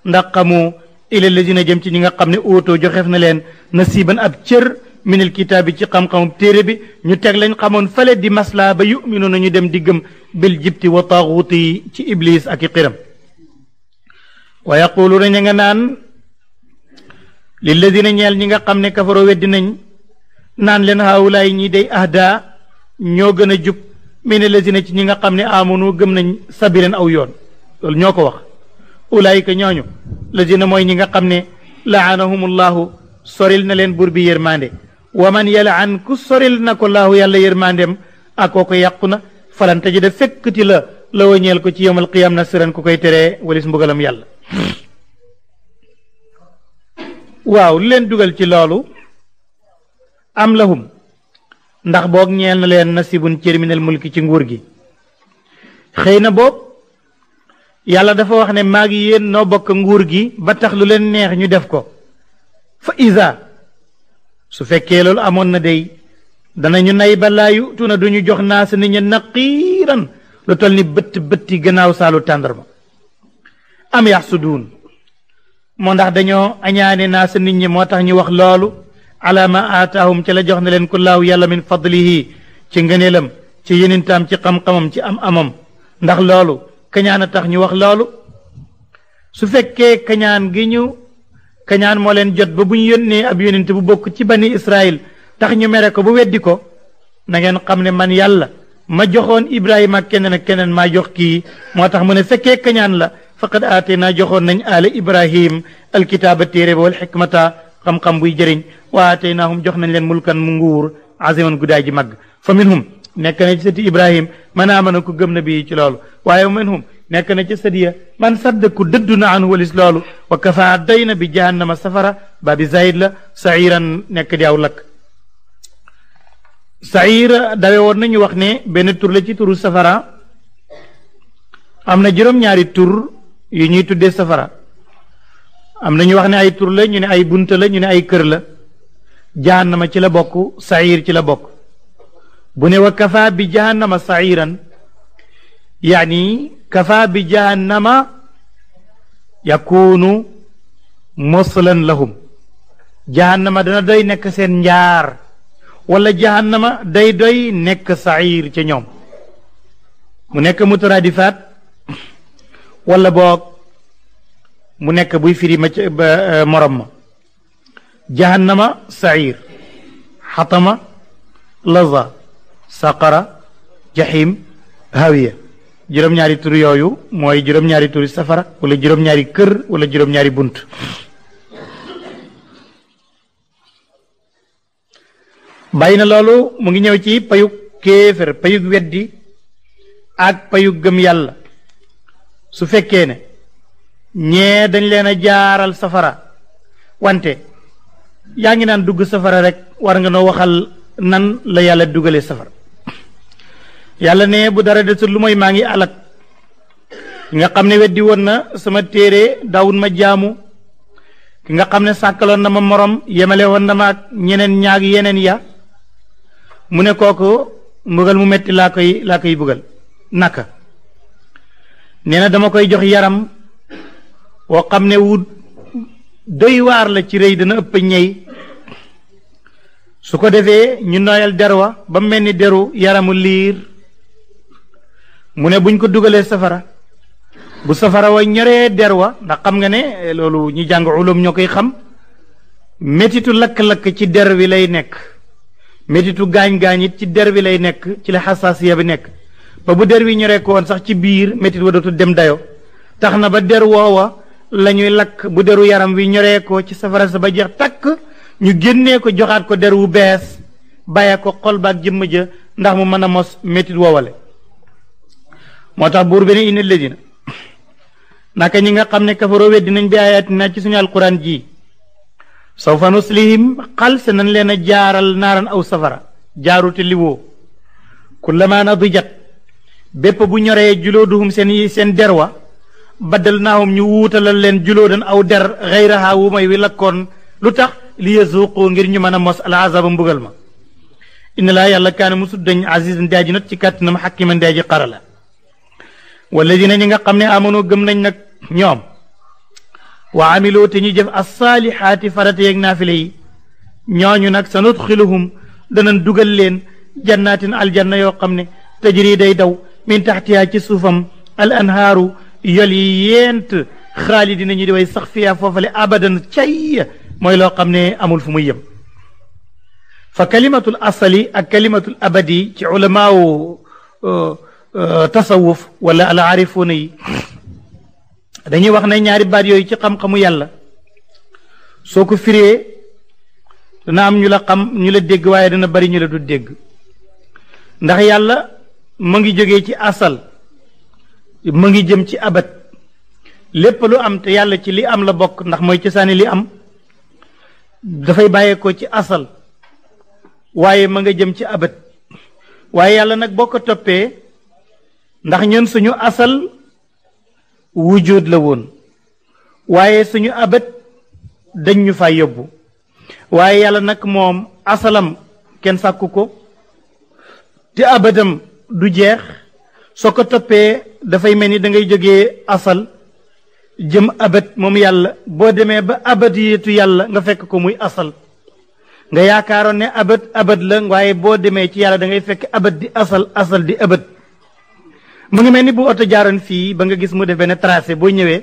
ndax xamu ila lazina jëm ci ñi nga xam ne ootoo joxeef na leen nasiban ab cër minil kitaab bi ci xam-xamub téere bi ñu teg lañ xamoon fale di masla ba yuminu nañu dem di gëm bil jibti wa taaxuuti yi ci iblis ak i xiram wa yaqulu na ña nga naan lilladina ñeel ñi nga xam ne kafaro weddi nañ naan leen haawulaay ñi day ahda ñoo gën a jub min alladina ci ñi nga xam ne amunu gëm nañ sabileen aw yoon ñoo ko wax ulaayika ñooñu la dina mooy ñi nga xam ne laanahumullahu soril na leen buur bi yërmande wa man yalaan ku soril na ko laahu yàlla yërmandeem ak koo ko yàqu na falante ji da fekkati la la wañeel ko ci yowmal qiyam nasiran ku koy teree walis mbugalam yàlla waaw lu leen dugal ci loolu am lahum ndax boog ñeel na leen nasibun cër mulki ci nguur gi xëy na boog yàlla dafa wax ne maa ngi yéen noo bokk nguur gi ba tax lu leen neex ñu def ko fa isa su fekkee loolu amoon na day danañu nay ba laayu tuna du ñu jox naas nit ñi naqiiran lu tol ni bëtt bëtti gannaaw saalu tàndarma am yax su moo ndax dañoo añaane naas nit ñi moo tax ñu wax loolu ala ma aataahum la jox na leen laaw yàlla min fadlihi ci ngëneelam ci yenintaam ci xam-xamam ci am amam ndax loolu kañaan a tax ñu wax loolu su fekkee kañaan gi ñu kañaan moo leen jot ba bu ñu yónnee ab yónent bu bokk ci bani Israël tax ñu mere ko ba weddi ko na ngeen xam ne man yàlla ma joxoon Ibrahima ak keneen ak keneen maa jox kii moo tax mu ne fekkee kañaan la faqad naa joxoon nañ aale Ibrahim alkitaaba téere ba wal xikmata xam-xam buy jëriñ wa aateynaahum jox nañ leen mulkan mu nguur aziman guddaay ji mag fa minhum nekk na ci sëti ibrahim man amana ku gëm na bii ci loolu waaye minhum nekk na ci sadiya man sadda ku dëddu na anhu walis loolu wa kafa doy na bi jahannama safara ba bi la sairan nekk di aw lakk sair dawe woon nañu wax ne benn tur la ci turu safara am na juróom-ñaari tur yu ñuy tuddee safara am na ñu wax ne ay tur la ñu ne ay bunta la ñu ne ay kër la jahannama ci la bokk sair ci la bokk بني وكفى بجهنم سعيرا يعني كفى بجهنم يكون مصلا لهم جهنم دنا داي نك سين نيار ولا جهنم داي داي نك سعير تي نيوم مو نك مترادفات ولا بوك مو نك بوي فيري ما مرام جهنم سعير حطم لظه saqara jahim, hawiya juróom-ñaari tur yooyu mooy nyari ñaari turi safara wala juróom-ñaari kër wala juróom-ñaari bunt bàyyi na loolu mu ngi ñëw ci payug kefer payuk weddi ak payug gëm yàlla su fekkee ne ñee dañ leen a jaaral safara wante yaa ngi naan safara rek war nga noo waxal nan la yàlla dugale safara yàlla ne bu dara desul lu mooy maa ngi alag ki nga xam ne weddi woon na sama téere daawun ma jaamu ki nga xam ne sàkkaloon na ma morom yemale woon na ma ak ñeneen ñaag yeneen ya mu ne kooku mbugal mu metti laa koy laa koy bugal naka nee na dama koy jox yaram woo xam ne wu doy waar la ci rëy dana ëpp ñey su ko defee ñu nooyal der wa ba mel ni deru yaramu liir mu ne buñ ko dugalee safara bu safara wa ñoree der wa ndax xam nga ne eh, loolu ñi jàng ulum ñoo koy xam metitu lakk-lakk ci der wi lay nekk metitu gaañ-gaañ it ci der wi lay nekk ci la xasaasiya bi nekk ba bu der wi ñoree ko woon sax ci biir wa dem dayo tax na ba der woowa lañuy lakk bu deru yaram wi ñoree ko ci safara sa ba jeex takk ñu génnee ko joxaat ko der wu bees bàyyee ko xol ndax mu mën mos métit woowale motax bur bi ni inna ladina naka ñi nga xamne ne kafaroo weddi nañ bi na ci suñu alquran ji sawfa nuslihim xal se nañ leen a jaaral naaran aw safara jaarute liwo woo kullama nadijat bépp bu ñoré juloduhum sen yi sen derwa badalnahum ñu wuutalal leen julodan aw der xayraha wu may wi lakkon lutax li yazuqu ngir ñu mëna mos al azab mbugal ma inna laa yàlla kaane musud dañ azizan ci kàttanam xakiman والذين نيغا خامني امنو گم نك نيوم وعملوا تني جف الصالحات فرت يك نافلي ньо ญ و نك سندخلهم دنان دوغال لين جنات الجنه يو تجري داي داو من تحتها تي سوفم الانهار يلينت خالدين ني دوي سخ فيها فوفلي ابدا تشاي موي لو خامني امول فمو فكلمه الاصلي الكلمه الابدي علماء آه، tasawuf wala al aarifuuna yi dañuy wax ne ñaari baat yooyu ci xam-xamu yàlla soo ko firee dana am ñu la xam ñu la dégg waaye dana bari ñu la du dégg ndax yàlla mu ngi jógee ci asal mu ngi jëm ci abat lépp lu am te yàlla ci li am la bokk ndax mooy cosaani li am dafay bàyyeekoo ci asal waaye ma nga jëm ci abat waaye yàlla nag boo ko toppee ndax ñun suñu asal wujud la woon waaye suñu abat dañ ñu fay yóbbu waaye yàlla nag moom asalam kenn sàkku ko te abadam du jeex soo ko toppee dafay mel ni dangay jóge asal jëm abat moom yàlla boo demee ba abat yeetu yàlla nga fekk ko muy asal nga yaakaaroon ne abat abat la waaye boo demee ci yàlla da ngay fekk abat di asal asal di abat mu ngi melni bu auto jaaron fi ba nga gis mu defee ne tracé bo ñëwé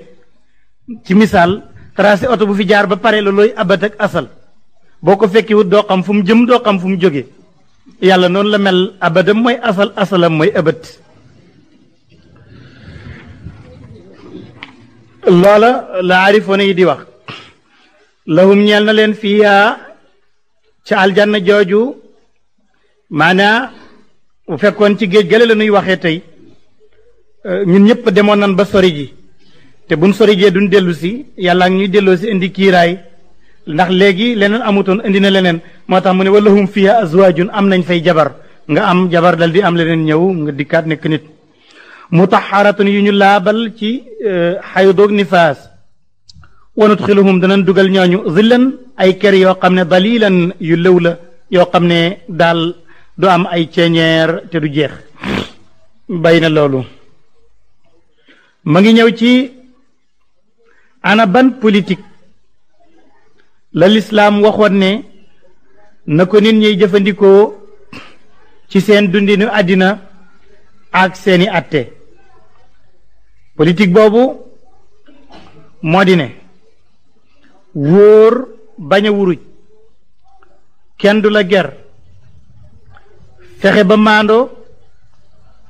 ci misal tracé auto bu fi jaar ba pare la loy abat ak asal Boko fekki wu do xam fu mu jëm do xam fu mu la mel abadam moy asal asalam moy abat loola la arifone yi di wax lahum ñal na leen fiyaa ci aljanna joju mana bu ci geej gele la nuy waxe tay Euh, ñun ñëpp demoon nan ba sori ji te buñ sori jee duñ dellu si yàlla ngi ñuy delloo si indi kiiraay ndax léegi leneen amutoon indi na leneen moo tax mu ne walahum fiha azwaajun am nañ fay jabar nga am jabar dal di am leneen ñëw nga dikkaat nekk nit tax mutaxaratun yu ñu laabal ci euh, xaydoog nifaas wa nudxiluhum dana dugal ñooñu zillan ay ker yoo xam ne dalilan yu lëw la yoo xam ne daal du am ay ceñeer te du jeex bay na loolu ma ngi ñëw ci ana ban politique la lislaam waxoon ne na ko nit ñuy jëfandikoo ci seen dundinu àddina ak seeni atte politik boobu moo di wóor bañ a wuruj kenn du la ger fexe ba maando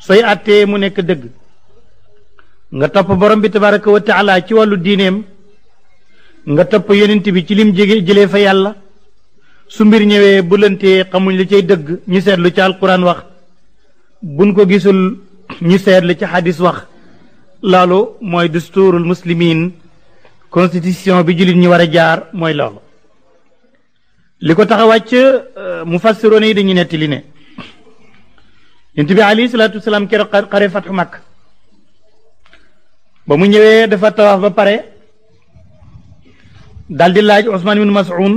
sooy attee mu nekk dëgg nga topp borom bi tabaraka wa taala ci wàllu diineem nga topp yonent bi ci lim jege jëlee fa yàlla su mbir ñëwee bu lëntee xamuñ li cay dëgg ñu seetlu ci alquran wax buñ ko gisul ñu seetlu ci xadis wax loolu mooy dusturul muslimin constitution bi jullit ñi war a jaar mooy loolu li ko taxa wàcc wàcc euh, mufassiroon yi dañuy netti li ne yonent bi alayhi salaatu wasalaam keroog xare fatxu Makka ba mu ñëwee dafa tawaf ba pare daal di laaj usman ibn Mas'un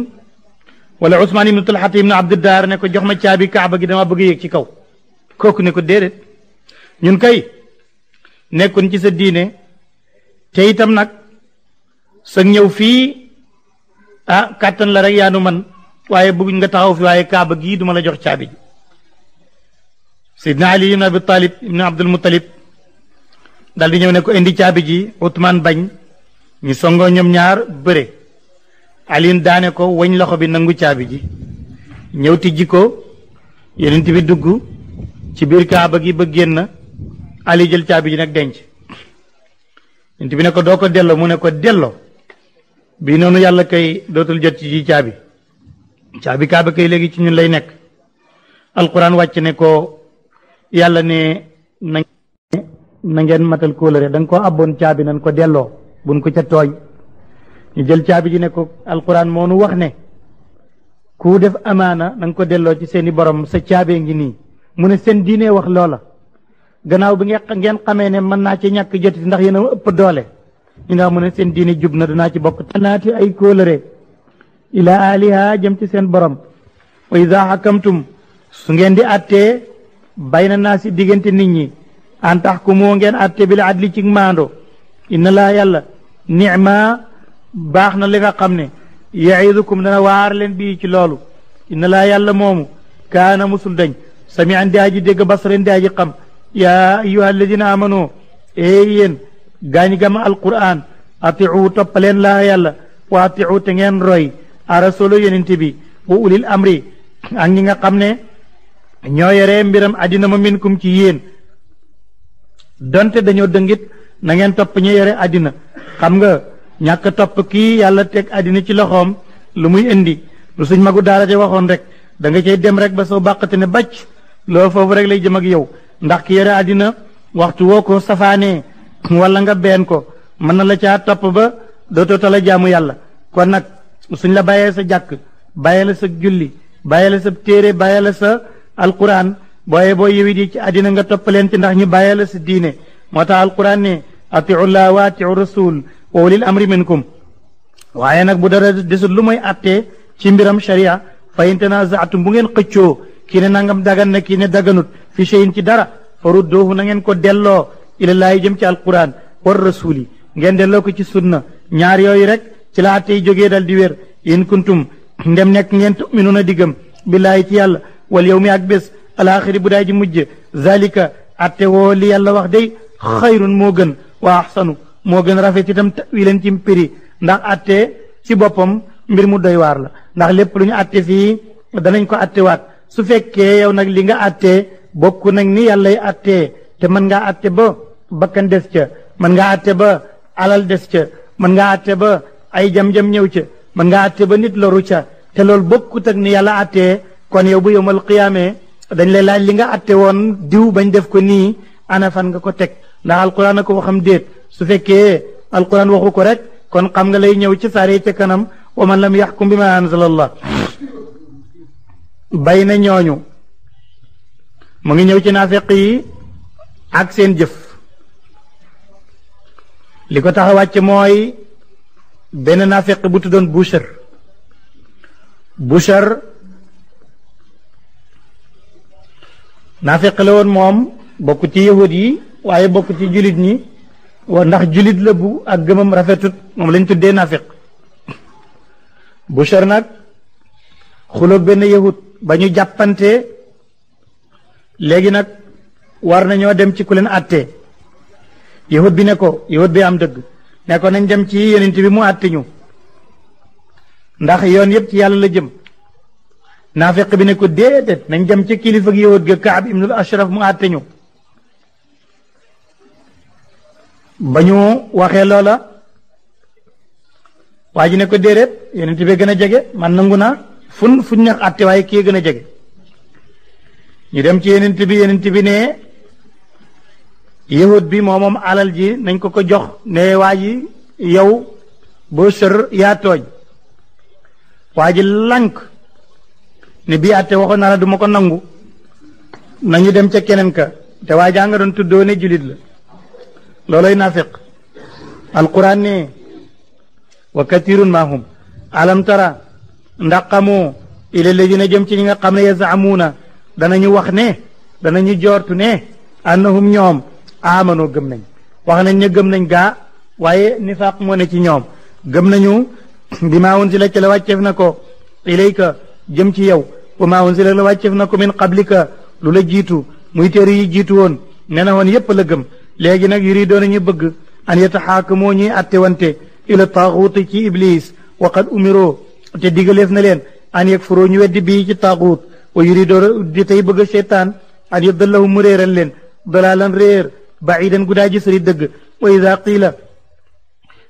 wala usman Ousmane ibnu Talhat ibnu dar ne ko jox ma ciabi kaaba gi dama bëgg yek ci kaw koku ne ko déedéet ñun kay nekkun ci sa diine te itam nak sa ñëw fi ah katan la rek yaanu man waye bëgg nga taxaw fi waye kaaba gi duma la jox ciabi ji Seydina Ali ibnu Abi Talib ibnu Abdul Muttalib dal di ñëw ne ko indi caabi ji Ousmane bañ ñu songoo ñoom ñaar bëre Alioune daane ko wañ loxo bi nangu caabi ji ñëw tijji ko yonent bi dugg ci biir kaaba gi ba génn Ali jël caabi ji nag denc yonent bi ne ko doo ko delloo mu ne ko delloo bi noonu yàlla kay dootul jot ci ji caabi caabi kaaba kay léegi ci ñun lay nekk alquran wàcc ne ko yàlla ne nañ na ngeen matal kóolare da nga ko abboon caabi nan ko delloo buñ ko ca tooñ ñu jël caabi ji ne ko alquran moo nu wax ne ku def amaana na nga ko delloo ci seeni borom sa caabee ngi nii mu ne seen diine wax loola gannaaw bi ngeen xamee ne mën naa ci ñàkk jotit ndax yéen a ëpp doole ñu ne mu ne seen diine jub na ci bokk tanaati ay kóolare ila aliha jëm ci seen borom wa hakam xakamtum su ngeen di attee bay na naa si diggante nit ñi an tax ku moo ngeen atte bil adli maando inna laa yàlla nicma baax na li nga xam ne yaidukum dana waar leen bii ci loolu inna laa yàlla moomu kaana musul dañ sami an daaji dégg basaran daaji xam yaa ayuha alladina amano ey yéen gaañi gama alquran atiu toppaleen laa yàlla wa atiu te ngeen roy arasolo yonente bi wa ulil amri ak ñi nga xam ne ñoo yore mbiram addina ma minkum ci yéen donte dañoo dëngit na ngeen topp ñu yore àddina xam nga ñàkk topp kii yàlla teg àddina ci loxoom lu muy indi lu suñ magu daara waxoon rek da nga cay dem rek ba soo bàqate ne bàcc loolu foofu rek lay jëm ak yow ndax ki yore àddina waxtu woo ko safaanee walla nga been ko mën na la caa topp ba dootoo tala jaamu yàlla kon nag suñ la bàyyee sa jàkk bàyyee la sa julli bàyyee la sa téere bàyyee la sa alquran booye boo yewit di ci àddina nga toppalente ndax ñu bàyyi la diine moo tax alquran ne atiu llah wa atiu rasul wa ulil amri minkum waaye nag bu dara desul lu mooy attee ci mbiram sharia fa in tanazaatum bu ngeen xëccoo kii ne nangam dagan na kii ne daganut fi cheyin ci dara farudduhu na ngeen ko delloo ilallaahi jëm ci alquran war rasuli ngeen delloo ko ci sunna ñaar yooyu rek ci la attey jógee dal di wér in kuntum ndem nekk ngeen tuminuna diggam billaahi ci yàlla wal yow mi ak bés alaaxiri bu daay ji mujj zalika atte woo li yàlla wax day xayrun moo gën waa axsanu moo gën rafet itam tawilan ci mpiri ndax atte ci boppam mbir mu doy waar la ndax lépp lu ñu atte fii danañ ko attewaat su fekkee yow nag li nga atte bokk nag ni yàllay attee te mën nga atte ba bakkan des ca mën ngaa atte ba alal des ca mën nga atte ba ay jam-jam ñëw ca mën nga atte ba nit loru ca te loolu bokkut ak ni yàlla attee kon yow bu yowmal qiyaamee dañ lay laaj li nga atte woon diw bañ def ko nii ana nga ko teg ndax alquran a ko waxam déet su fekkee alquran waxu ko rek kon xam nga lay ñëw ci saare ca kanam wa man lam yaxkum bi ma anzalallah bay na ñooñu mu ngi ñëw ci naafeq yi ak seen jëf li ko tax wàcc mooy benn naafeq bu tuddoon Boucher Boucher naafeq la woon moom bokk ci yëwut yi waaye bokk ci julit ñi wa ndax julit la bu ak gëmam rafetut moom lañ tuddee bu Bushar nag xuloog benn yahud ba ñu jàppante léegi nag war nañoo dem ci ku leen àtte yahud bi ne ko yahud bi am dëgg ne nañ dem ci yonent bi mu àtte ñu ndax yoon yëpp ci yàlla la jëm naafiq bi ne ko déedéet nañ dem ci kilifa gi yawut ga Kaab ibnul Ashraf mu àtte ñu ba ñu waxee loola waa ji ne ko déedéet yonent bi gën a jege man nangu naa fun fuñ neex àtte waaye kii gën a jege ñu dem ci yonent bi yonent bi ne yahut bi moomoom moom alal ji nañ ko ko jox ne waa ji yow boo sër yaa tooñ waa ji ne bii àtte waxoon naa la du ko nangu nañu dem ca keneen ka te waa jaa nga doon tuddoo ne julit la looloy naafiq alquran ne wa kathirun mahum alam tara ndax xamoo ila ladina jëm ci ñi nga xam ne yazaamuuna danañu wax ne danañu joortu ne annahum ñoom aamanoo gëm nañ wax nañ ne gëm nañ gaa waaye nifaaq moo ne ci ñoom gëm nañu bi maa woon si la ca na ko ilayka jëm ci yow wa maa unzila la wàcceef na ko min qablika lu la jiitu muy téere yi jiitu woon ne na woon yépp la gëm léegi nag yuri doon ñu bëgg an yataxaakamoo ñuy atte wante ila taaxuut ci iblis wa qad umiroo te digaleef na leen an yakfuroo ñu weddi bii ci taaxuut wa yuri doon di tey bëgg seytaan an yadallahu mu réeral leen dalaalan réer baidan gudaa ji sëri dëgg wa ida qiila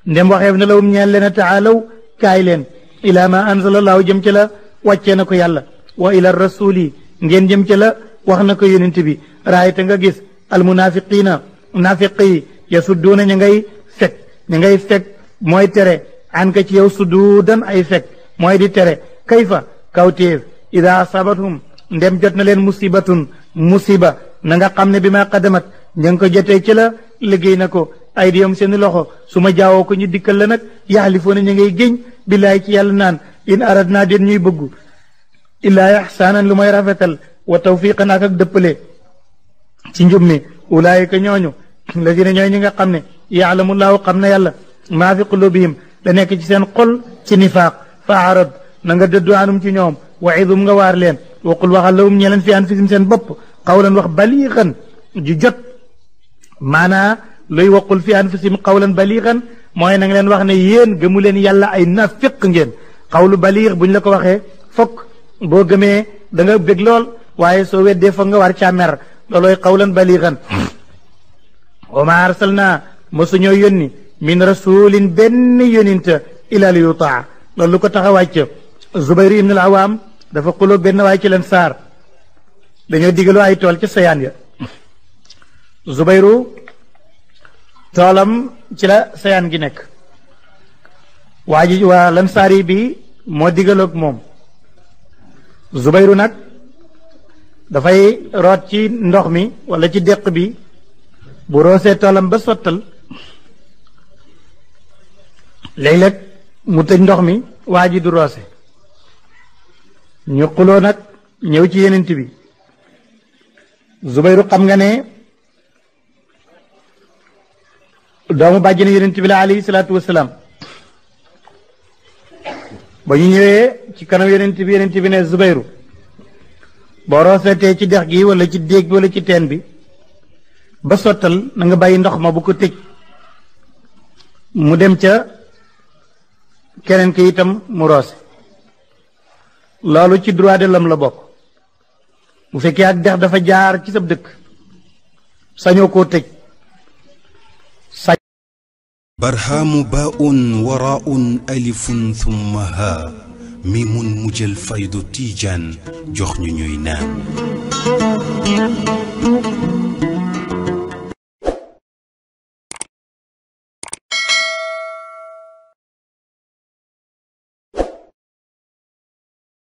ndem waxeef na lawum ñaan leen a taalaw kaay leen ilaa ma anzala allahu jëm ci la wàccee na ko yàlla wa ila rasuli ngeen jëm ci la wax na ko yonent bi raayta nga gis almunafiqina nafiq yi yasudduuna ña ngay fekk ña ngay fekk mooy tere an ci yow suduudan ay fekk mooy di tere kayfa kawtéef ida asabathum ndem jot na leen musibatun musiba na nga xam ne bi ma qadamat ña ngi ko jotee ci la liggéey na ko ay diyam seeni loxo su ma jaawoo ko ñu dikkal la nag yaxlifoona ñu ngay géñ billaay ci yàlla naan in arad naa den ñuy bëggu الا احسانا لمي رافتال وتوفيقا اك دبلي سي نجومي اولئك نيونو الذين نيو نيغا خامني يعلم الله خامنا يالا ما في قلوبهم دا نيك سي سن قل سي فاعرض نغا ددو انم سي نيوم لين وقل وخال لهم نيلن في انفسهم سن بوب قولا وخ بليغا جي جوت مانا لوي في انفسهم قولا بليغا موي نغ لين وخني يين اي نافق قول بليغ بون لاكو وخه فك boo gëmee danga nga lool waaye soo weddee foog nga war caa mer loolooy xawlan baliixan wa ma arsalna mosuñoo yónni min rasulin benn yóninta ila li yutaa loolu lu ko tax a wàcc zubayru ibnul awaam dafa xuloo benn waay ci leen saar dañoo digaloo ay tool ci sayaan ya zubayru toolam ci la sayaan gi nekk waa ji waa lan saari bi moo digaloog moom zubayru nag dafay root ci ndox mi wala ci déq bi bu roosee toolam ba sottal léeg-léeg mu tëj ndox mi waa ji du roose ñu xuloo nag ñëw ci yenent bi zubayru xam nga ne doomu bàjjene yenent bi la alayhi salaatu wasalaam ba ñu ñëwee ci kanam yonent bi yonent bi ne Zubayru boo te ci dex gi wala ci déeg bi wala ci teen bi ba sottal na nga bàyyi ndox ma bu ko tëj mu dem ca keneen ki itam mu roose loolu ci droit de lam la bokk bu fekkee ak dex dafa jaar ci sab dëkk sañoo koo tëj barhaamu baun waraun alifun thumma ha mi mun mujjal faydu tiijaan jox ñu ñuy naan